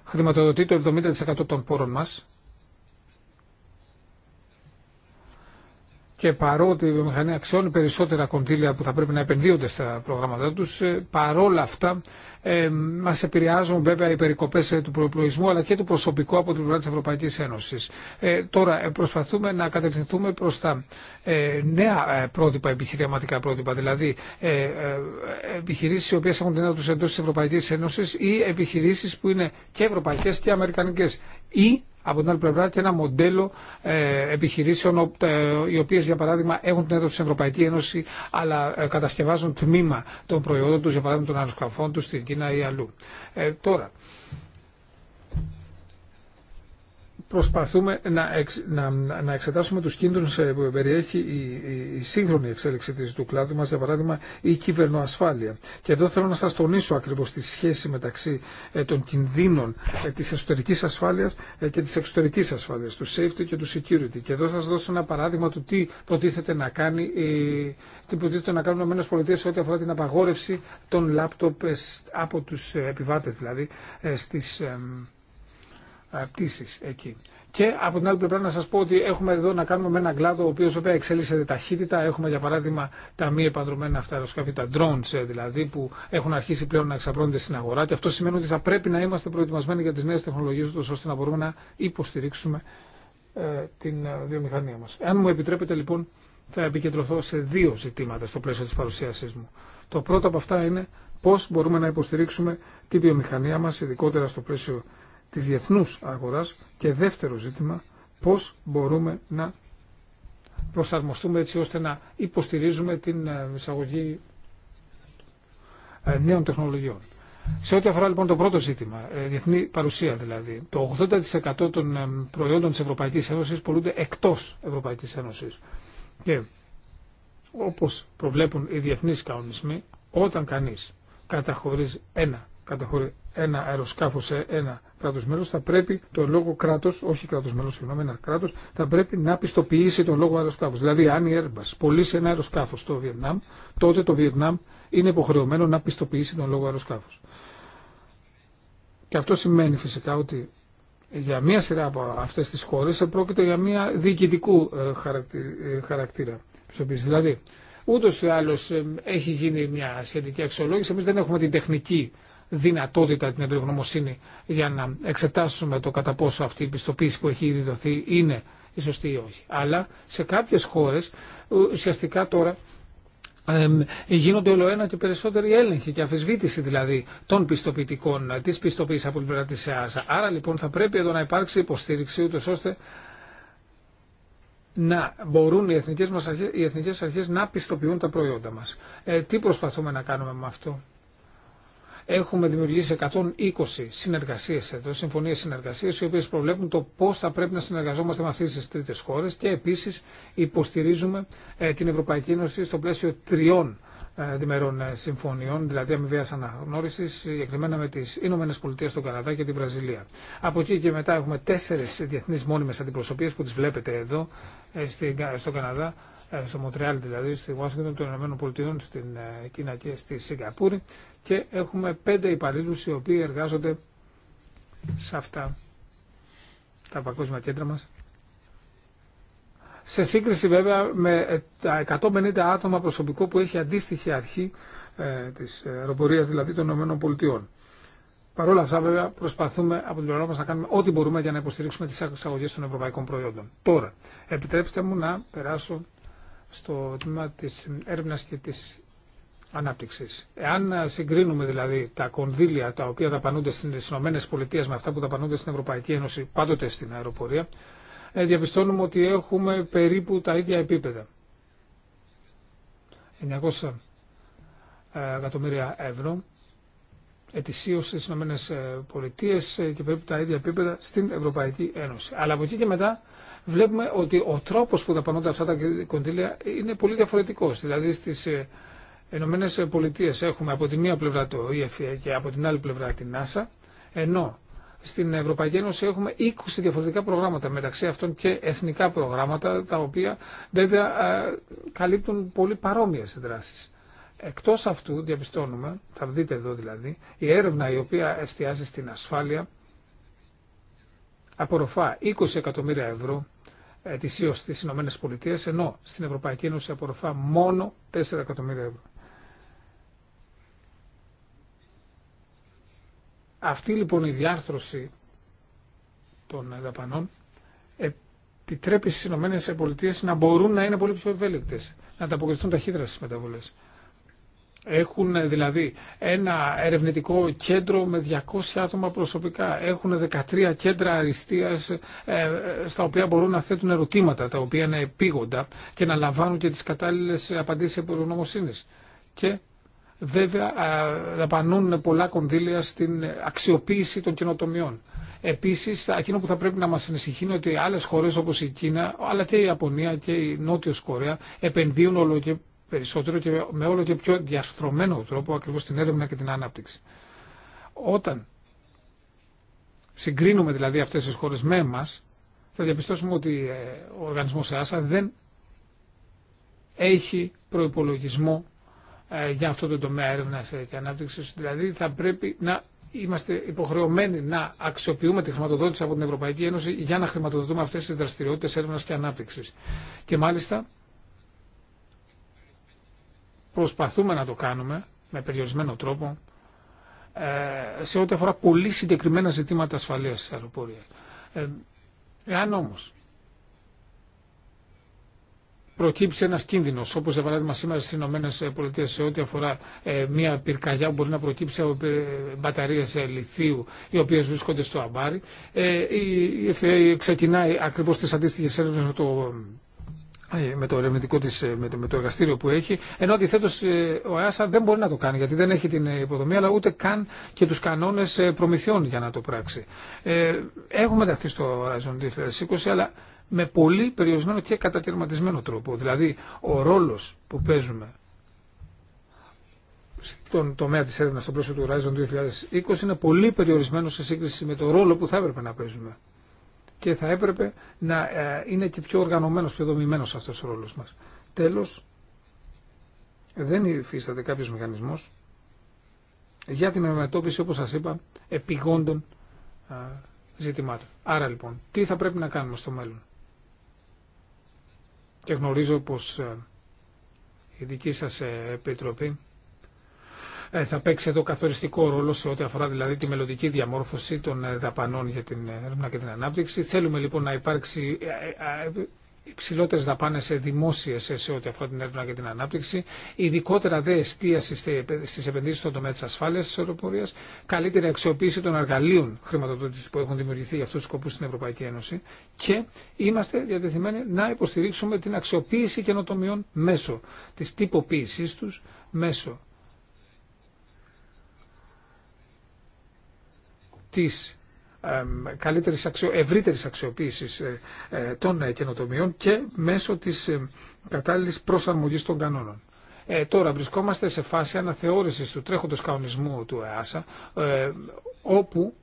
B: χρηματοδοτεί το 70% των πόρων μας, και παρότι η βιομηχανία αξιώνει περισσότερα κονδύλια που θα πρέπει να επενδύονται στα προγράμματα του, ε, παρόλα αυτά ε, μας επηρεάζουν βέβαια οι περικοπές ε, του προεπλογισμού αλλά και του προσωπικού από την πλευρά τη Ευρωπαϊκή Ένωση. Ε, τώρα ε, προσπαθούμε να κατευθυνθούμε προ τα ε, νέα πρότυπα, επιχειρηματικά πρότυπα, δηλαδή ε, επιχειρήσεις οι οποίε έχουν την έδρα εντό της Ευρωπαϊκής Ένωσης ή επιχειρήσει που είναι και ευρωπαϊκέ και αμερικανικέ ή από την άλλη πλευρά και ένα μοντέλο ε, επιχειρήσεων ε, οι οποίε, για παράδειγμα έχουν την έδρα στην Ευρωπαϊκή Ένωση αλλά ε, κατασκευάζουν τμήμα των προϊόντων του, για παράδειγμα των αεροσκαφών του στην Κίνα ή αλλού. τώρα, προσπαθούμε να, να, να εξετάσουμε τους κίνδυνους ε, που περιέχει η, σύγχρονη εξέλιξη της, του κλάδου μας, για παράδειγμα η κυβερνοασφάλεια. Και εδώ θέλω να σας τονίσω ακριβώς τη σχέση μεταξύ ε, των κινδύνων ε, της εσωτερικής ασφάλειας ε, και της εξωτερικής ασφάλειας, του safety και του security. Και εδώ θα σας δώσω ένα παράδειγμα του τι προτίθεται να κάνει, τι προτίθεται να κάνουν οι ΗΠΑ ό,τι αφορά την απαγόρευση των λάπτοπ από τους επιβάτες δηλαδή στις ε, εκεί. Και από την άλλη πλευρά να σα πω ότι έχουμε εδώ να κάνουμε με έναν κλάδο ο οποίο εξελίσσεται ταχύτητα. Έχουμε για παράδειγμα τα μη επανδρομένα αυτά αεροσκάφη, τα drones ε, δηλαδή, που έχουν αρχίσει πλέον να εξαπλώνονται στην αγορά και αυτό σημαίνει ότι θα πρέπει να είμαστε προετοιμασμένοι για τις νέες τεχνολογίες ώστε να μπορούμε να υποστηρίξουμε ε, την βιομηχανία μα. Αν μου επιτρέπετε λοιπόν θα επικεντρωθώ σε δύο ζητήματα στο πλαίσιο τη παρουσίασή μου. Το πρώτο από αυτά είναι πώ μπορούμε να υποστηρίξουμε τη βιομηχανία μα ειδικότερα στο πλαίσιο της διεθνούς αγοράς και δεύτερο ζήτημα πώς μπορούμε να προσαρμοστούμε έτσι ώστε να υποστηρίζουμε την ε, εισαγωγή ε, νέων τεχνολογιών. Σε ό,τι αφορά λοιπόν το πρώτο ζήτημα, ε, διεθνή παρουσία δηλαδή, το 80% των προϊόντων της Ευρωπαϊκής Ένωσης πολλούνται εκτός Ευρωπαϊκής Ένωσης. Και όπως προβλέπουν οι διεθνείς κανονισμοί, όταν κανείς καταχωρεί ένα, καταχωρεί ένα αεροσκάφο σε ένα κράτο θα πρέπει το λόγο κράτο, όχι κράτος μέλο, συγγνώμη, ένα θα πρέπει να πιστοποιήσει τον λόγο αεροσκάφο. Δηλαδή αν η Airbus πωλήσει ένα αεροσκάφο στο Βιετνάμ, τότε το Βιετνάμ είναι υποχρεωμένο να πιστοποιήσει τον λόγο αεροσκάφο. Και αυτό σημαίνει φυσικά ότι για μία σειρά από αυτές τις χώρες πρόκειται για μία διοικητικού ε, ε, χαρακτήρα. Δηλαδή, ούτως ή άλλως ε, έχει γίνει μια σειρα απο αυτέ τι χώρε προκειται για μια διοικητικου χαρακτηρα δηλαδη ουτω η αλλως εχει γινει μια σχετικη αξιολογηση εμεί δεν έχουμε την τεχνική δυνατότητα, την ευρυγνωμοσύνη για να εξετάσουμε το κατά πόσο αυτή η πιστοποίηση που έχει ήδη δοθεί είναι η σωστή ή όχι. Αλλά σε κάποιες χώρες ουσιαστικά τώρα ε, γίνονται όλο ένα και περισσότεροι έλεγχοι και αφισβήτηση δηλαδή των πιστοποιητικών, ε, τη πιστοποίηση από την πλευρά της ΕΑΣΑ. Άρα λοιπόν θα πρέπει εδώ να υπάρξει υποστήριξη ούτως ώστε να μπορούν οι εθνικές, μας αρχές, οι εθνικές αρχές να πιστοποιούν τα προϊόντα μας. Ε, τι προσπαθούμε να κάνουμε με αυτό έχουμε δημιουργήσει 120 συνεργασίε εδώ, συμφωνίε συνεργασία, οι οποίε προβλέπουν το πώ θα πρέπει να συνεργαζόμαστε με αυτέ τι τρίτε χώρε και επίση υποστηρίζουμε ε, την Ευρωπαϊκή Ένωση στο πλαίσιο τριών ε, διμερών ε, συμφωνιών, δηλαδή αμοιβαία αναγνώριση, συγκεκριμένα με τι Ηνωμένε Πολιτείε, τον Καναδά και την Βραζιλία. Από εκεί και μετά έχουμε τέσσερι διεθνεί μόνιμε αντιπροσωπείε που τι βλέπετε εδώ, στον Καναδά, ε, στο Μοντρεάλ δηλαδή, στη Ουάσιγκτον των Ηνωμένων Πολιτειών, στην ε, Κίνα και στη Σιγκαπούρη και έχουμε πέντε υπαλλήλους οι οποίοι εργάζονται σε αυτά τα παγκόσμια κέντρα μας. Σε σύγκριση βέβαια με ε, τα 150 άτομα προσωπικό που έχει αντίστοιχη αρχή ε, της αεροπορίας δηλαδή των Ηνωμένων Πολιτειών. Παρ' όλα αυτά, βέβαια, προσπαθούμε από την πλευρά μα να κάνουμε ό,τι μπορούμε για να υποστηρίξουμε τι εξαγωγέ των ευρωπαϊκών προϊόντων. Τώρα, επιτρέψτε μου να περάσω στο τμήμα της έρευνας και της ανάπτυξης. Εάν συγκρίνουμε δηλαδή τα κονδύλια τα οποία δαπανούνται στις ΗΠΑ με αυτά που δαπανούνται στην Ευρωπαϊκή Ένωση πάντοτε στην αεροπορία, ε, διαπιστώνουμε ότι έχουμε περίπου τα ίδια επίπεδα. 900 ε, εκατομμύρια ευρώ ετησίω στις ΗΠΑ ε, και περίπου τα ίδια επίπεδα στην Ευρωπαϊκή Ένωση. Αλλά από εκεί και μετά βλέπουμε ότι ο τρόπος που δαπανώνται αυτά τα κονδύλια είναι πολύ διαφορετικός. Δηλαδή στις Ηνωμένε ε, Πολιτείε έχουμε από τη μία πλευρά το EFA και από την άλλη πλευρά την NASA, ενώ στην Ευρωπαϊκή Ένωση έχουμε 20 διαφορετικά προγράμματα, μεταξύ αυτών και εθνικά προγράμματα, τα οποία βέβαια ε, καλύπτουν πολύ παρόμοιες δράσεις. Εκτός αυτού διαπιστώνουμε, θα δείτε εδώ δηλαδή, η έρευνα η οποία εστιάζει στην ασφάλεια απορροφά 20 εκατομμύρια ευρώ ετησίω στι ΗΠΑ, ενώ στην Ευρωπαϊκή Ένωση απορροφά μόνο 4 εκατομμύρια ευρώ. Αυτή λοιπόν η διάρθρωση των δαπανών επιτρέπει στι ΗΠΑ να μπορούν να είναι πολύ πιο ευέλικτε, να ανταποκριθούν ταχύτερα στι μεταβολέ. Έχουν δηλαδή ένα ερευνητικό κέντρο με 200 άτομα προσωπικά. Έχουν 13 κέντρα αριστείας ε, στα οποία μπορούν να θέτουν ερωτήματα τα οποία είναι επίγοντα και να λαμβάνουν και τις κατάλληλες απαντήσεις νομοσύνης. Και βέβαια δαπανούν πολλά κονδύλια στην αξιοποίηση των κοινοτομιών. Επίση, εκείνο που θα πρέπει να μα ανησυχεί είναι ότι άλλε χώρε όπω η Κίνα, αλλά και η Ιαπωνία και η Νότιο Κορέα επενδύουν όλο και περισσότερο και με όλο και πιο διαρθρωμένο τρόπο ακριβώς την έρευνα και την ανάπτυξη. Όταν συγκρίνουμε δηλαδή αυτές τις χώρες με εμάς, θα διαπιστώσουμε ότι ε, ο οργανισμός ΕΑΣΑ δεν έχει προϋπολογισμό ε, για αυτό το τομέα έρευνα και ανάπτυξη. Δηλαδή θα πρέπει να είμαστε υποχρεωμένοι να αξιοποιούμε τη χρηματοδότηση από την Ευρωπαϊκή Ένωση για να χρηματοδοτούμε αυτές τις δραστηριότητες έρευνας και ανάπτυξης. Και μάλιστα Προσπαθούμε να το κάνουμε με περιορισμένο τρόπο ε, σε ό,τι αφορά πολύ συγκεκριμένα ζητήματα ασφαλείας της αεροπορίας. Ε, εάν όμως προκύψει ένα κίνδυνο, όπω για παράδειγμα σήμερα στι ΗΠΑ σε ό,τι αφορά ε, μια πυρκαγιά που μπορεί να προκύψει από μπαταρίε λιθίου, οι οποίε βρίσκονται στο αμπάρι. η ξεκινάει ακριβώ τι αντίστοιχε έρευνε με το ε, με το ερευνητικό της, ε, με το, με το εργαστήριο που έχει, ενώ αντιθέτω ε, ο ΕΑΣΑ δεν μπορεί να το κάνει γιατί δεν έχει την υποδομή αλλά ούτε καν και τους κανόνες προμηθειών για να το πράξει. έχουμε ενταχθεί στο Horizon 2020 αλλά με πολύ περιορισμένο και κατακαιρματισμένο τρόπο. Δηλαδή ο ρόλος που παίζουμε στον τομέα της έρευνας στο πλαίσιο του Horizon 2020 είναι πολύ περιορισμένο σε σύγκριση με το ρόλο που θα έπρεπε να παίζουμε και θα έπρεπε να ε, είναι και πιο οργανωμένος και δομημένος αυτός ο ρόλος μας. Τέλος, δεν υφίσταται κάποιος μηχανισμός για την αντιμετώπιση, όπως σας είπα, επιγόντων ε, ζητημάτων. Άρα λοιπόν, τι θα πρέπει να κάνουμε στο μέλλον. Και γνωρίζω πως ε, η δική σας επιτροπή ε, θα παίξει εδώ καθοριστικό ρόλο σε ό,τι αφορά δηλαδή τη μελλοντική διαμόρφωση των ε, δαπανών για την ε, έρευνα και την ανάπτυξη. Θέλουμε λοιπόν να υπάρξει υψηλότερε δαπάνε δημόσιε σε ό,τι αφορά την έρευνα και την ανάπτυξη, ειδικότερα δε εστίαση στι επενδύσει στον τομέα τη ασφάλεια τη αεροπορία, καλύτερη αξιοποίηση των εργαλείων χρηματοδότηση που έχουν δημιουργηθεί για αυτού του σκοπού στην Ευρωπαϊκή Ένωση και είμαστε διατεθειμένοι να υποστηρίξουμε την αξιοποίηση καινοτομιών μέσω τη τυποποίησή του, μέσω της καλύτερης αξιο, ευρύτερης αξιοποίησης ε, ε, των ε, καινοτομιών και μέσω της κατάλληλης προσαρμογής των κανόνων. Ε, τώρα βρισκόμαστε σε φάση αναθεώρησης του τρέχοντος κανονισμού του ΕΑΣΑ, όπου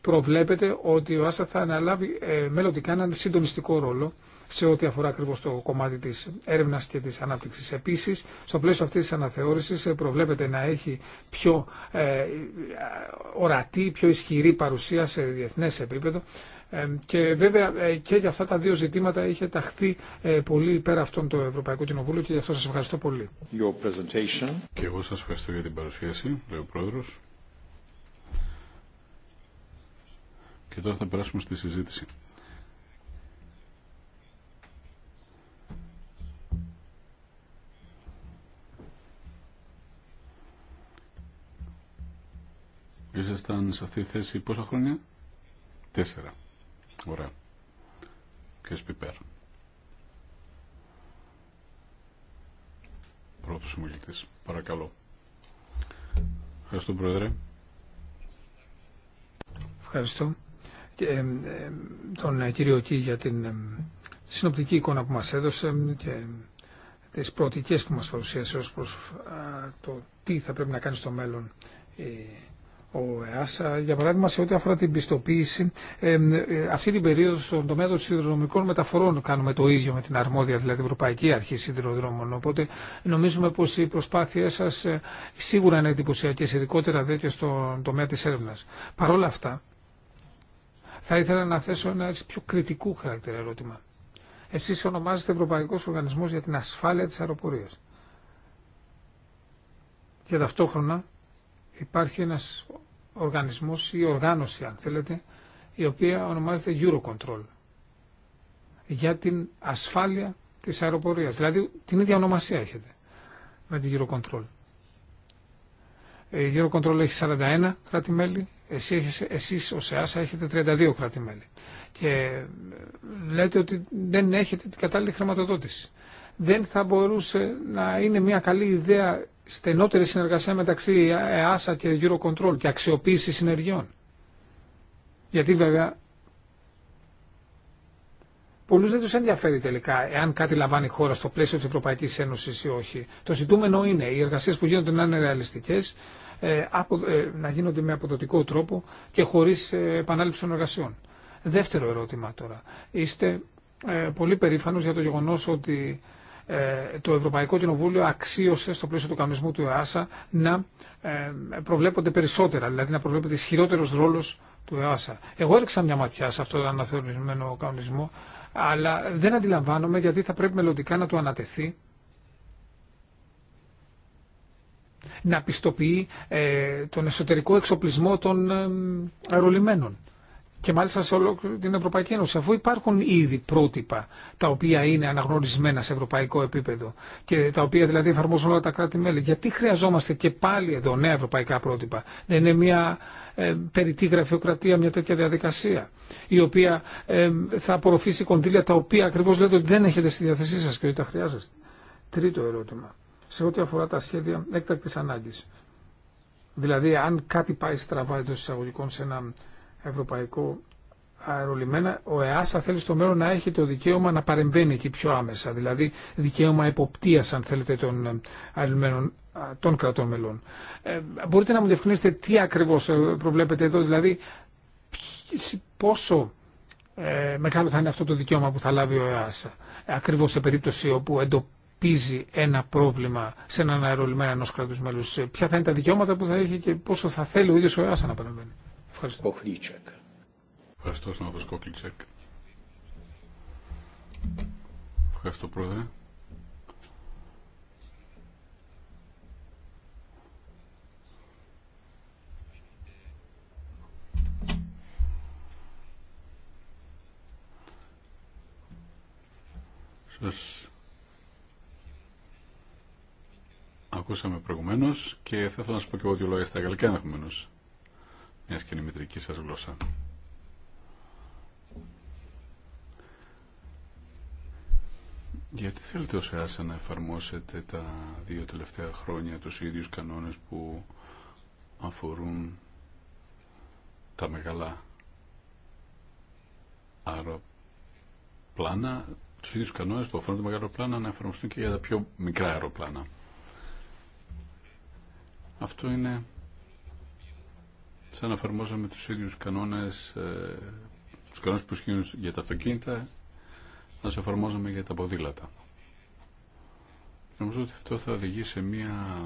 B: προβλέπεται ότι ο ΕΑΣΑ θα αναλάβει ε, μελλοντικά έναν συντονιστικό ρόλο σε ό,τι αφορά ακριβώ το κομμάτι τη έρευνα και τη ανάπτυξη. Επίση, στο πλαίσιο αυτή τη αναθεώρηση ε, προβλέπεται να έχει πιο ε, ορατή, πιο ισχυρή παρουσία σε διεθνέ επίπεδο. Ε, και βέβαια και για αυτά τα δύο ζητήματα είχε ταχθεί πολύ πέρα αυτών το Ευρωπαϊκό Κοινοβούλιο και γι' αυτό σας ευχαριστώ πολύ.
C: Your Και εγώ σας ευχαριστώ για την παρουσίαση, λέει ο Πρόεδρος. Και τώρα θα περάσουμε στη συζήτηση. Ήσασταν σε αυτή τη θέση πόσα χρόνια? Τέσσερα. Ωραία. Και σπιπέρ. Πρώτος ομιλητής. Παρακαλώ. Ευχαριστώ, Πρόεδρε.
B: Ευχαριστώ και τον ε, κύριο Κή για την συνοπτική εικόνα που μας έδωσε και τις προοπτικές που μας παρουσίασε ως προς το τι θα πρέπει να κάνει στο μέλλον η ο ΕΑΣ. Για παράδειγμα, σε ό,τι αφορά την πιστοποίηση, ε, αυτή την περίοδο στον τομέα των σιδηροδρομικών μεταφορών κάνουμε το ίδιο με την αρμόδια, δηλαδή Ευρωπαϊκή Αρχή Σιδηροδρόμων. Οπότε νομίζουμε πω οι προσπάθειέ σα ε, σίγουρα είναι εντυπωσιακέ, ειδικότερα δε και στον τομέα τη έρευνα. Παρ' όλα αυτά, θα ήθελα να θέσω ένα πιο κριτικού χαρακτήρα ερώτημα. Εσεί ονομάζεστε Ευρωπαϊκό Οργανισμό για την Ασφάλεια τη Αεροπορία. Και ταυτόχρονα υπάρχει ένας οργανισμός ή οργάνωση αν θέλετε η οποία ονομάζεται Eurocontrol για την ασφάλεια της αεροπορίας. Δηλαδή την ίδια ονομασία έχετε με την Eurocontrol. Η Eurocontrol έχει 41 κράτη-μέλη, εσείς, εσείς ως ΕΑΣΑ έχετε 32 κράτη-μέλη. Και ε, λέτε ότι δεν έχετε την κατάλληλη χρηματοδότηση. Δεν θα μπορούσε να είναι μια καλή ιδέα στενότερη συνεργασία μεταξύ ΕΑΣΑ και Eurocontrol και αξιοποίηση συνεργειών. Γιατί βέβαια πολλούς δεν τους ενδιαφέρει τελικά εάν κάτι λαμβάνει η χώρα στο πλαίσιο της Ευρωπαϊκή Ένωση ή όχι. Το ζητούμενο είναι οι εργασίες που γίνονται να είναι ρεαλιστικέ, ε, ε, να γίνονται με αποδοτικό τρόπο και χωρίς ε, επανάληψη των εργασιών. Δεύτερο ερώτημα τώρα. Είστε πολύ περήφανος για το γεγονός ότι ε, το Ευρωπαϊκό Κοινοβούλιο αξίωσε στο πλαίσιο του κανονισμού του ΕΑΣΑ να ε, προβλέπονται περισσότερα, δηλαδή να προβλέπεται ισχυρότερο ρόλο του ΕΑΣΑ. Εγώ έριξα μια ματιά σε αυτό τον αναθεωρημένο κανονισμό, αλλά δεν αντιλαμβάνομαι γιατί θα πρέπει μελλοντικά να του ανατεθεί να πιστοποιεί ε, τον εσωτερικό εξοπλισμό των αερολιμένων και μάλιστα σε όλο την Ευρωπαϊκή Ένωση, αφού υπάρχουν ήδη πρότυπα τα οποία είναι αναγνωρισμένα σε ευρωπαϊκό επίπεδο και τα οποία δηλαδή εφαρμόζουν όλα τα κράτη-μέλη. Γιατί χρειαζόμαστε και πάλι εδώ νέα ευρωπαϊκά πρότυπα. Δεν είναι μια ε, περιττή γραφειοκρατία, μια τέτοια διαδικασία, η οποία ε, θα απορροφήσει κονδύλια τα οποία ακριβώ λέτε ότι δεν έχετε στη διάθεσή σα και ότι τα χρειάζεστε. Τρίτο ερώτημα. Σε ό,τι αφορά τα σχέδια έκτακτη ανάγκη. Δηλαδή, αν κάτι πάει στραβά εντό εισαγωγικών σε έναν ευρωπαϊκού αερολιμένα, ο ΕΑΣΑ θέλει στο μέλλον να έχει το δικαίωμα να παρεμβαίνει εκεί πιο άμεσα, δηλαδή δικαίωμα εποπτείας αν θέλετε των ε, αερολιμένων των κρατών μελών. Ε, μπορείτε να μου διευκρινίσετε τι ακριβώς ε, προβλέπετε εδώ, δηλαδή πόσο ε, μεγάλο θα είναι αυτό το δικαίωμα που θα λάβει ο ΕΑΣΑ, ακριβώς σε περίπτωση όπου εντοπίζει ένα πρόβλημα σε έναν αερολιμένα ενός κράτους μέλους. Ποια θα είναι τα δικαιώματα που θα έχει και πόσο θα θέλει ο ίδιος ο ΕΑΣΑ να παρεμβαίνει.
C: Ευχαριστώ. Ευχαριστώ, συνάδελφος Κόκλιτσεκ. Ευχαριστώ, Πρόεδρε. Σας ακούσαμε προηγουμένως και θα ήθελα να σας πω και εγώ δύο λόγια στα γαλλικά ενδεχομένως μια και είναι η μητρική σας γλώσσα. Γιατί θέλετε ως ΕΑΣΑ να εφαρμόσετε τα δύο τελευταία χρόνια τους ίδιους κανόνες που αφορούν τα μεγάλα αεροπλάνα, τους ίδιους κανόνες που αφορούν τα μεγάλα αεροπλάνα να εφαρμοστούν και για τα πιο μικρά αεροπλάνα. Αυτό είναι σαν να εφαρμόζαμε τους ίδιους κανόνες, ε, τους κανόνες που για τα αυτοκίνητα, να σε εφαρμόζαμε για τα ποδήλατα. Νομίζω ότι αυτό θα οδηγήσει σε μια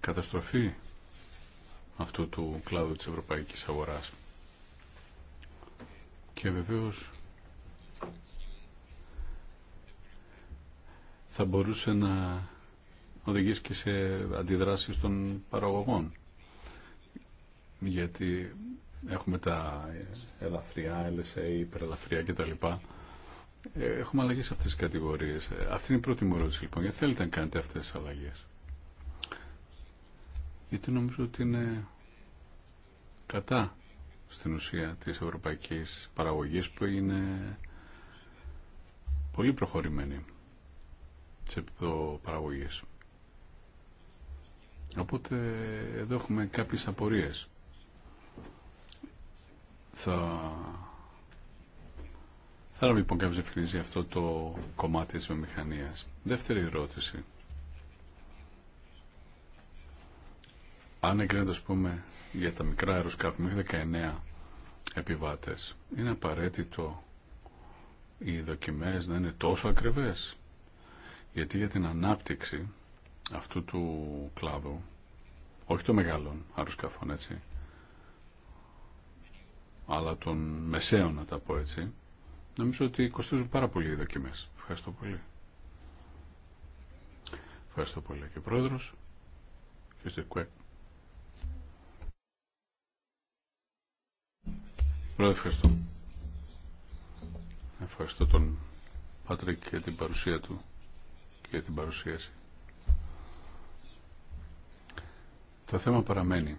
C: καταστροφή αυτού του κλάδου της ευρωπαϊκής αγοράς. Και βεβαίως θα μπορούσε να οδηγήσει και σε αντιδράσεις των παραγωγών γιατί έχουμε τα ελαφριά, LSA, υπερελαφριά κτλ. Ε, έχουμε αλλαγέ σε αυτέ τι κατηγορίε. Ε, αυτή είναι η πρώτη μου ερώτηση λοιπόν. Γιατί θέλετε να κάνετε αυτέ τι αλλαγέ, Γιατί νομίζω ότι είναι κατά στην ουσία της ευρωπαϊκής παραγωγής που είναι πολύ προχωρημένη σε επίπεδο παραγωγής. Οπότε εδώ έχουμε κάποιες απορίες. Θα Θέλω λοιπόν κάποιος ευκρινίζει αυτό το κομμάτι της βιομηχανίας. Δεύτερη ερώτηση. Αν εγκρίνεται, ας πούμε, για τα μικρά αεροσκάφη μέχρι 19 επιβάτες, είναι απαραίτητο οι δοκιμές να είναι τόσο ακριβές. Γιατί για την ανάπτυξη αυτού του κλάδου, όχι των μεγάλων αεροσκαφών, έτσι, αλλά των μεσαίων να τα πω έτσι, νομίζω ότι κοστίζουν πάρα πολύ οι δοκιμές. Ευχαριστώ πολύ. Ευχαριστώ πολύ και ο Πρόεδρος. Κύριε Κουέκ. Πρόεδρε, ευχαριστώ. Ευχαριστώ τον Πάτρικ για την παρουσία του και για την παρουσίαση. Το θέμα παραμένει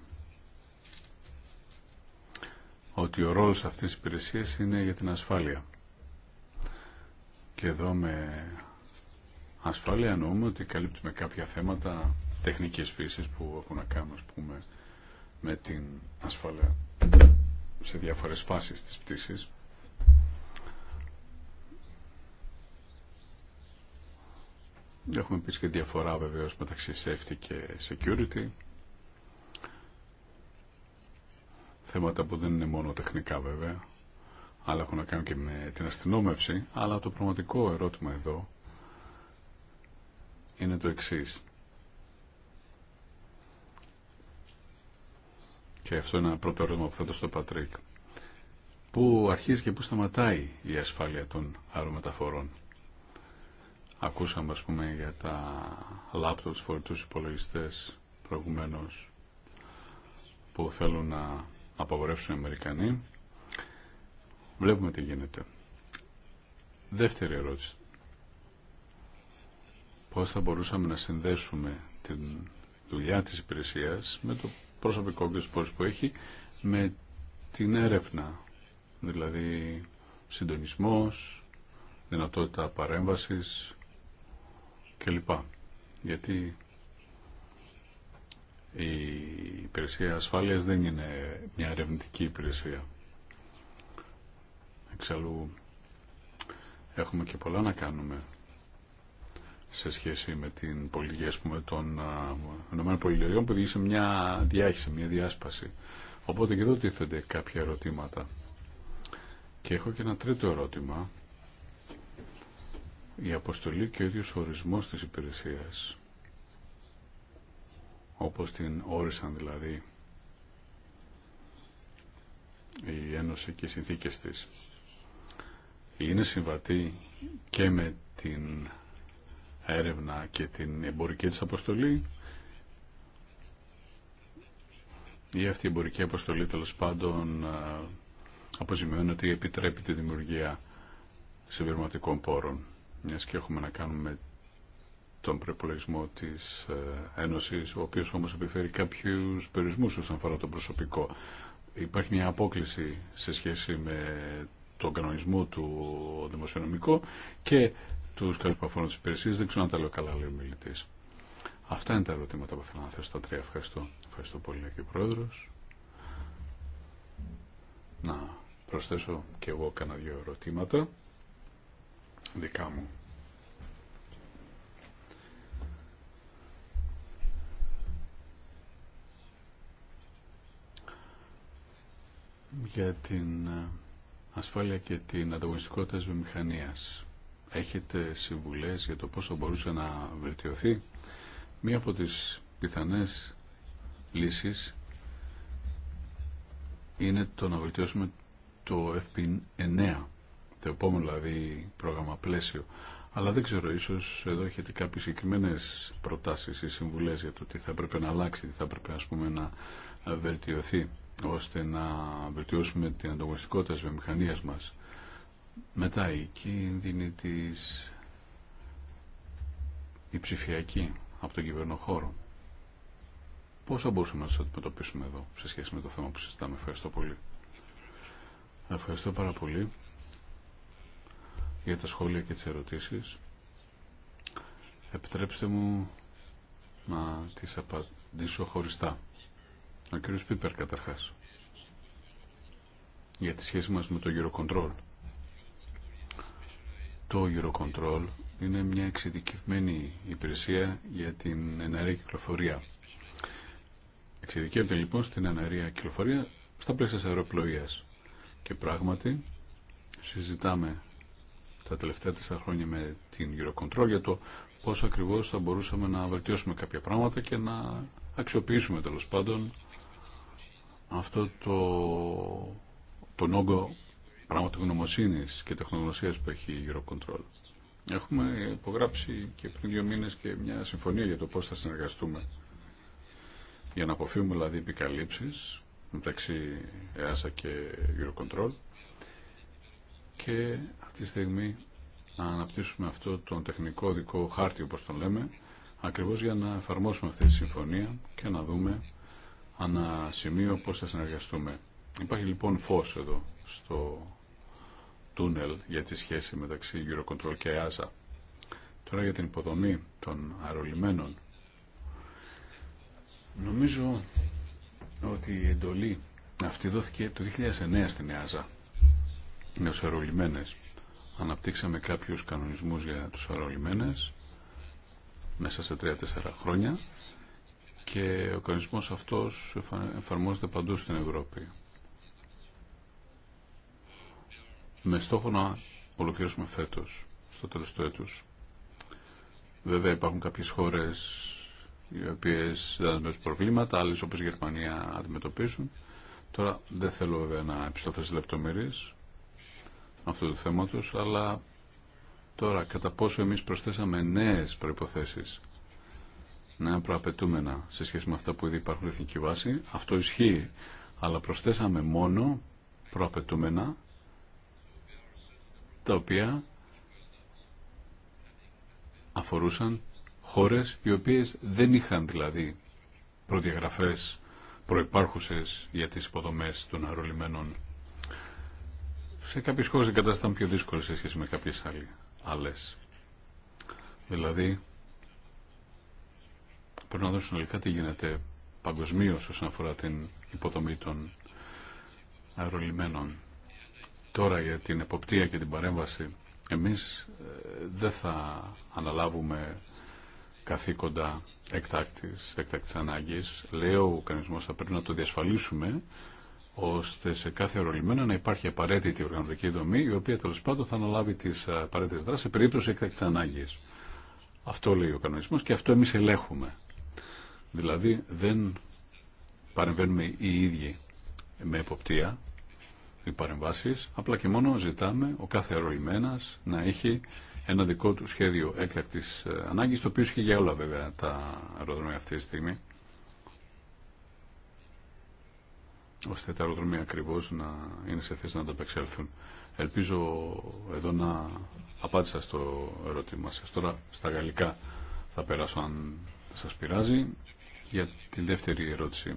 C: ότι ο ρόλος αυτής της υπηρεσία είναι για την ασφάλεια. Και εδώ με ασφάλεια εννοούμε ότι καλύπτουμε κάποια θέματα τεχνικής φύσης που έχουν να κάνουν, ας πούμε, με την ασφάλεια σε διάφορες φάσεις της πτήσης. Έχουμε επίσης και διαφορά βεβαίως μεταξύ safety και security. θέματα που δεν είναι μόνο τεχνικά βέβαια, αλλά έχουν να κάνουν και με την αστυνόμευση, αλλά το πραγματικό ερώτημα εδώ είναι το εξής. Και αυτό είναι ένα πρώτο ερώτημα που θέτω στο Πατρίκ. Πού αρχίζει και πού σταματάει η ασφάλεια των αερομεταφορών. Ακούσαμε, ας πούμε, για τα λάπτοπς φορητούς υπολογιστές προηγουμένως που θέλουν να απαγορεύσουν οι Αμερικανοί. Βλέπουμε τι γίνεται. Δεύτερη ερώτηση. Πώς θα μπορούσαμε να συνδέσουμε την δουλειά της υπηρεσίας με το προσωπικό και τους που έχει με την έρευνα, δηλαδή συντονισμός, δυνατότητα παρέμβασης κλπ. Γιατί η υπηρεσία ασφάλειας δεν είναι μια ερευνητική υπηρεσία. Εξαλλού έχουμε και πολλά να κάνουμε σε σχέση με την πολιτική ας πούμε, των ΗΠΑ που οδηγεί μια διάχυση, μια διάσπαση. Οπότε και εδώ τίθενται κάποια ερωτήματα. Και έχω και ένα τρίτο ερώτημα. Η αποστολή και ο ίδιος ορισμός της υπηρεσίας όπως την όρισαν δηλαδή η Ένωση και οι συνθήκες της. Είναι συμβατή και με την έρευνα και την εμπορική της αποστολή ή αυτή η εμπορική αποστολή τέλο πάντων αποζημιώνει ότι επιτρέπει τη δημιουργία συμπληρωματικών πόρων μιας να κάνουμε τον προπολογισμό της ε, Ένωσης, ο οποίος όμως επιφέρει κάποιους περισμούς όσον αφορά το προσωπικό. Υπάρχει μια απόκληση σε σχέση με τον κανονισμό του δημοσιονομικού και του καλού που αφορούν Δεν ξέρω αν τα λέω καλά, λέει ο μιλητή. Αυτά είναι τα ερωτήματα που θέλω να θέσω στα τρία. Ευχαριστώ. Ευχαριστώ πολύ κύριε πρόεδρο. Να προσθέσω και εγώ κάνα δύο ερωτήματα δικά μου για την ε, ασφάλεια και την ανταγωνιστικότητα της βιομηχανίας. Έχετε συμβουλές για το πώς θα μπορούσε να βελτιωθεί. Μία από τις πιθανές λύσεις είναι το να βελτιώσουμε το FP9, το επόμενο δηλαδή πρόγραμμα πλαίσιο. Αλλά δεν ξέρω, ίσως εδώ έχετε κάποιες συγκεκριμένε προτάσεις ή συμβουλές για το τι θα πρέπει να αλλάξει, τι θα πρέπει ας πούμε να βελτιωθεί ώστε να βελτιώσουμε την ανταγωνιστικότητα της βιομηχανίας μας. Μετά η κίνδυνη της η ψηφιακή από τον κυβερνοχώρο. Πώς θα μπορούσαμε να σας αντιμετωπίσουμε εδώ σε σχέση με το θέμα που συζητάμε. Ευχαριστώ πολύ. Ευχαριστώ πάρα πολύ για τα σχόλια και τις ερωτήσεις. Επιτρέψτε μου να τις απαντήσω χωριστά. Ο κύριο Πίπερ καταρχάς για τη σχέση μας με το Eurocontrol. Το Eurocontrol είναι μια εξειδικευμένη υπηρεσία για την εναρία κυκλοφορία. Εξειδικεύεται λοιπόν στην εναρία κυκλοφορία στα πλαίσια της αεροπλοείας. Και πράγματι συζητάμε τα τελευταία τέσσερα χρόνια με την Eurocontrol για το πώς ακριβώς θα μπορούσαμε να βελτιώσουμε κάποια πράγματα και να αξιοποιήσουμε τέλος πάντων αυτό το, τον όγκο και τεχνογνωσία που έχει η Eurocontrol. Έχουμε υπογράψει και πριν δύο μήνε και μια συμφωνία για το πώ θα συνεργαστούμε για να αποφύγουμε δηλαδή επικαλύψει μεταξύ ΕΑΣΑ και Eurocontrol και αυτή τη στιγμή να αναπτύσσουμε αυτό τον τεχνικό δικό χάρτη όπως τον λέμε ακριβώς για να εφαρμόσουμε αυτή τη συμφωνία και να δούμε σημείο πώς θα συνεργαστούμε. Υπάρχει λοιπόν φως εδώ στο τούνελ για τη σχέση μεταξύ Eurocontrol και EASA. Τώρα για την υποδομή των αερολιμένων. Νομίζω ότι η εντολή αυτή δόθηκε το 2009 στην ΕΑΖΑ με τους αερολιμένες. Αναπτύξαμε κάποιους κανονισμούς για τους αερολιμένες μέσα σε 3-4 χρόνια και ο κανονισμός αυτός εφαρμόζεται παντού στην Ευρώπη. Με στόχο να ολοκληρώσουμε φέτος, στο τέλος του έτους. Βέβαια υπάρχουν κάποιες χώρες οι οποίες δεν αντιμετωπίζουν προβλήματα, άλλες όπως η Γερμανία αντιμετωπίζουν. Τώρα δεν θέλω βέβαια να επισταθώ σε λεπτομέρειες αυτού του θέματος, αλλά τώρα κατά πόσο εμείς προσθέσαμε νέες προϋποθέσεις νέα προαπαιτούμενα σε σχέση με αυτά που ήδη υπάρχουν εθνική βάση. Αυτό ισχύει, αλλά προσθέσαμε μόνο προαπαιτούμενα τα οποία αφορούσαν χώρες οι οποίες δεν είχαν δηλαδή προδιαγραφές προϋπάρχουσες για τις υποδομές των αερολιμένων. Σε κάποιες χώρες η κατάσταση πιο δύσκολη σε σχέση με κάποιες άλλες. Δηλαδή, Πρέπει να δούμε συνολικά τι γίνεται παγκοσμίω όσον αφορά την υποδομή των αερολιμένων. Τώρα για την εποπτεία και την παρέμβαση εμείς ε, δεν θα αναλάβουμε καθήκοντα εκτάκτης, εκτάκτης ανάγκης. Λέω ο κανονισμός θα πρέπει να το διασφαλίσουμε ώστε σε κάθε αερολιμένο να υπάρχει απαραίτητη οργανωτική δομή η οποία τέλο πάντων θα αναλάβει τις ε, απαραίτητες δράσεις σε περίπτωση εκτάκτης ανάγκης. Αυτό λέει ο κανονισμός και αυτό εμείς ελέγχουμε. Δηλαδή δεν παρεμβαίνουμε οι ίδιοι με εποπτεία οι παρεμβάσεις, απλά και μόνο ζητάμε ο κάθε μένας να έχει ένα δικό του σχέδιο έκτακτης ε, ανάγκης, το οποίο ισχύει για όλα βέβαια τα αεροδρόμια αυτή τη στιγμή, ώστε τα αεροδρόμια ακριβώ να είναι σε θέση να ανταπεξέλθουν. Ελπίζω εδώ να απάντησα στο ερώτημα σας. Τώρα στα γαλλικά θα περάσω αν σας πειράζει για την δεύτερη ερώτηση.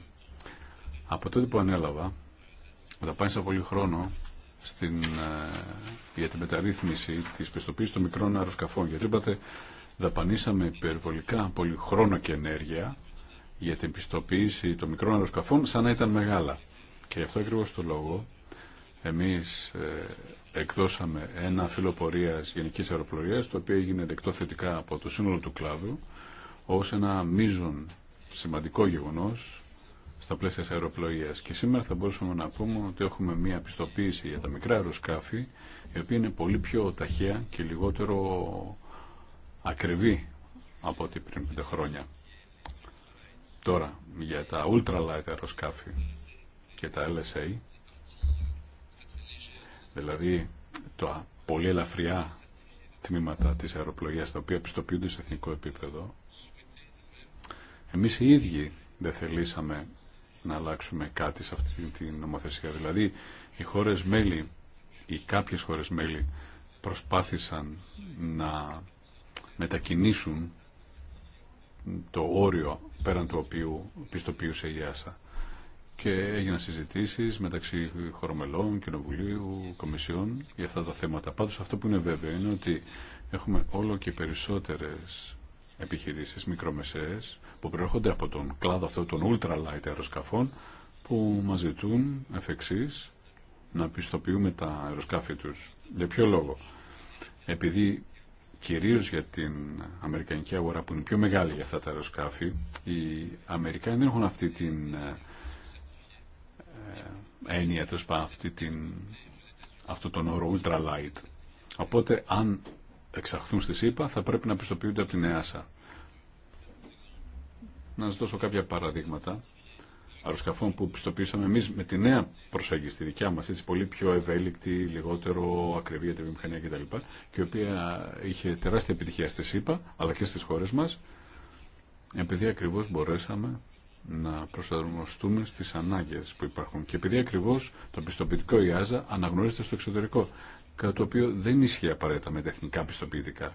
C: Από τότε που ανέλαβα, δαπάνησα πολύ χρόνο στην, ε, για την μεταρρύθμιση της πιστοποίησης των μικρών αεροσκαφών. Γιατί είπατε, δαπανήσαμε υπερβολικά πολύ χρόνο και ενέργεια για την πιστοποίηση των μικρών αεροσκαφών σαν να ήταν μεγάλα. Και γι' αυτό ακριβώς το λόγο εμείς ε, εκδώσαμε ένα φιλοπορία γενικής αεροπλοίας το οποίο έγινε δεκτό θετικά από το σύνολο του κλάδου ως ένα μείζον σημαντικό γεγονός στα πλαίσια της αεροπλοείας. Και σήμερα θα μπορούσαμε να πούμε ότι έχουμε μια πιστοποίηση για τα μικρά αεροσκάφη, η οποία είναι πολύ πιο ταχεία και λιγότερο ακριβή από ό,τι πριν πέντε χρόνια. Τώρα, για τα ultralight αεροσκάφη και τα LSA, δηλαδή τα πολύ ελαφριά τμήματα της αεροπλογίας, τα οποία πιστοποιούνται σε εθνικό επίπεδο, εμείς οι ίδιοι δεν θελήσαμε να αλλάξουμε κάτι σε αυτή την νομοθεσία. Δηλαδή, οι χώρες μέλη ή κάποιες χώρες μέλη προσπάθησαν να μετακινήσουν το όριο πέραν του οποίου πιστοποιούσε η ΆΣΑ. Και έγιναν συζητήσεις μεταξύ χωρομελών, κοινοβουλίου, κομισιών για αυτά τα θέματα. Πάντως αυτό που είναι βέβαιο είναι ότι έχουμε όλο και περισσότερες Επιχειρήσει μικρομεσαίε που προέρχονται από τον κλάδο αυτό των light αεροσκαφών, που μα ζητούν εφ' εξής, να πιστοποιούμε τα αεροσκάφη τους. Για ποιο λόγο. Επειδή κυρίως για την αμερικανική αγορά που είναι πιο μεγάλη για αυτά τα αεροσκάφη, οι Αμερικάνοι δεν έχουν αυτή την ε, ε, έννοια, τέλο αυτή την, αυτό τον όρο ultralight. Οπότε αν εξαχθούν στη ΣΥΠΑ θα πρέπει να πιστοποιούνται από την ΕΑΣΑ να σα δώσω κάποια παραδείγματα αεροσκαφών που πιστοποιήσαμε εμεί με τη νέα προσέγγιση, τη δικιά μα, έτσι πολύ πιο ευέλικτη, λιγότερο ακριβή για τη βιομηχανία κτλ. Και η οποία είχε τεράστια επιτυχία στη ΣΥΠΑ, αλλά και στι χώρε μα, επειδή ακριβώ μπορέσαμε να προσαρμοστούμε στι ανάγκε που υπάρχουν. Και επειδή ακριβώ το πιστοποιητικό ΙΑΖΑ αναγνωρίζεται στο εξωτερικό, κάτι το οποίο δεν ισχύει απαραίτητα με τα εθνικά πιστοποιητικά,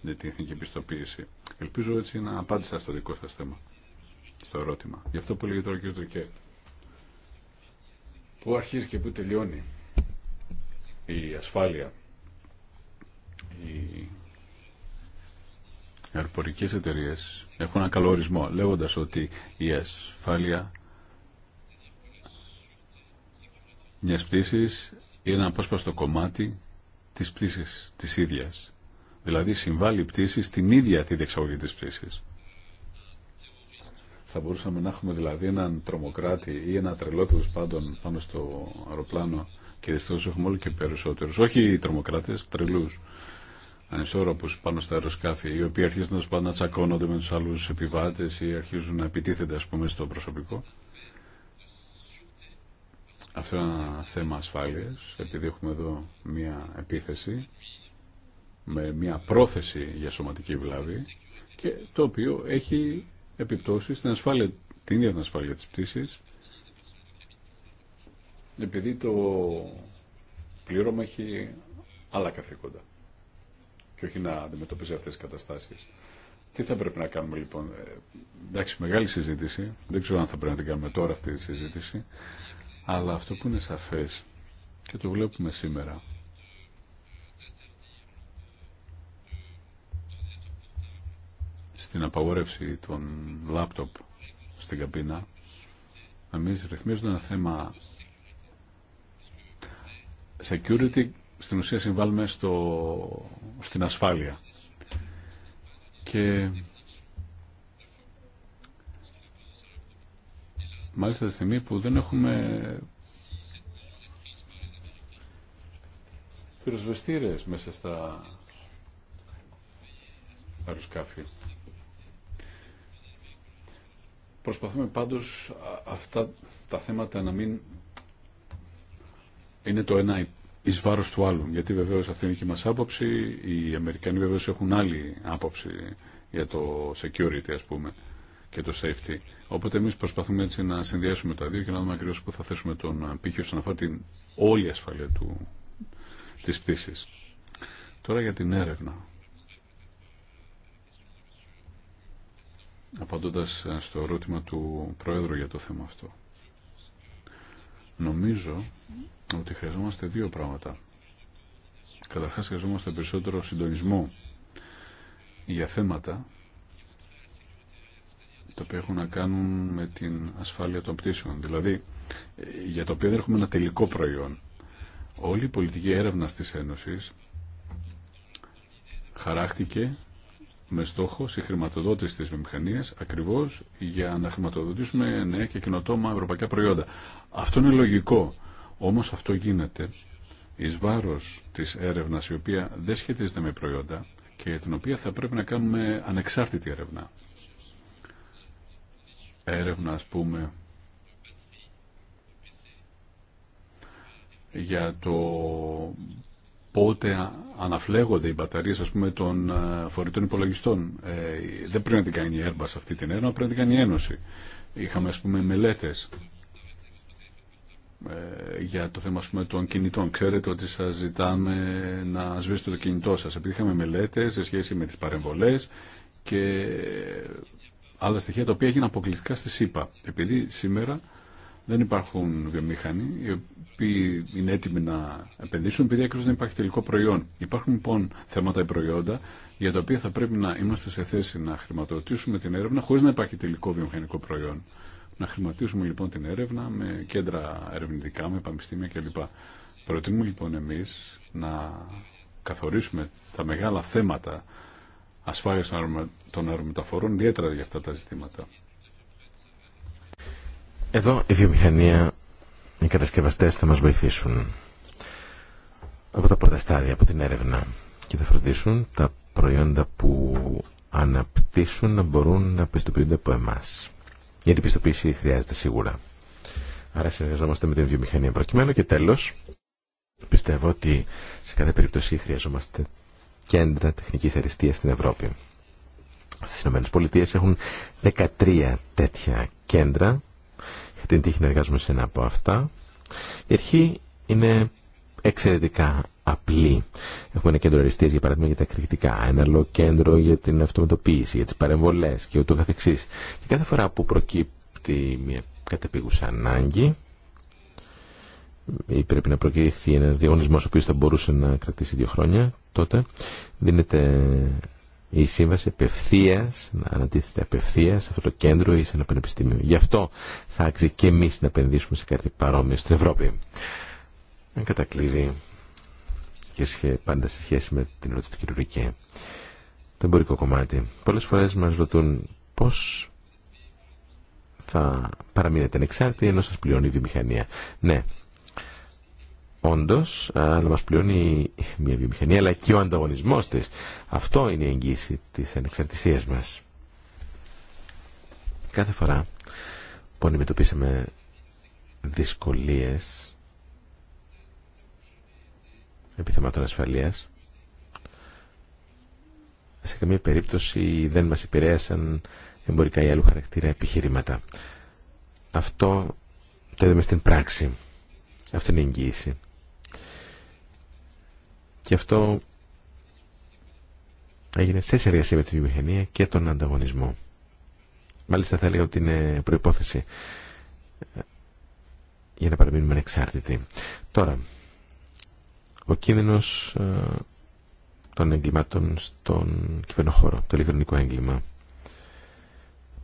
C: με την εθνική πιστοποίηση. Ελπίζω έτσι να απάντησα στο δικό σα θέμα στο ερώτημα. Γι' αυτό που λέγεται τώρα ο κ. Πού αρχίζει και πού τελειώνει η ασφάλεια, η οι αεροπορικέ εταιρείε έχουν ένα καλό ορισμό λέγοντα ότι η ασφάλεια μια πτήση είναι ένα απόσπαστο κομμάτι τη πτήση τη ίδια, Δηλαδή συμβάλλει η πτήση στην ίδια τη διεξαγωγή της πτήση. Θα μπορούσαμε να έχουμε δηλαδή έναν τρομοκράτη ή ένα τρελό πάντων πάνω στο αεροπλάνο και δυστυχώ έχουμε όλο και περισσότερου. Όχι τρομοκράτε, τρελού ανισόρροπου πάνω στα αεροσκάφη, οι οποίοι αρχίζουν να να τσακώνονται με του άλλου επιβάτε ή αρχίζουν να επιτίθενται, α πούμε, στο προσωπικό. Αυτό είναι ένα θέμα ασφάλεια, επειδή έχουμε εδώ μία επίθεση με μία πρόθεση για σωματική βλάβη και το οποίο έχει επιπτώσεις στην ασφάλεια, την ίδια ασφάλεια της πτήσης επειδή το πλήρωμα έχει άλλα καθήκοντα και όχι να αντιμετωπίζει αυτές τις καταστάσεις. Τι θα πρέπει να κάνουμε λοιπόν. Ε, εντάξει, μεγάλη συζήτηση. Δεν ξέρω αν θα πρέπει να την κάνουμε τώρα αυτή τη συζήτηση. Αλλά αυτό που είναι σαφές και το βλέπουμε σήμερα στην απαγόρευση των λάπτοπ στην καμπίνα να μην ένα θέμα security στην ουσία συμβάλλουμε στο, στην ασφάλεια και μάλιστα τη στιγμή που δεν έχουμε πυροσβεστήρες μέσα στα αεροσκάφη. Προσπαθούμε πάντως αυτά τα θέματα να μην είναι το ένα εις βάρος του άλλου. Γιατί βεβαίως αυτή είναι η μας άποψη, οι Αμερικανοί βεβαίως έχουν άλλη άποψη για το security ας πούμε και το safety. Οπότε εμείς προσπαθούμε έτσι να συνδυάσουμε τα δύο και να δούμε ακριβώς πού θα θέσουμε τον πύχιο στον αφορά την όλη ασφαλεία του, της πτήσης. Τώρα για την έρευνα. απαντώντας ε, στο ερώτημα του Προέδρου για το θέμα αυτό. Νομίζω ότι χρειαζόμαστε δύο πράγματα. Καταρχάς χρειαζόμαστε περισσότερο συντονισμό για θέματα τα οποία έχουν να κάνουν με την ασφάλεια των πτήσεων. Δηλαδή, ε, για το οποία δεν έχουμε ένα τελικό προϊόν. Όλη η πολιτική έρευνα της Ένωσης χαράχτηκε με στόχο στη χρηματοδότηση τη βιομηχανία ακριβώ για να χρηματοδοτήσουμε νέα και κοινοτόμα ευρωπαϊκά προϊόντα. Αυτό είναι λογικό. Όμως αυτό γίνεται ει βάρο της έρευνα, η οποία δεν σχετίζεται με προϊόντα και την οποία θα πρέπει να κάνουμε ανεξάρτητη έρευνα. Έρευνα, ας πούμε, για το πότε αναφλέγονται οι μπαταρίες ας πούμε, των ε, φορητών υπολογιστών. Ε, δεν πρέπει να την κάνει η σε αυτή την έρμα, πρέπει να την κάνει η Ένωση. Είχαμε ας πούμε, μελέτες ε, για το θέμα ας πούμε, των κινητών. Ξέρετε ότι σας ζητάμε να σβήσετε το κινητό σας. Επειδή είχαμε μελέτες σε σχέση με τις παρεμβολές και άλλα στοιχεία τα οποία έγιναν αποκλειστικά στη ΣΥΠΑ. Επειδή σήμερα δεν υπάρχουν βιομηχανοί οι οποίοι είναι έτοιμοι να επενδύσουν επειδή ακριβώ δεν υπάρχει τελικό προϊόν. Υπάρχουν λοιπόν θέματα ή προϊόντα για τα οποία θα πρέπει να είμαστε σε θέση να χρηματοδοτήσουμε την έρευνα χωρί να υπάρχει τελικό βιομηχανικό προϊόν. Να χρηματίσουμε λοιπόν την έρευνα με κέντρα ερευνητικά, με πανεπιστήμια κλπ. Προτείνουμε λοιπόν εμεί να καθορίσουμε τα μεγάλα θέματα ασφάλεια των αερομεταφορών, ιδιαίτερα για αυτά τα ζητήματα. Εδώ η
D: βιομηχανία, οι κατασκευαστέ θα μα βοηθήσουν από τα πρώτα στάδια, από την έρευνα και θα φροντίσουν τα προϊόντα που αναπτύσσουν να μπορούν να πιστοποιούνται από εμά. Γιατί πιστοποίηση χρειάζεται σίγουρα. Άρα συνεργαζόμαστε με την βιομηχανία προκειμένου και τέλο. πιστεύω ότι σε κάθε περίπτωση χρειαζόμαστε κέντρα τεχνική αριστεία στην Ευρώπη. Στι ΗΠΑ έχουν 13 τέτοια κέντρα την τύχη να εργάζομαι σε ένα από αυτά. Η αρχή είναι εξαιρετικά απλή. Έχουμε ένα κέντρο αριστείας για παράδειγμα για τα κριτικά, ένα άλλο κέντρο για την αυτοματοποίηση, για τις παρεμβολές και ούτω καθεξής. Και κάθε φορά που προκύπτει μια κατεπίγουσα ανάγκη ή πρέπει να προκύπτει ένας διαγωνισμός ο οποίος θα μπορούσε να κρατήσει δύο χρόνια, τότε δίνεται η σύμβαση απευθεία, να ανατίθεται απευθεία σε αυτό το κέντρο ή σε ένα πανεπιστήμιο. Γι' αυτό θα αξίζει και εμεί να επενδύσουμε σε κάτι παρόμοιο στην Ευρώπη. Αν κατακλείδει και πάντα σε σχέση με την ερώτηση του κ. Ρικέ, το εμπορικό κομμάτι. Πολλέ φορέ μα ρωτούν πώ θα παραμείνετε ανεξάρτητοι ενώ σα πληρώνει η βιομηχανία. Ναι, Όντω, αλλά μας πληρώνει μια βιομηχανία αλλά και ο ανταγωνισμό της. Αυτό είναι η εγγύηση της ανεξαρτησία μας. Κάθε φορά που αντιμετωπίσαμε δυσκολίες επιθεμάτων ασφαλείας σε καμία περίπτωση δεν μας επηρέασαν εμπορικά ή άλλου χαρακτήρα επιχειρήματα. Αυτό το είδαμε στην πράξη. Αυτή είναι η εγγύηση. Και αυτό έγινε σε συνεργασία με τη βιομηχανία και τον ανταγωνισμό. Μάλιστα θα λέω ότι είναι προϋπόθεση ε, για να παραμείνουμε ανεξάρτητοι. Τώρα, ο κίνδυνος ε, των εγκλημάτων στον κυβερνοχώρο, το ηλεκτρονικό έγκλημα.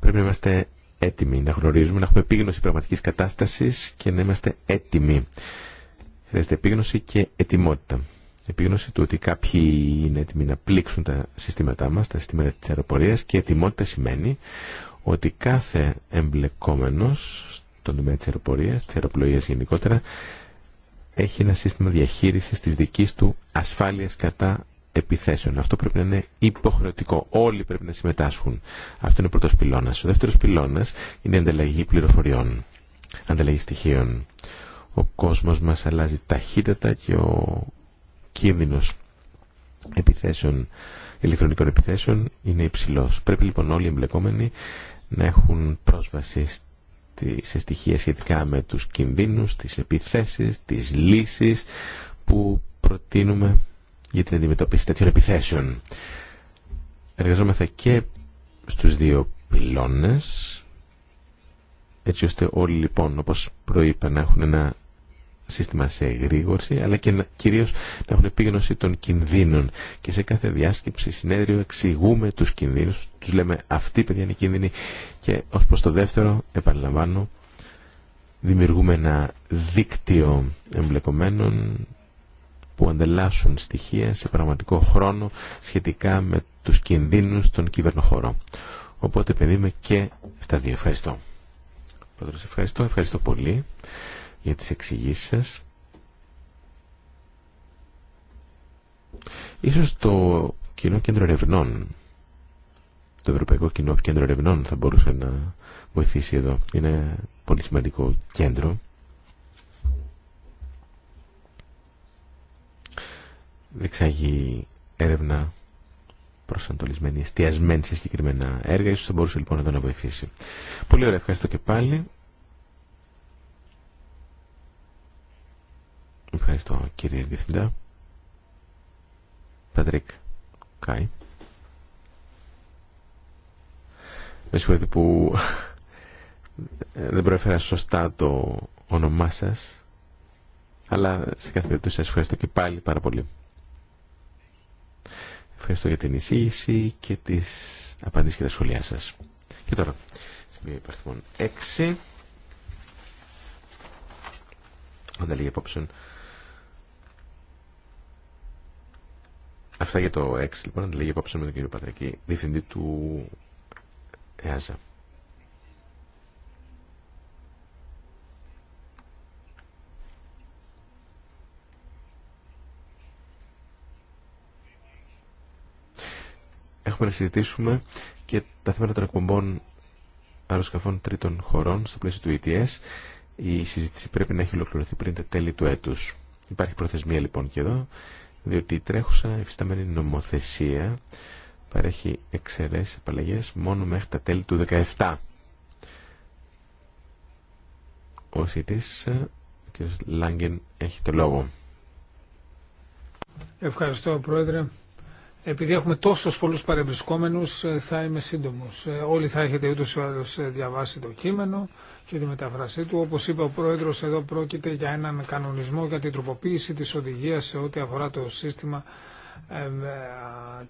D: Πρέπει να είμαστε έτοιμοι, να γνωρίζουμε, να έχουμε επίγνωση πραγματικής κατάστασης και να είμαστε έτοιμοι. Χρειάζεται επίγνωση και ετοιμότητα επίγνωση του ότι κάποιοι είναι έτοιμοι να πλήξουν τα συστήματά μας, τα συστήματα της αεροπορίας και ετοιμότητα σημαίνει ότι κάθε εμπλεκόμενος στον τομέα της αεροπορίας, της αεροπλοείας γενικότερα, έχει ένα σύστημα διαχείρισης της δικής του ασφάλειας κατά επιθέσεων. Αυτό πρέπει να είναι υποχρεωτικό. Όλοι πρέπει να συμμετάσχουν. Αυτό είναι ο πρώτο πυλώνας. Ο δεύτερος πυλώνας είναι η ανταλλαγή πληροφοριών, ανταλλαγή στοιχείων. Ο κόσμος μας αλλάζει ταχύτατα και ο κίνδυνος επιθέσεων, ηλεκτρονικών επιθέσεων είναι υψηλός. Πρέπει λοιπόν όλοι οι εμπλεκόμενοι να έχουν πρόσβαση σε στοιχεία σχετικά με τους κινδύνους, τις επιθέσεις, τις λύσεις που προτείνουμε για την αντιμετώπιση τέτοιων επιθέσεων. Εργαζόμεθα και στους δύο πυλώνες, έτσι ώστε όλοι λοιπόν, όπως προείπα, να έχουν ένα σύστημα σε εγρήγορση, αλλά και κυρίω κυρίως να έχουν επίγνωση των κινδύνων. Και σε κάθε διάσκεψη, συνέδριο, εξηγούμε τους κινδύνους, τους λέμε αυτή παιδιά είναι κίνδυνοι και ως προς το δεύτερο, επαναλαμβάνω, δημιουργούμε ένα δίκτυο εμπλεκομένων που αντελάσσουν στοιχεία σε πραγματικό χρόνο σχετικά με τους κινδύνους των κυβερνοχωρών. Οπότε παιδί με και στα δύο. Ευχαριστώ. Πρόεδρος, ευχαριστώ. Ευχαριστώ πολύ για τις εξηγήσει σα. Ίσως το Κοινό Κέντρο Ερευνών, το Ευρωπαϊκό Κοινό Κέντρο Ερευνών θα μπορούσε να βοηθήσει εδώ. Είναι πολύ σημαντικό κέντρο. Δεξάγει έρευνα προσανατολισμένη, εστιασμένη σε συγκεκριμένα έργα. Ίσως θα μπορούσε λοιπόν εδώ να βοηθήσει. Πολύ ωραία, ευχαριστώ και πάλι. Ευχαριστώ κύριε Διευθυντά. Πατρίκ Κάι. Με συγχωρείτε που δεν προέφερα σωστά το όνομά σα, Αλλά σε κάθε περίπτωση σας ευχαριστώ και πάλι πάρα πολύ. Ευχαριστώ για την εισήγηση και τι απαντήσει και τα σχόλιά σα. Και τώρα, σημείο υπαρθμόν 6. Ανταλλαγή απόψεων Αυτά για το 6 λοιπόν, αντιλέγει απόψε με τον κύριο Πατρική, διευθυντή του ΕΑΖΑ. Έχουμε να συζητήσουμε και τα θέματα των εκπομπών αεροσκαφών τρίτων χωρών στο πλαίσιο του ETS. Η συζήτηση πρέπει να έχει ολοκληρωθεί πριν τα τέλη του έτους. Υπάρχει προθεσμία λοιπόν και εδώ διότι η τρέχουσα εφισταμένη νομοθεσία παρέχει εξαιρέσεις απαλλαγές μόνο μέχρι τα τέλη του 2017. Ο σητής, ο κ. Λάγκεν, έχει το λόγο.
B: Ευχαριστώ, Πρόεδρε. Επειδή έχουμε τόσους πολλού παρεμπισκόμενου, ε, θα είμαι σύντομος. Ε, όλοι θα έχετε ούτως ή άλλω ε, διαβάσει το κείμενο και τη μεταφρασή του. Όπως είπε ο Πρόεδρος, εδώ πρόκειται για έναν κανονισμό για την τροποποίηση της οδηγίας σε ό,τι αφορά το σύστημα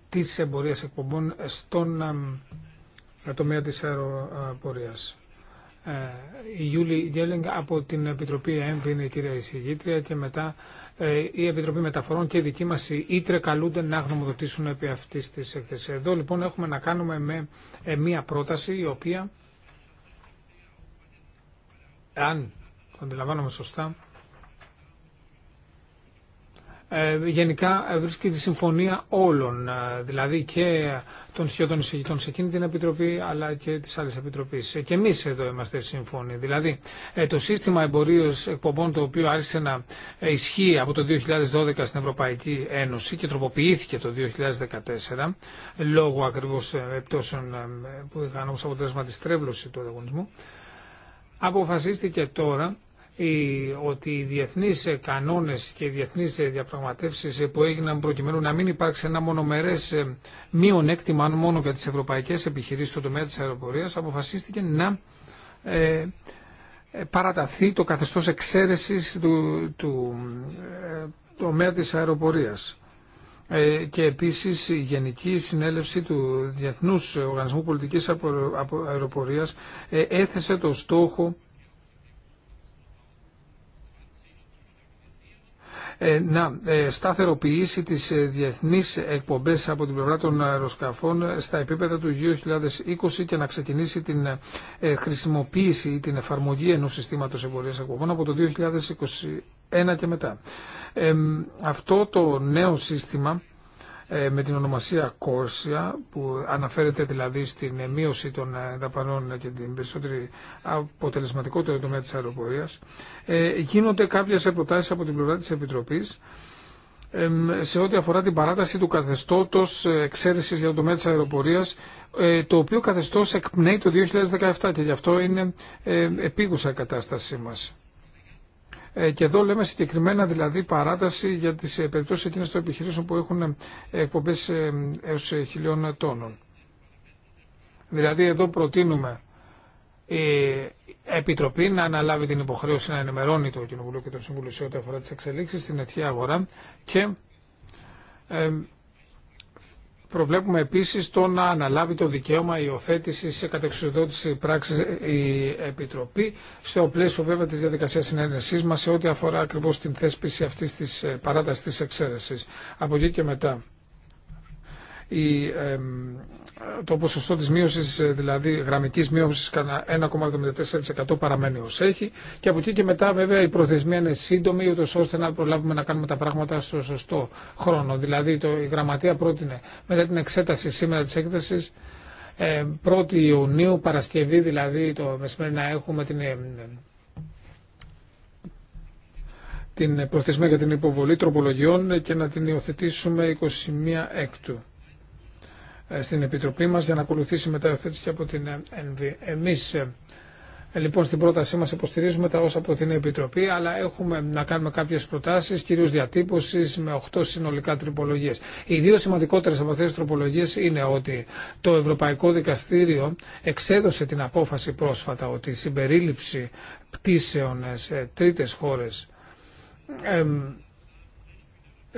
B: τη εμπορία εκπομπών στον τομέα της αεροπορίας. Η Γιούλη Γκέλεγκ από την Επιτροπή ΕΜΒ είναι η κυρία εισηγήτρια και μετά ε, η Επιτροπή Μεταφορών και η δική μας η ίτρε καλούνται να γνωμοδοτήσουν επί αυτής της έκθεσης. Εδώ λοιπόν έχουμε να κάνουμε με ε, μία πρόταση η οποία, αν αντιλαμβάνομαι σωστά, ε, γενικά ε, βρίσκει τη συμφωνία όλων, ε, δηλαδή και των σχεδόν εισηγητών σε εκείνη την Επιτροπή αλλά και τη άλλη Επιτροπή. Και εμεί εδώ είμαστε σύμφωνοι. Δηλαδή, το σύστημα εμπορίου εκπομπών το οποίο άρχισε να ισχύει από το 2012 στην Ευρωπαϊκή Ένωση και τροποποιήθηκε το 2014 λόγω ακριβώ επιπτώσεων που είχαν ω αποτέλεσμα τη στρέβλωση του ανταγωνισμού, αποφασίστηκε τώρα ότι οι διεθνείς κανόνες και οι διεθνείς διαπραγματεύσεις που έγιναν προκειμένου να μην υπάρξει ένα μονομερές ε, μειονέκτημα αν μόνο για τις ευρωπαϊκές επιχειρήσεις στο τομέα της αεροπορίας αποφασίστηκε να ε, ε, παραταθεί το καθεστώς εξαίρεσης του, του τομέα της αεροπορίας και επίσης η Γενική Συνέλευση του Διεθνούς Οργανισμού Πολιτικής Αεροπορίας έθεσε το στόχο Ε, να ε, σταθεροποιήσει τις ε, διεθνείς εκπομπές από την πλευρά των αεροσκαφών στα επίπεδα του 2020 και να ξεκινήσει την χρησιμοποίηση ή την εφαρμογή ενός συστήματος εμπορίας εκπομπών από το 2021 και μετά. Αυτό το νέο σύστημα ε, με την ονομασία Κόρσια που αναφέρεται δηλαδή στην ε, μείωση των ε, δαπανών και την περισσότερη αποτελεσματικότητα τομέα της αεροπορίας γίνονται κάποιες προτάσεις από την πλευρά της Επιτροπής σε ό,τι αφορά την παράταση του καθεστώτος εξαίρεσης για το τομέα της αεροπορίας το οποίο καθεστώς εκπνέει το 2017 και γι' αυτό είναι επίγουσα η κατάστασή μας. Ε, και εδώ λέμε συγκεκριμένα δηλαδή παράταση για τις ε, περιπτώσεις εκείνες των επιχειρήσεων που έχουν ε, εκπομπές έως χιλιών τόνων. Δηλαδή εδώ προτείνουμε η Επιτροπή να αναλάβει την υποχρέωση να ενημερώνει το Κοινοβουλίο και τον Συμβούλιο σε ό,τι αφορά τις εξελίξεις στην αιτία αγορά και προβλέπουμε επίσης το να αναλάβει το δικαίωμα υιοθέτηση σε κατεξοδότηση πράξη η Επιτροπή, στο πλαίσιο βέβαια τη διαδικασία συνένεσή μα σε ό,τι αφορά ακριβώς την θέσπιση αυτής της ε, παράταση τη εξαίρεση. Από εκεί και μετά η, το ποσοστό της μείωσης, ε, δηλαδή γραμμικής μείωσης κατά 1,74% παραμένει ως έχει και από εκεί και μετά βέβαια η προθεσμία είναι σύντομη ούτως ώστε να προλάβουμε να κάνουμε τα πράγματα στο σωστό χρόνο. Δηλαδή το, η γραμματεία πρότεινε μετά την εξέταση σήμερα της έκθεσης 1η ε, Ιουνίου, Παρασκευή δηλαδή το μεσημέρι να έχουμε την, ε, την προθεσμία για την υποβολή τροπολογιών και να την υιοθετήσουμε 21 έκτου. Ε, στην Επιτροπή μας για να ακολουθήσει μεταθέτηση και από την ε, ΕΝΒ. Εμείς ε, λοιπόν στην πρότασή μας υποστηρίζουμε τα όσα από την Επιτροπή, αλλά έχουμε να κάνουμε κάποιες προτάσεις, κυρίως διατύπωσης με 8 συνολικά τροπολογίες. Οι δύο σημαντικότερες από αυτές τις τροπολογίες είναι ότι το Ευρωπαϊκό Δικαστήριο εξέδωσε την απόφαση πρόσφατα ότι η συμπερίληψη πτήσεων σε τρίτες χώρες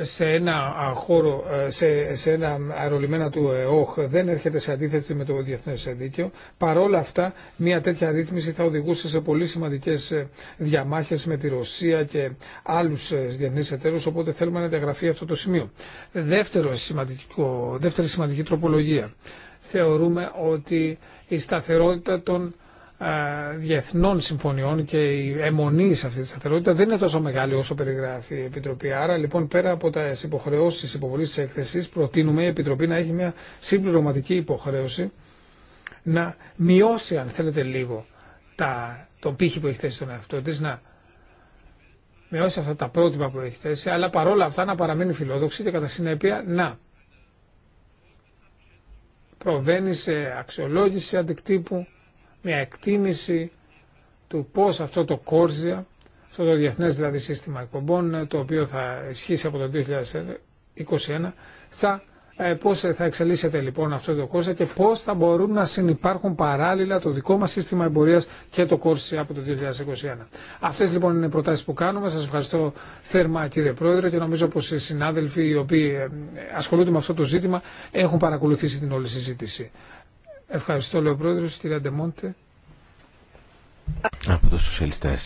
B: σε ένα χώρο, ε, σε, σε ένα αερολιμένα του ΕΟΧ δεν έρχεται σε αντίθεση με το διεθνέ δίκαιο. Παρόλα αυτά, μια τέτοια ρύθμιση θα οδηγούσε σε πολύ σημαντικέ ε, διαμάχε με τη Ρωσία και άλλου ε, διεθνεί εταίρου, οπότε θέλουμε να διαγραφεί αυτό το σημείο. Δεύτερο σημαντικό, δεύτερη σημαντική τροπολογία. Θεωρούμε ότι η σταθερότητα των διεθνών συμφωνιών και η αιμονή σε αυτή τη σταθερότητα δεν είναι τόσο μεγάλη όσο περιγράφει η Επιτροπή. Άρα λοιπόν πέρα από τα υποχρεώσει υποβολή τη έκθεση προτείνουμε η Επιτροπή να έχει μια συμπληρωματική υποχρέωση να μειώσει αν θέλετε λίγο τα, τον πύχη που έχει θέσει τον εαυτό τη, να μειώσει αυτά τα πρότυπα που έχει θέσει, αλλά παρόλα αυτά να παραμείνει φιλόδοξη και κατά συνέπεια να προβαίνει σε αξιολόγηση αντικτύπου μια εκτίμηση του πώς αυτό το κόρζια, αυτό το διεθνές δηλαδή σύστημα εκπομπών, ε, το οποίο θα ισχύσει από το 2021, θα, ε, πώς ε, θα εξελίσσεται λοιπόν αυτό το κόρζια και πώς θα μπορούν να συνεπάρχουν παράλληλα το δικό μας σύστημα εμπορίας και το κόρζια από το 2021. Αυτές λοιπόν είναι οι προτάσεις που κάνουμε. Σας ευχαριστώ θερμά κύριε Πρόεδρε και νομίζω πως οι συνάδελφοι οι οποίοι ασχολούνται με αυτό το ζήτημα έχουν παρακολουθήσει την όλη συζήτηση. Ευχαριστώ, λέω πρόεδρο, στη Ραντεμόντε.
D: Από του σοσιαλιστέ.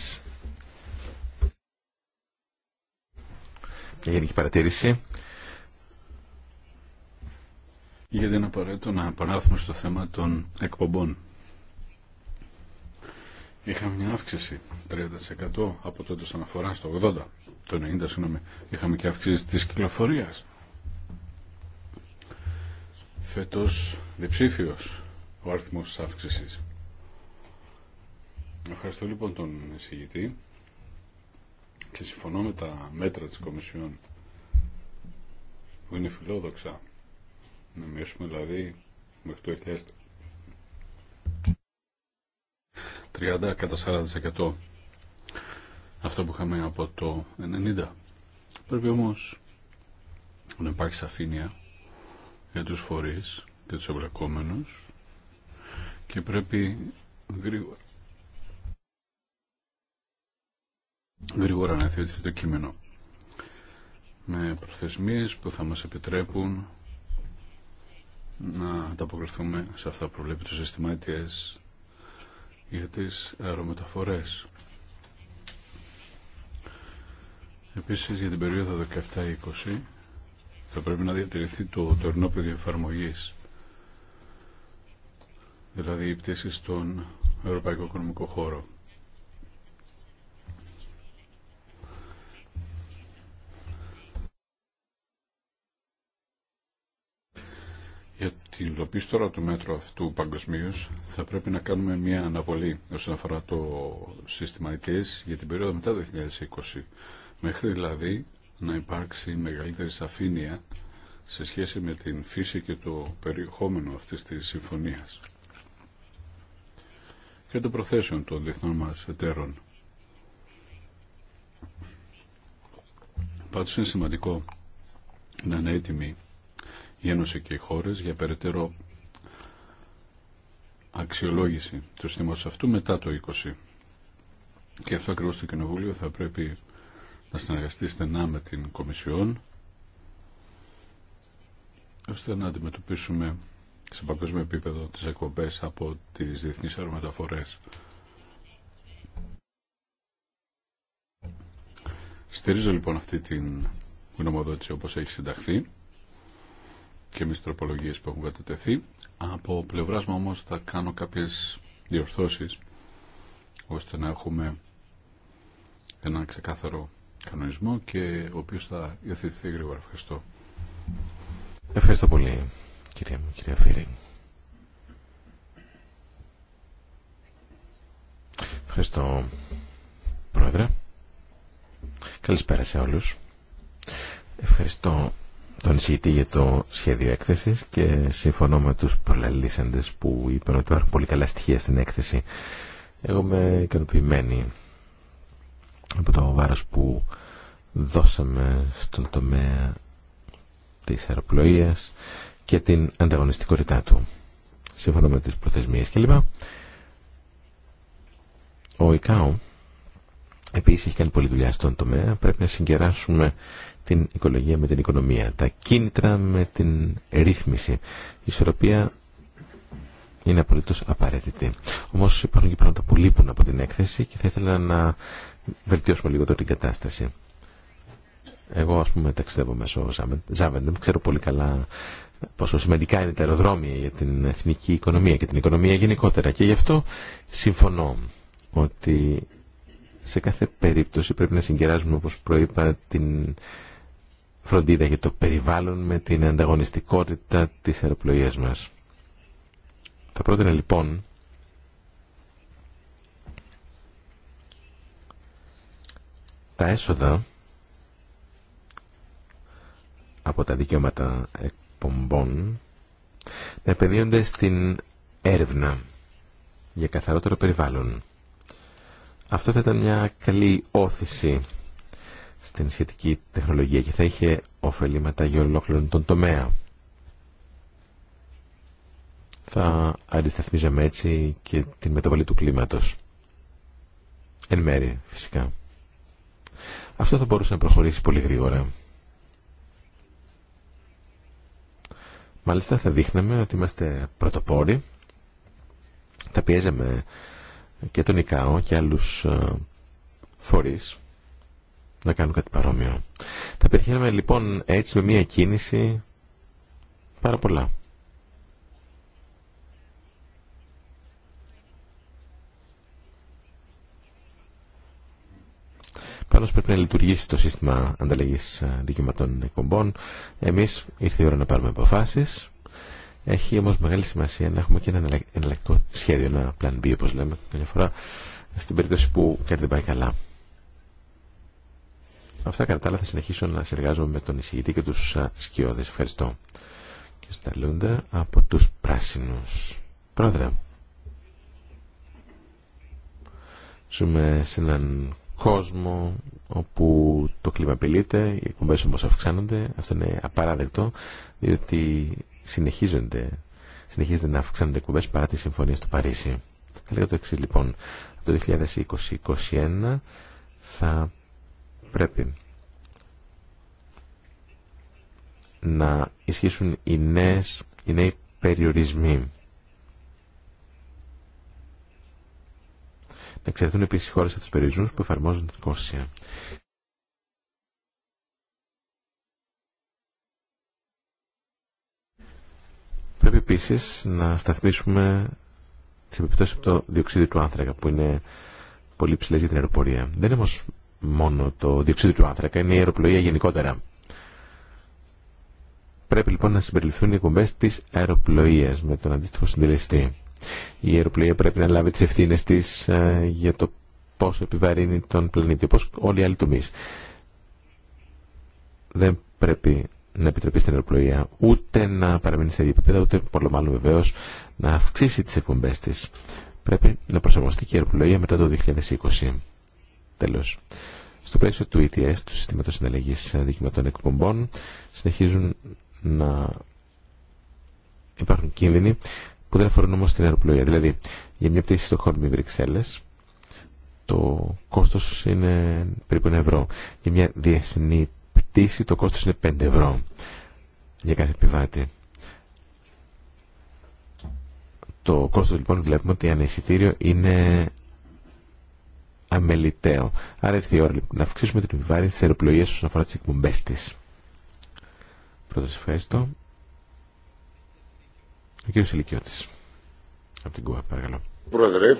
D: Μια γενική παρατήρηση.
C: Γιατί είναι απαραίτητο να επανέλθουμε στο θέμα των εκπομπών. Είχαμε μια αύξηση 30% από τότε στον αφορά στο 80, το 90 συγγνώμη, είχαμε και αύξηση της κυκλοφορίας. Φέτος διψήφιος ο αριθμός της αύξησης. Ευχαριστώ λοιπόν τον εισηγητή και συμφωνώ με τα μέτρα της Κομισιόν που είναι φιλόδοξα να μειώσουμε δηλαδή μέχρι το 2030 30 κατά 40% αυτό που είχαμε από το 90. Πρέπει όμως να υπάρχει σαφήνεια για τους φορείς και τους εμπλεκόμενους και πρέπει γρήγορα, γρήγορα να θεωρηθεί το κείμενο με προθεσμίες που θα μας επιτρέπουν να ανταποκριθούμε σε αυτά που προβλέπει το σύστημα για τις αερομεταφορές. Επίσης για την περίοδο 17-20 θα πρέπει να διατηρηθεί το τωρινό πεδίο εφαρμογής δηλαδή η πτήση στον Ευρωπαϊκό Οικονομικό Χώρο. Για την υλοποίηση τώρα του μέτρου αυτού παγκοσμίω θα πρέπει να κάνουμε μια αναβολή όσον αφορά το σύστημα ITS για την περίοδο μετά το 2020. Μέχρι δηλαδή να υπάρξει μεγαλύτερη σαφήνεια σε σχέση με την φύση και το περιεχόμενο αυτής της συμφωνίας και των προθέσεων των διεθνών μας εταίρων. Πάντως είναι σημαντικό να είναι έτοιμη η Ένωση και οι χώρες για περαιτέρω αξιολόγηση του συστήματος αυτού μετά το 20. Και αυτό ακριβώς το Κοινοβούλιο θα πρέπει να συνεργαστεί στενά με την Κομισιόν ώστε να αντιμετωπίσουμε σε παγκόσμιο επίπεδο τις εκπομπές από τις διεθνείς αερομεταφορές. Στηρίζω λοιπόν αυτή την γνωμοδότηση όπως έχει συνταχθεί και με τροπολογίες που έχουν κατατεθεί. Από πλευρά μου όμως θα κάνω κάποιες διορθώσεις ώστε να έχουμε ένα ξεκάθαρο κανονισμό και ο οποίος θα υιοθετηθεί γρήγορα. Ευχαριστώ.
D: Ευχαριστώ πολύ
C: κυρία μου, κυρία Φύρη.
D: Ευχαριστώ, Πρόεδρε. Καλησπέρα σε όλους. Ευχαριστώ τον εισηγητή για το σχέδιο έκθεσης και συμφωνώ με τους προλαλήσαντες που είπαν ότι υπάρχουν πολύ καλά στοιχεία στην έκθεση. Εγώ είμαι ικανοποιημένη από το βάρος που δώσαμε στον τομέα της αεροπλοείας και την ανταγωνιστικότητά του. Σύμφωνα με τις προθεσμίες κλπ. Ο ΙΚΑΟ επίσης έχει κάνει πολλή δουλειά στον τομέα. Πρέπει να συγκεράσουμε την οικολογία με την οικονομία, τα κίνητρα με την ρύθμιση. Η ισορροπία είναι απολύτως απαραίτητη. Όμως υπάρχουν και πράγματα που λείπουν από την έκθεση και θα ήθελα να βελτιώσουμε λίγο την κατάσταση. Εγώ ας πούμε ταξιδεύω μέσω Ζάβεντεμ, ξέρω πολύ καλά πόσο σημαντικά είναι τα αεροδρόμια για την εθνική οικονομία και την οικονομία γενικότερα. Και γι' αυτό συμφωνώ ότι σε κάθε περίπτωση πρέπει να συγκεράζουμε, όπως προείπα, την φροντίδα για το περιβάλλον με την ανταγωνιστικότητα της αεροπλοείας μας. Θα πρότεινα λοιπόν τα έσοδα από τα δικαιώματα εκπομπών να επενδύονται στην έρευνα για καθαρότερο περιβάλλον. Αυτό θα ήταν μια καλή όθηση στην σχετική τεχνολογία και θα είχε ωφελήματα για ολόκληρον τον τομέα. Θα αντισταθμίζαμε έτσι και την μεταβολή του κλίματος. Εν μέρη φυσικά. Αυτό θα μπορούσε να προχωρήσει πολύ γρήγορα. Μάλιστα θα δείχναμε ότι είμαστε πρωτοπόροι. Θα πιέζαμε και τον ΙΚΑΟ και άλλους ε, φορείς να κάνουν κάτι παρόμοιο. Θα περιχαίναμε λοιπόν έτσι με μία κίνηση πάρα πολλά. Πάντως πρέπει να λειτουργήσει το σύστημα ανταλλαγή ε, δικαιωματών εκπομπών. Εμεί ήρθε η ώρα να πάρουμε αποφάσει. Έχει όμω μεγάλη σημασία να έχουμε και ένα εναλλακτικό σχέδιο, ένα plan B όπω λέμε φορά, στην περίπτωση που κάτι δεν πάει καλά. Αυτά κατά τα άλλα θα συνεχίσω να συνεργάζομαι με τον εισηγητή και του ε, σκιώδε. Ευχαριστώ. Και στα Λούντα από του πράσινου Πρόεδρε. Ζούμε σε έναν κόσμο όπου το κλίμα απειλείται, οι εκπομπές όμως αυξάνονται. Αυτό είναι απαράδεκτο, διότι συνεχίζονται, συνεχίζονται να αυξάνονται εκπομπές παρά τη συμφωνία στο Παρίσι. Θα λέω το εξή λοιπόν, από το 2020-2021 θα πρέπει να ισχύσουν οι νέες, οι νέοι περιορισμοί Να εξαιρεθούν επίση χώρε από του περιορισμού που εφαρμόζουν την κόρσια. Πρέπει επίση να σταθμίσουμε τι επιπτώσει από το διοξείδιο του άνθρακα που είναι πολύ ψηλέ για την αεροπορία. Δεν είναι όμω μόνο το διοξείδιο του άνθρακα, είναι η αεροπλοεία γενικότερα. Πρέπει λοιπόν να συμπεριληφθούν οι εκπομπέ τη αεροπλοεία με τον αντίστοιχο συντελεστή. Η αεροπλοία πρέπει να λάβει τι ευθύνε τη ε, για το πόσο επιβαρύνει τον πλανήτη, όπω όλοι οι άλλοι τομεί. Δεν πρέπει να επιτρέπει στην αεροπλοεία ούτε να παραμείνει σε ίδια επίπεδα, ούτε πολύ μάλλον βεβαίω να αυξήσει τι εκπομπέ τη. Πρέπει να προσαρμοστεί και η αεροπλοεία μετά το 2020. Τέλο. Στο πλαίσιο του ETS, του Συστήματο Συνταλλαγή Δικαιωματών Εκπομπών, συνεχίζουν να υπάρχουν κίνδυνοι που δεν αφορούν όμω την αεροπλοεία. Δηλαδή, για μια πτήση στο Χόρμπι Βρυξέλλε, το κόστο είναι περίπου 1 ευρώ. Για μια διεθνή πτήση, το κόστο είναι 5 ευρώ για κάθε επιβάτη. Το κόστος λοιπόν βλέπουμε ότι αν εισιτήριο είναι αμεληταίο. Άρα έρθει η ώρα λοιπόν, να αυξήσουμε την επιβάρυνση τη αεροπλοεία όσον αφορά τι εκπομπέ τη. Πρώτα ευχαριστώ. Ο κύριος Ηλικιώτης, από την ΚΟΑ,
A: παρακαλώ. Πρόεδρε,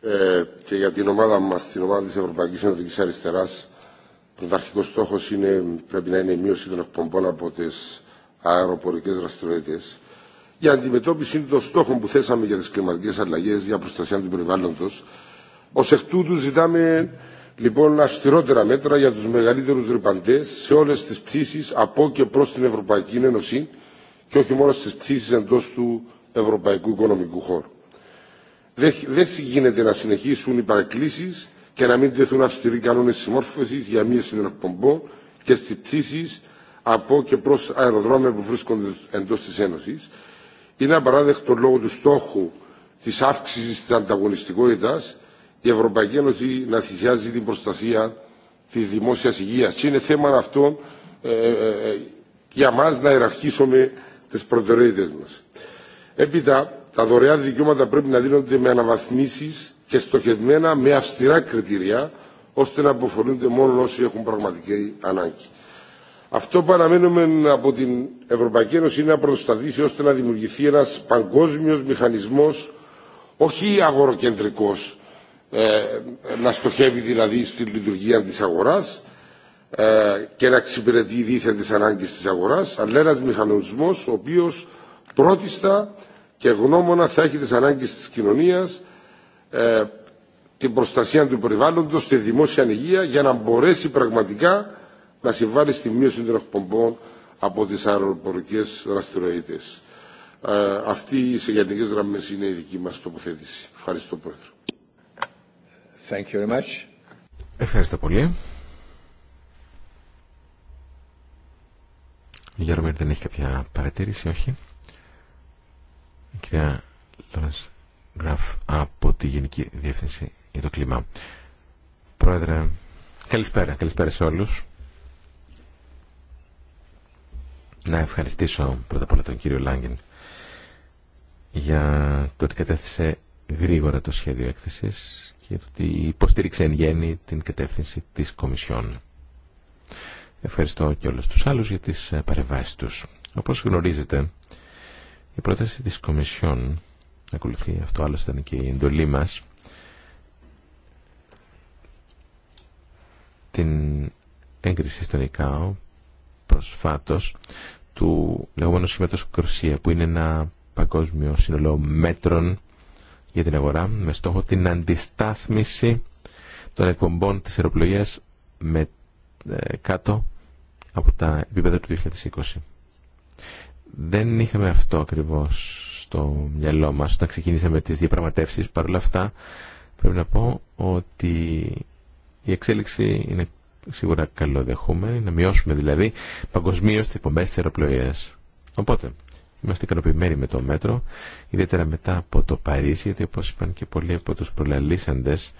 A: ε, και για την ομάδα μας, την ομάδα της Ευρωπαϊκής Ενωτικής Αριστεράς, πρωταρχικός στόχος είναι, πρέπει να είναι η μείωση των εκπομπών από τις αεροπορικές δραστηριότητες για αντιμετώπιση των στόχων που θέσαμε για τις κλιματικές αλλαγές, για προστασία του περιβάλλοντος. Ως εκ τούτου ζητάμε λοιπόν αυστηρότερα μέτρα για τους μεγαλύτερους ρηπαντές σε όλες τις πτήσεις από και προς την Ευρωπαϊκή Ένωση και όχι μόνο στις πτήσεις εντός του ευρωπαϊκού οικονομικού χώρου. Δεν γίνεται να συνεχίσουν οι παρεκκλήσεις και να μην τεθούν αυστηροί κανόνες συμμόρφωσης για μία των και στις πτήσεις από και προς αεροδρόμια που βρίσκονται εντός της Ένωσης. Είναι απαράδεκτο λόγω του στόχου της αύξησης της ανταγωνιστικότητας η Ευρωπαϊκή Ένωση να θυσιάζει την προστασία της δημόσιας υγείας. Και είναι θέμα αυτό ε, ε, ε για μας να ιεραρχήσουμε τις προτεραιότητες μας. Έπειτα, τα δωρεάν δικαιώματα πρέπει να δίνονται με αναβαθμίσεις και στοχευμένα με αυστηρά κριτήρια, ώστε να αποφορούνται μόνο όσοι έχουν πραγματική ανάγκη. Αυτό που αναμένουμε από την Ευρωπαϊκή Ένωση είναι να προστατήσει ώστε να δημιουργηθεί ένας παγκόσμιος μηχανισμός, όχι αγοροκεντρικός, ε, να στοχεύει δηλαδή στην λειτουργία της αγοράς, ε, και να εξυπηρετεί δίθεν τις ανάγκες της αγοράς, αλλά ένας μηχανισμός ο οποίος πρώτιστα και γνώμονα θα έχει τις ανάγκες της κοινωνίας, ε, την προστασία του περιβάλλοντος, τη δημόσια υγεία, για να μπορέσει πραγματικά να συμβάλλει στη μείωση των εκπομπών από τις αεροπορικές δραστηριότητες. Ε, αυτή σε γενικέ γραμμέ είναι η δική μα τοποθέτηση. Ευχαριστώ, Πρόεδρε.
D: Ευχαριστώ πολύ. Η δεν έχει κάποια παρατήρηση, όχι. Η κυρία Λόρας Γκραφ από τη Γενική Διεύθυνση για το Κλίμα. Πρόεδρε, καλησπέρα. Καλησπέρα σε όλους. Να ευχαριστήσω πρώτα απ' όλα τον κύριο Λάγκεν για το ότι κατέθεσε γρήγορα το σχέδιο έκθεσης και το ότι υποστήριξε εν γέννη την κατεύθυνση της Κομισιόν. Ευχαριστώ και όλους τους άλλους για τις ε, παρεμβάσεις τους. Όπως γνωρίζετε, η πρόταση της Κομισιόν, ακολουθεί αυτό άλλωστε ήταν και η εντολή μας, την έγκριση στον ΙΚΑΟ προσφάτως του λεγόμενου σχήματος Κροσία, που είναι ένα παγκόσμιο σύνολο μέτρων για την αγορά με στόχο την αντιστάθμιση των εκπομπών της αεροπλογίας με ε, κάτω από τα επίπεδα του 2020. Δεν είχαμε αυτό ακριβώς στο μυαλό μας όταν ξεκινήσαμε τις διαπραγματεύσεις. Παρ' όλα αυτά πρέπει να πω ότι η εξέλιξη είναι σίγουρα καλοδεχούμενη, να μειώσουμε δηλαδή παγκοσμίω τι υπομπέ θεραπλοεία. Οπότε, είμαστε ικανοποιημένοι με το μέτρο, ιδιαίτερα μετά από το Παρίσι, γιατί όπω είπαν και πολλοί από του προλαλήσαντες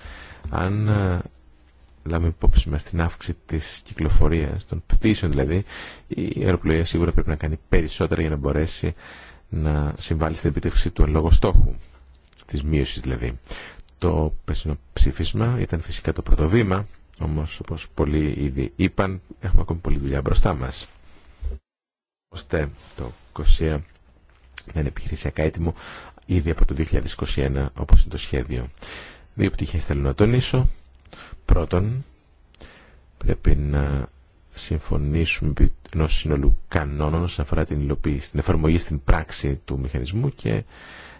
D: αν ε, λάβουμε υπόψη μας την αύξηση της κυκλοφορίας, των πτήσεων δηλαδή, η αεροπλοεία σίγουρα πρέπει να κάνει περισσότερα για να μπορέσει να συμβάλλει στην επιτεύξη του εν στόχου, της μείωσης δηλαδή. Το πέσινο ψήφισμα ήταν φυσικά το πρώτο βήμα, όμως όπως πολλοί ήδη είπαν, έχουμε ακόμη πολλή δουλειά μπροστά μας. Ωστε το COSIA να είναι επιχειρησιακά έτοιμο ήδη από το 2021 όπως είναι το σχέδιο. Δύο πτυχές θέλω να τονίσω. Πρώτον, πρέπει να συμφωνήσουμε ενό συνολού κανόνων όσον αφορά την υλοποίηση, την εφαρμογή στην πράξη του μηχανισμού και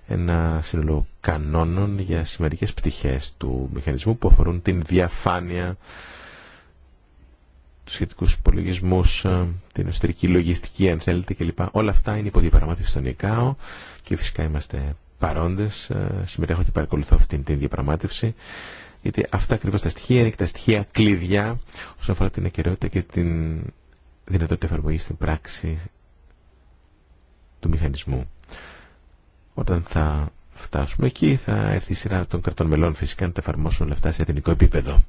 D: ένα σύνολο κανόνων για σημαντικές πτυχές του μηχανισμού που αφορούν την διαφάνεια, του σχετικούς υπολογισμού, ε, την εσωτερική λογιστική αν θέλετε κλπ. Όλα αυτά είναι υπό διαπραγμάτευση στον ΙΚΑΟ και φυσικά είμαστε παρόντες, ε, συμμετέχω και παρακολουθώ αυτήν την διαπραγμάτευση γιατί αυτά ακριβώ τα στοιχεία είναι και τα στοιχεία κλειδιά όσον αφορά την ακαιρεότητα και την δυνατότητα εφαρμογή στην πράξη του μηχανισμού. Όταν θα φτάσουμε εκεί θα έρθει η σειρά των κρατών μελών φυσικά να τα εφαρμόσουν όλα αυτά σε εθνικό επίπεδο.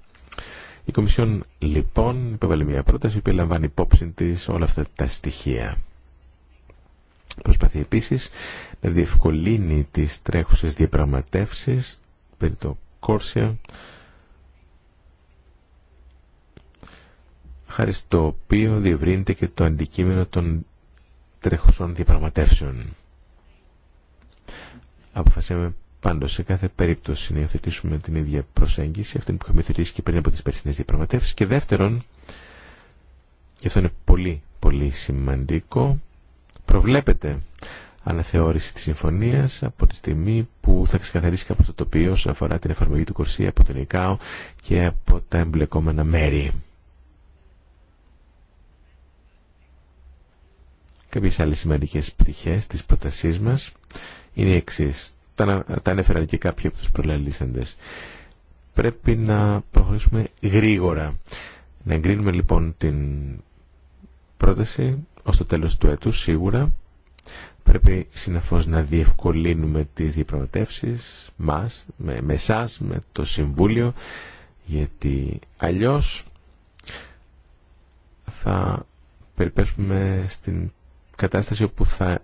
D: Η Κομισιόν λοιπόν υπέβαλε μια πρόταση που λαμβάνει υπόψη τη όλα αυτά τα στοιχεία. Προσπαθεί επίσης να διευκολύνει τις τρέχουσες διαπραγματεύσεις περί το Κόρσια χάρη στο οποίο διευρύνεται και το αντικείμενο των τρέχουσων διαπραγματεύσεων. Αποφασίσαμε πάντω σε κάθε περίπτωση να υιοθετήσουμε την ίδια προσέγγιση, αυτή που είχαμε υιοθετήσει και πριν από τι περσινέ διαπραγματεύσει. Και δεύτερον, και αυτό είναι πολύ πολύ σημαντικό, προβλέπεται αναθεώρηση της συμφωνίας από τη στιγμή που θα ξεκαθαρίσει κάποιο το τοπίο όσον αφορά την εφαρμογή του Κορσία από το ΙΚΑΟ και από τα εμπλεκόμενα μέρη. Κάποιες άλλες σημαντικές πτυχές της πρότασής μας είναι οι εξής. Τα, τα ανέφεραν και κάποιοι από τους προλαλήσαντες. Πρέπει να προχωρήσουμε γρήγορα. Να εγκρίνουμε λοιπόν την πρόταση ως το τέλος του έτους σίγουρα Πρέπει συνεφώς να διευκολύνουμε τις διαπραγματεύσεις μας, με, με με το Συμβούλιο, γιατί αλλιώς θα περιπέσουμε στην κατάσταση όπου θα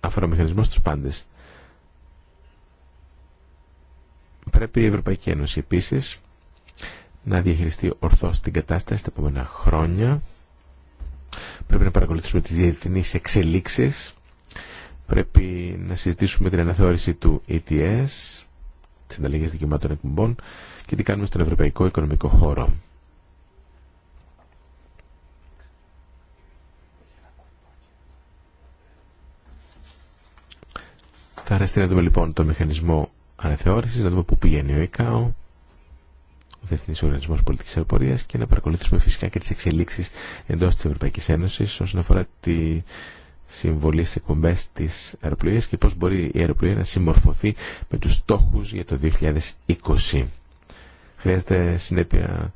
D: αφορά ο μηχανισμός στους πάντες. Πρέπει η Ευρωπαϊκή Ένωση επίσης να διαχειριστεί ορθώς την κατάσταση τα επόμενα χρόνια Πρέπει να παρακολουθήσουμε τις διεθνείς εξελίξεις. Πρέπει να συζητήσουμε την αναθεώρηση του ETS, ε τις ανταλλαγές δικαιωμάτων εκπομπών και τι κάνουμε στον Ευρωπαϊκό Οικονομικό Χώρο. Θα αρέσει να δούμε λοιπόν το μηχανισμό αναθεώρησης, να δούμε πού πηγαίνει ο ΕΚΑΟ, Διεθνή Οργανισμό Πολιτική Αεροπορία και να παρακολουθήσουμε φυσικά και τι εξελίξει εντό τη Ευρωπαϊκή Ένωση όσον αφορά τη συμβολή στι εκπομπέ τη αεροπλοεία και πώ μπορεί η αεροπλοεία να συμμορφωθεί με του στόχου για το 2020. Χρειάζεται συνέπεια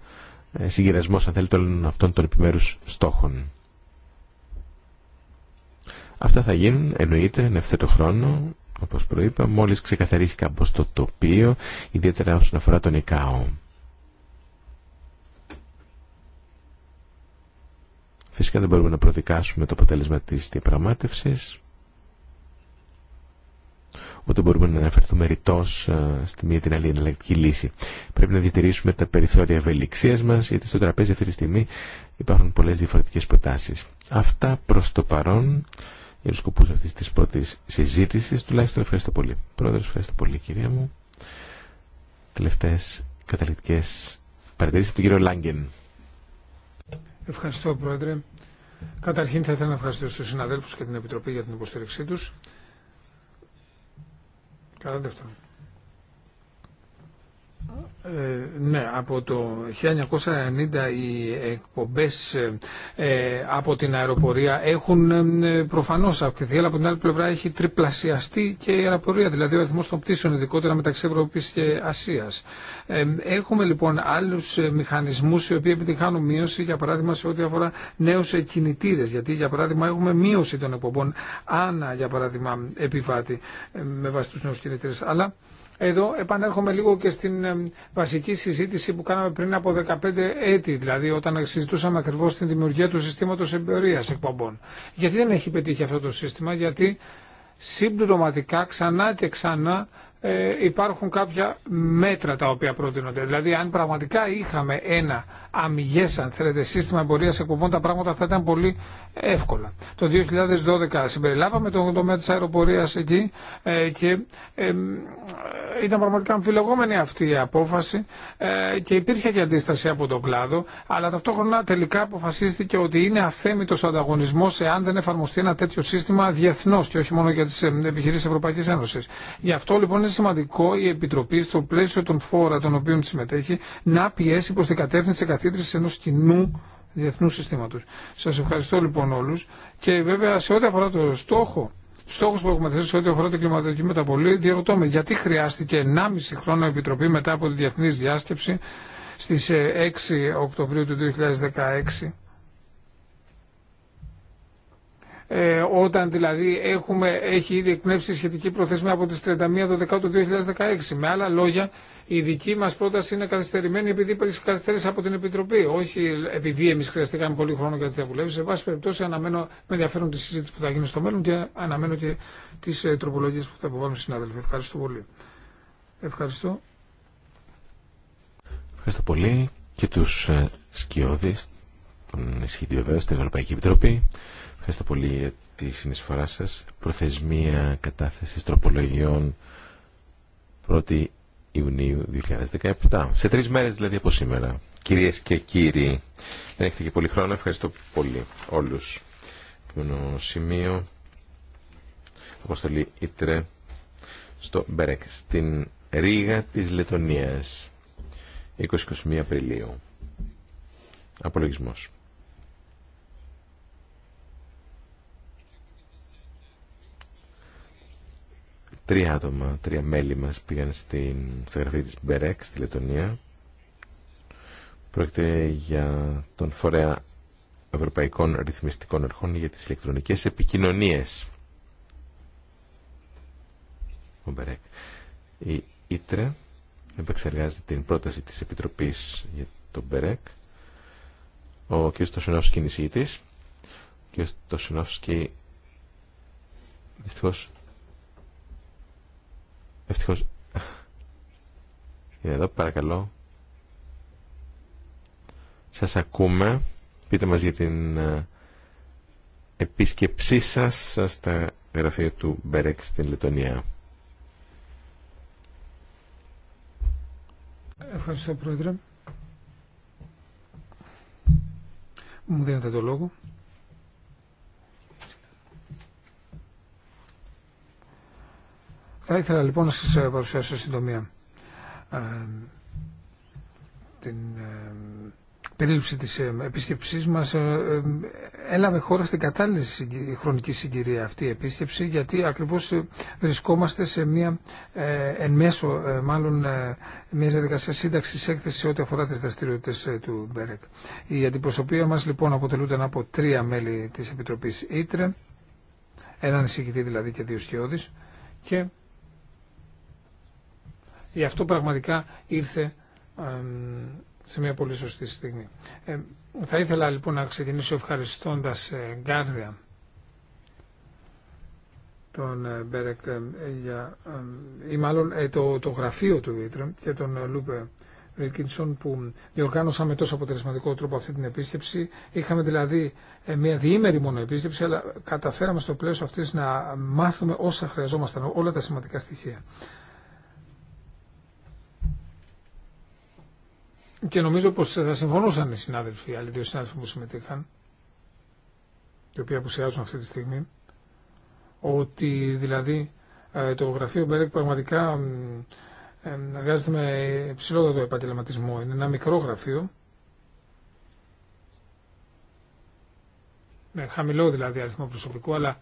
D: ε, συγκυρασμό, αν θέλετε, όλων αυτών των επιμέρου στόχων. Αυτά θα γίνουν, εννοείται, εν ευθέτω χρόνο, όπως προείπα, μόλις ξεκαθαρίσει κάπως το τοπίο, ιδιαίτερα όσον αφορά τον ΙΚΑΟ. Φυσικά δεν μπορούμε να προδικάσουμε το αποτέλεσμα της διαπραγμάτευσης, ούτε μπορούμε να αναφερθούμε ρητό ε, στη μία την άλλη εναλλακτική λύση. Πρέπει να διατηρήσουμε τα περιθώρια ευελιξία μα, γιατί στο τραπέζι αυτή τη στιγμή υπάρχουν πολλέ διαφορετικέ προτάσει. Αυτά προ το παρόν για του σκοπού αυτή τη πρώτη συζήτηση. Τουλάχιστον ευχαριστώ πολύ. Πρόεδρο, ευχαριστώ πολύ, κυρία μου. Τελευταίε καταληκτικέ παρατηρήσει από τον κύριο
B: Ευχαριστώ, Πρόεδρε. Καταρχήν θα ήθελα να ευχαριστήσω του συναδέλφους και την Επιτροπή για την υποστήριξή τους. Καλό δεύτερον, ε, ναι, από το 1990 οι εκπομπές ε, από την αεροπορία έχουν ε, προφανώς αυξηθεί, αλλά από την άλλη πλευρά έχει τριπλασιαστεί και η αεροπορία, δηλαδή ο αριθμός των πτήσεων, ειδικότερα μεταξύ Ευρώπης και Ασίας. Ε, έχουμε λοιπόν άλλους μηχανισμούς οι οποίοι επιτυχάνουν μείωση, για παράδειγμα σε ό,τι αφορά νέους κινητήρες, γιατί για παράδειγμα έχουμε μείωση των εκπομπών, άνα για παράδειγμα επιβάτη με βάση τους νέους κινητήρες, αλλά εδώ επανέρχομαι λίγο και στην ε, βασική συζήτηση που κάναμε πριν από 15 έτη, δηλαδή όταν συζητούσαμε ακριβώ την δημιουργία του συστήματο εμπειρία εκπομπών. Γιατί δεν έχει πετύχει αυτό το σύστημα, γιατί συμπληρωματικά ξανά και ξανά ε, υπάρχουν κάποια μέτρα τα οποία προτείνονται. Δηλαδή, αν πραγματικά είχαμε ένα αμυγέ αν θέλετε, σύστημα εμπορία εκπομπών, τα πράγματα θα ήταν πολύ εύκολα. Το 2012 συμπεριλάβαμε το τομέα τη αεροπορία εκεί ε, και ε, ήταν πραγματικά αμφιλεγόμενη αυτή η απόφαση και υπήρχε και αντίσταση από τον κλάδο, αλλά ταυτόχρονα τελικά αποφασίστηκε ότι είναι αθέμητο ο ανταγωνισμό εάν δεν εφαρμοστεί ένα τέτοιο σύστημα διεθνώ και όχι μόνο για τι επιχειρήσει Ευρωπαϊκή Ένωση. Γι' αυτό λοιπόν είναι σημαντικό η Επιτροπή στο πλαίσιο των φόρα των οποίων συμμετέχει να πιέσει προς την κατεύθυνση καθήτρηση ενός κοινού διεθνού συστήματος. Σας ευχαριστώ λοιπόν όλους και βέβαια σε ό,τι αφορά το στόχο Στόχο που έχουμε θέσει σε ό,τι αφορά την κλιματική μεταβολή, διαρωτώ γιατί χρειάστηκε 1,5 χρόνο Επιτροπή μετά από τη Διεθνή Διάσκεψη στις 6 ε, Οκτωβρίου του 2016 ε, όταν δηλαδή έχουμε, έχει ήδη εκπνεύσει σχετική προθεσμία από τις 31 Δεκάτου του 2016. Με άλλα λόγια, η δική μας πρόταση είναι καθυστερημένη επειδή υπάρχει καθυστέρηση από την Επιτροπή, όχι επειδή εμείς χρειαστήκαμε πολύ χρόνο για τη διαβουλεύση. Σε βάση περιπτώσει, αναμένω με ενδιαφέρον τη συζήτηση που θα γίνει στο μέλλον και αναμένω και τις ε, τροπολογίες που θα υποβάλουν οι συνάδελφοι. Ευχαριστώ πολύ. Ευχαριστώ.
D: Ευχαριστώ πολύ και τους ε, σκιώδεις, τον ισχύτη στην Ευρωπαϊκή Επιτροπή. Ευχαριστώ πολύ για τη συνεισφορά σας. Προθεσμία κατάθεσης τροπολογιών 1η Ιουνίου 2017. Σε τρεις μέρες δηλαδή από σήμερα. Κυρίες και κύριοι, δεν έχετε και πολύ χρόνο. Ευχαριστώ πολύ όλους. Επόμενο σημείο, αποστολή Ήτρε στο Μπερέκ, στην Ρήγα της Λετωνίας, 20-21 Απριλίου. Απολογισμός. Τρία άτομα, τρία μέλη μας πήγαν στην, στα γραφεία της Μπερέκ στη Λετωνία. Πρόκειται για τον φορέα Ευρωπαϊκών Ρυθμιστικών Ερχών για τις ηλεκτρονικές επικοινωνίες. Ο Μπερέκ. Η Ήτρε επεξεργάζεται την πρόταση της Επιτροπής για τον Μπερέκ. Ο κ. Στοσινόφσκι είναι εισηγητής. Ο κ. δυστυχώς Ευτυχώς. Είναι εδώ, παρακαλώ. Σας ακούμε. Πείτε μας για την ε, επίσκεψή σας στα γραφεία του Μπερέξ στην Λετωνία.
B: Ευχαριστώ, Πρόεδρε. Μου δίνετε το λόγο. Θα ήθελα λοιπόν να σας ε, παρουσιάσω συντομία ε, την ε, περίληψη της επίσκεψής μας έλαβε χώρα στην κατάλληλη χρονική συγκυρία αυτή η επίσκεψη γιατί ακριβώς βρισκόμαστε σε μια εν μέσω μάλλον μια διαδικασία σύνταξης έκθεση ό,τι αφορά τις δραστηριότητες του Μπέρεκ. Η αντιπροσωπεία μας λοιπόν αποτελούνται από τρία μέλη της Επιτροπής Ήτρε, έναν εισηγητή δηλαδή και δύο σκιώδης και Γι' αυτό πραγματικά ήρθε σε μια πολύ σωστή στιγμή. Ε, θα ήθελα λοιπόν να ξεκινήσω ευχαριστώντας ε, Γκάρδια τον ε, Μπέρεκ για, ή μάλλον το, το γραφείο του Ιτρεμ και τον Λούπε Ρίκινσον που διοργάνωσαν με τόσο αποτελεσματικό τρόπο αυτή την επίσκεψη. Είχαμε δηλαδή μια διήμερη μόνο επίσκεψη αλλά καταφέραμε στο πλαίσιο αυτής να μάθουμε όσα χρειαζόμασταν, όλα τα σημαντικά στοιχεία. και νομίζω πως θα συμφωνούσαν οι συνάδελφοι, οι άλλοι δύο συνάδελφοι που συμμετείχαν, οι οποίοι απουσιάζουν αυτή τη στιγμή, ότι δηλαδή ε, το γραφείο Μπέρεκ πραγματικά εργάζεται με υψηλότατο επαγγελματισμό. Είναι ένα μικρό γραφείο, με χαμηλό δηλαδή αριθμό προσωπικού, αλλά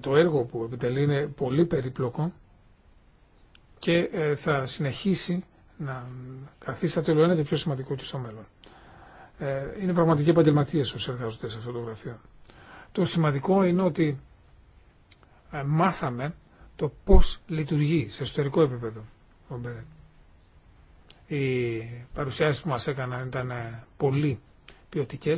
B: το έργο που επιτελεί είναι πολύ περίπλοκο και ε, θα συνεχίσει να καθίσταται όλο ένα και πιο σημαντικό και στο μέλλον. Ε, είναι πραγματικοί επαγγελματίε όσοι εργάζονται σε αυτό το γραφείο. Το σημαντικό είναι ότι ε, μάθαμε το πώ λειτουργεί σε εσωτερικό επίπεδο ο Οι παρουσιάσει που μα έκαναν ήταν πολύ ποιοτικέ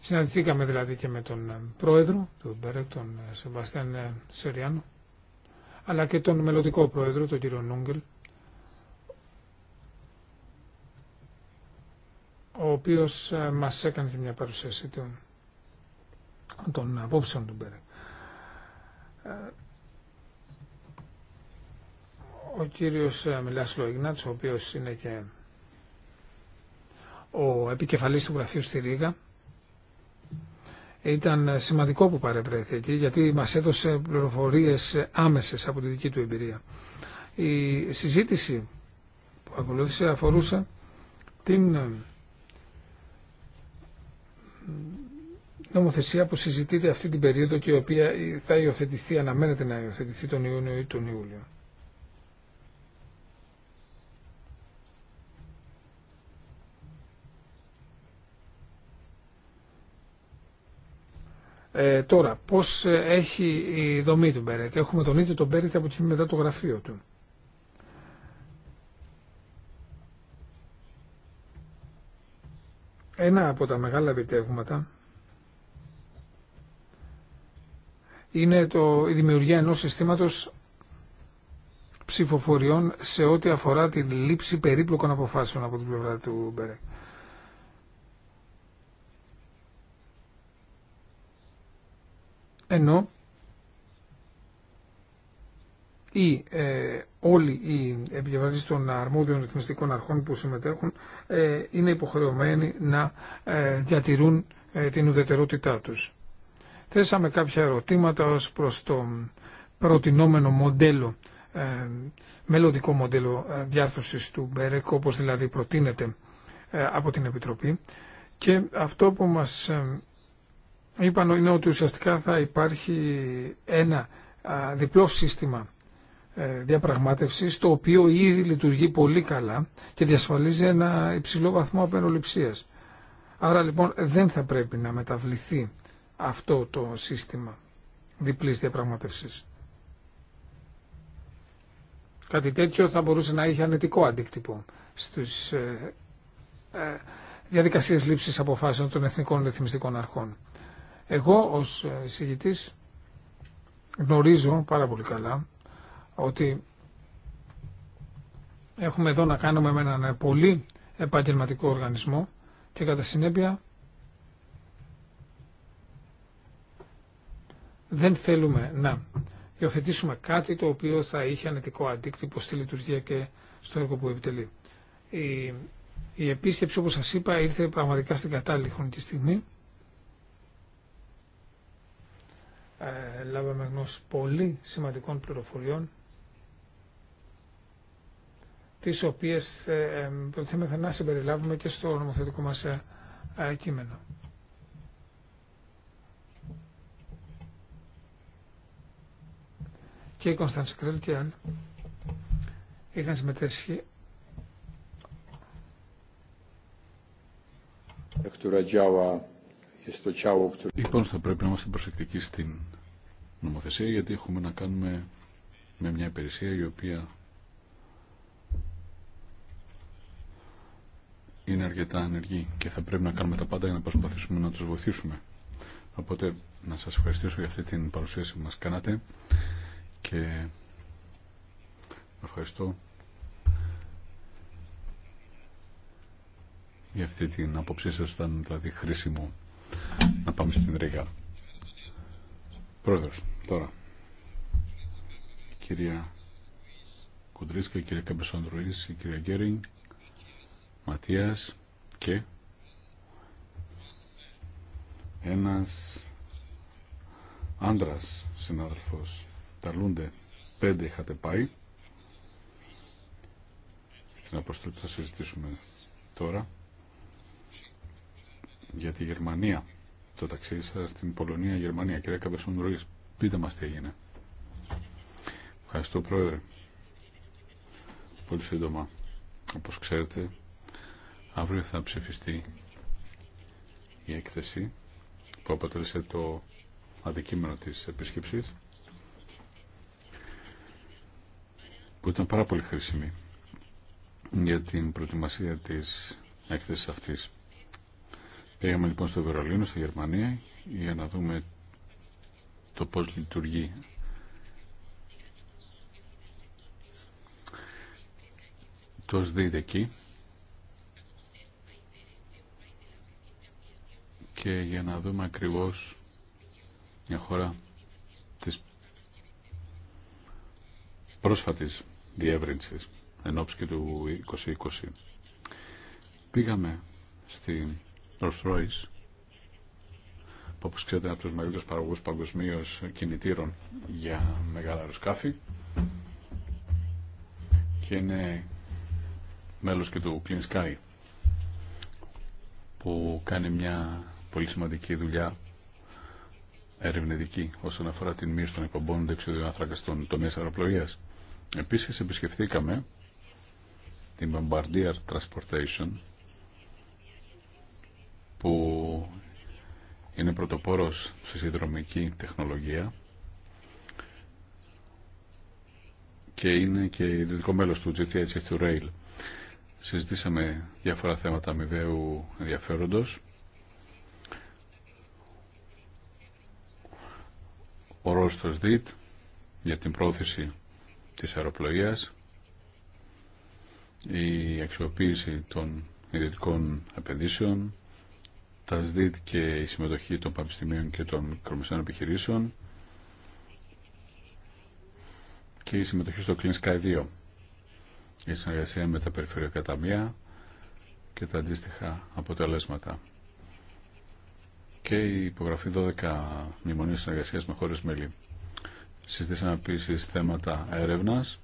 B: Συναντηθήκαμε δηλαδή και με τον ε, πρόεδρο του Μπέρεκ, τον ε, Σεμπαστέν ε, Σεριάνο, αλλά και τον μελλοντικό πρόεδρο, τον κύριο Νούγκελ, ο οποίος μας έκανε μια παρουσίαση των, των απόψεων του Μπέρεκ. Ο κύριος Μιλάς Λοιγνάτς, ο οποίος είναι και ο επικεφαλής του γραφείου στη Ρήγα, ήταν σημαντικό που παρευρέθη εκεί γιατί μας έδωσε πληροφορίες άμεσες από τη δική του εμπειρία. Η συζήτηση που ακολούθησε αφορούσε την ε, νομοθεσία που συζητείται αυτή την περίοδο και η οποία θα υιοθετηθεί, αναμένεται να υιοθετηθεί τον Ιούνιο ή τον Ιούλιο. Ε, τώρα, πώς ε, έχει η δομή του Μπέρεκ. Έχουμε τον ίδιο τον Μπέρεκ από εκεί μετά το γραφείο του. Ένα από τα μεγάλα επιτεύγματα είναι το, η δημιουργία ενός συστήματος ψηφοφοριών σε ό,τι αφορά τη λήψη περίπλοκων αποφάσεων από την πλευρά του Μπέρεκ. ενώ ή ε, όλοι οι επιβεβαιωτές των αρμόδιων ρυθμιστικών αρχών που συμμετέχουν ε, είναι υποχρεωμένοι να ε, διατηρούν την ουδετερότητά τους. Θέσαμε κάποια ερωτήματα ως προς το προτινόμενο μοντέλο, μελλοντικό μοντέλο διάθεσης του ΜΠΕΡΕΚ, όπως δηλαδή προτείνεται από την Επιτροπή. Και αυτό που μας είπαν είναι ότι ουσιαστικά θα υπάρχει ένα διπλό σύστημα ε, διαπραγμάτευσης το οποίο ήδη λειτουργεί πολύ καλά και διασφαλίζει ένα υψηλό βαθμό απεροληψίας. Άρα λοιπόν δεν θα πρέπει να μεταβληθεί αυτό το σύστημα διπλής διαπραγμάτευσης. Κάτι τέτοιο θα μπορούσε να έχει ανετικό αντίκτυπο στις ε, ε, διαδικασίες λήψης αποφάσεων των εθνικών ρυθμιστικών αρχών. Εγώ ως ε, εισηγητής γνωρίζω πάρα πολύ καλά ότι έχουμε εδώ να κάνουμε με έναν ε, πολύ επαγγελματικό οργανισμό και κατά συνέπεια δεν θέλουμε να υιοθετήσουμε κάτι το οποίο θα είχε ανετικό αντίκτυπο στη λειτουργία και στο έργο που επιτελεί. Η, η επίσκεψη, όπως σας είπα, ήρθε πραγματικά στην κατάλληλη χρονική στιγμή Ε, λάβαμε γνώση πολύ σημαντικών πληροφοριών τις οποίες ε, ε, προτιθέμεθα να συμπεριλάβουμε και στο νομοθετικό μας κείμενο. Και η Κωνσταντς Κρέλ και άλλοι είχαν συμμετέσχει
C: Λοιπόν, θα πρέπει να είμαστε προσεκτικοί στην νομοθεσία γιατί έχουμε να κάνουμε με μια υπηρεσία η οποία είναι αρκετά ανεργή και θα πρέπει να κάνουμε τα πάντα για να προσπαθήσουμε να τους βοηθήσουμε. Οπότε να σας ευχαριστήσω για αυτή την παρουσίαση που μας κάνατε και ευχαριστώ για αυτή την άποψή σας ήταν δηλαδή χρήσιμο να πάμε στην ρεγιά Πρόεδρος, τώρα. Κυρία Κουντρίσκα, η κυρία Καμπεσόν η κυρία Γκέρινγκ, Ματίας και ένας άντρας συνάδελφος. Ταλούνται πέντε είχατε πάει. Στην αποστολή που θα συζητήσουμε τώρα για τη Γερμανία στο ταξίδι σα στην Πολωνία, Γερμανία. Κύριε Καπεσόν Ρουή, πείτε μα τι έγινε. Ευχαριστώ Πρόεδρε. Πολύ σύντομα. όπω ξέρετε, αύριο θα ψηφιστεί η έκθεση που αποτέλεσε το αντικείμενο της επίσκεψης που ήταν πάρα πολύ χρήσιμη για την προετοιμασία της έκθεσης αυτής. Πήγαμε λοιπόν στο Βερολίνο, στη Γερμανία, για να δούμε το πώς λειτουργεί το ΣΔΙΔ εκεί και για να δούμε ακριβώς μια χώρα της πρόσφατης διεύρυνσης εν και του 2020. Πήγαμε στην Rolls Royce που όπως ξέρετε είναι από τους μεγαλύτερους παραγωγούς παγκοσμίω κινητήρων για μεγάλα αεροσκάφη και είναι μέλος και του Clean Sky που κάνει μια πολύ σημαντική δουλειά ερευνητική όσον αφορά την μείωση των εκπομπών δεξιδιών άνθρακα στον τομέα αεροπλοεία. Επίση, επισκεφθήκαμε την Bombardier Transportation που είναι πρωτοπόρος στη συνδρομική τεχνολογία και είναι και ιδιωτικό μέλος του GTH και του Rail. Συζητήσαμε διάφορα θέματα αμοιβαίου ενδιαφέροντος. Ο του ΔΙΤ για την πρόθεση της αεροπλοείας, η αξιοποίηση των ιδιωτικών επενδύσεων, τα ΣΔΙΤ και η συμμετοχή των πανεπιστημίων και των μικρομεσαίων επιχειρήσεων και η συμμετοχή στο Clean Sky 2 η συνεργασία με τα περιφερειακά ταμεία και τα αντίστοιχα αποτελέσματα και η υπογραφή 12 μνημονίου συνεργασίας με χώρες μέλη. Συζητήσαμε επίση θέματα έρευνας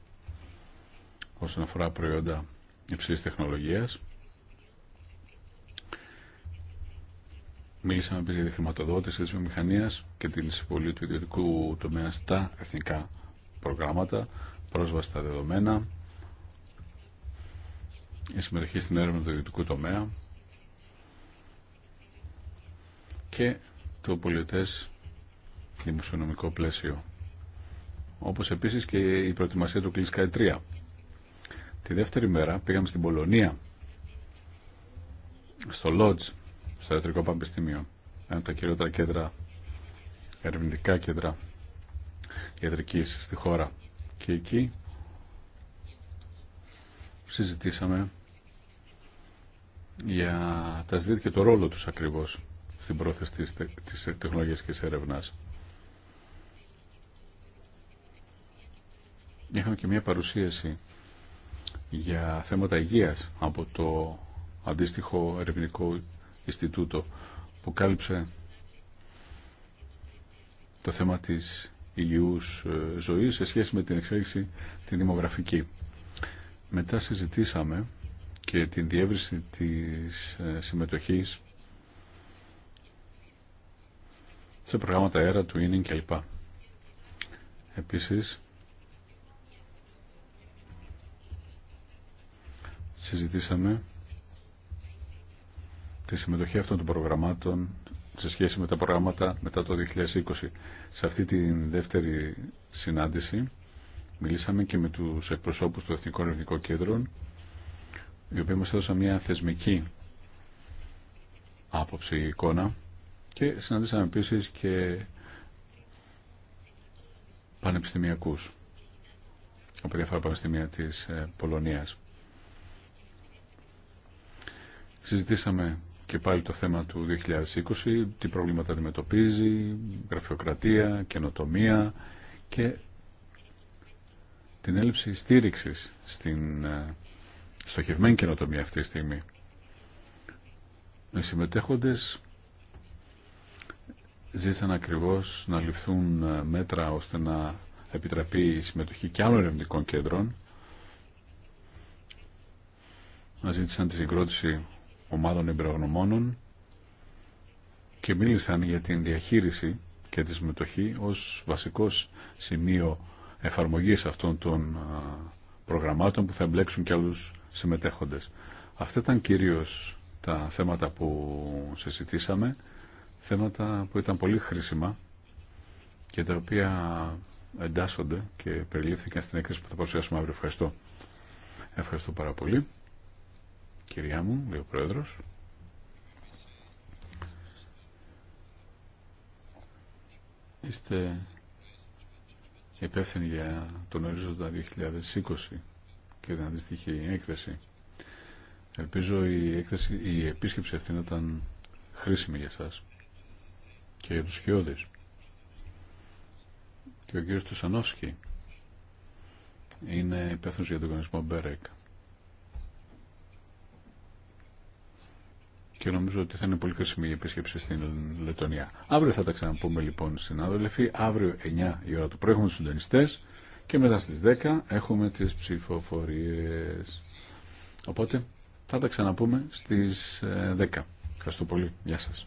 C: όσον αφορά προϊόντα υψηλή τεχνολογίας Μίλησαμε για τη χρηματοδότηση τη βιομηχανία και την συμβολή του ιδιωτικού τομέα στα εθνικά προγράμματα, πρόσβαση στα δεδομένα, η συμμετοχή στην έρευνα του ιδιωτικού τομέα και το πολιτέ δημοσιονομικό πλαίσιο. Όπω επίση και η προετοιμασία του Κλίνσκα 3. Τη δεύτερη μέρα πήγαμε στην Πολωνία, στο Λότζ, στο Ιατρικό Πανεπιστήμιο. Ένα από τα κυριότερα κέντρα, ερευνητικά κέντρα ιατρικής στη χώρα. Και εκεί συζητήσαμε για τα ζητήρια και το ρόλο τους ακριβώς στην πρόθεση της, της τεχνολογίας και της έρευνας. Είχαμε και μια παρουσίαση για θέματα υγείας από το αντίστοιχο ερευνητικό Ινστιτούτο που κάλυψε το θέμα της υγιούς ε, ζωής σε σχέση με την εξέλιξη τη δημογραφική. Μετά συζητήσαμε και την διεύρυνση της ε, συμμετοχής σε προγράμματα αέρα του ίνιν κλπ. Επίσης, συζητήσαμε τη συμμετοχή αυτών των προγραμμάτων σε σχέση με τα προγράμματα μετά το 2020. Σε αυτή τη δεύτερη συνάντηση μιλήσαμε και με τους εκπροσώπους του Εθνικού Ερευνητικού Κέντρου οι οποίοι μας έδωσαν μια θεσμική άποψη εικόνα και συναντήσαμε επίσης και πανεπιστημιακούς από διάφορα πανεπιστημία της ε, Πολωνίας. Συζητήσαμε και πάλι το θέμα του 2020, τι προβλήματα αντιμετωπίζει, γραφειοκρατία, καινοτομία και την έλλειψη στήριξης στην ε, στοχευμένη καινοτομία αυτή τη στιγμή. Οι συμμετέχοντες ζήσαν ακριβώς να ληφθούν ε, μέτρα ώστε να επιτραπεί η συμμετοχή και άλλων ερευνητικών κέντρων. Μας ζήτησαν τη συγκρότηση ομάδων εμπειρογνωμόνων και μίλησαν για την διαχείριση και τη συμμετοχή ως βασικός σημείο εφαρμογής αυτών των προγραμμάτων που θα εμπλέξουν και άλλους συμμετέχοντες. Αυτά ήταν κυρίως τα θέματα που συζητήσαμε, θέματα που ήταν πολύ χρήσιμα και τα οποία εντάσσονται και περιλήφθηκαν στην έκθεση που θα παρουσιάσουμε αύριο. Ευχαριστώ. Ευχαριστώ πάρα πολύ κυρία μου, λέει ο Πρόεδρος. Είστε υπεύθυνοι για τον ορίζοντα 2020 και την αντίστοιχη έκθεση. Ελπίζω η, έκθεση, η επίσκεψη αυτή να ήταν χρήσιμη για σας και για τους σκιώδες. Και ο κύριος Τουσανόφσκι είναι υπεύθυνος για τον κανονισμό Μπέρεκ. και νομίζω ότι θα είναι πολύ χρήσιμη η επίσκεψη στην Λετωνία. Αύριο θα τα ξαναπούμε λοιπόν συνάδελφοι, αύριο 9 η ώρα του πρωί έχουμε τους και μετά στις 10 έχουμε τις ψηφοφορίες. Οπότε θα τα ξαναπούμε στις 10. Ε, Ευχαριστώ πολύ. Γεια σας.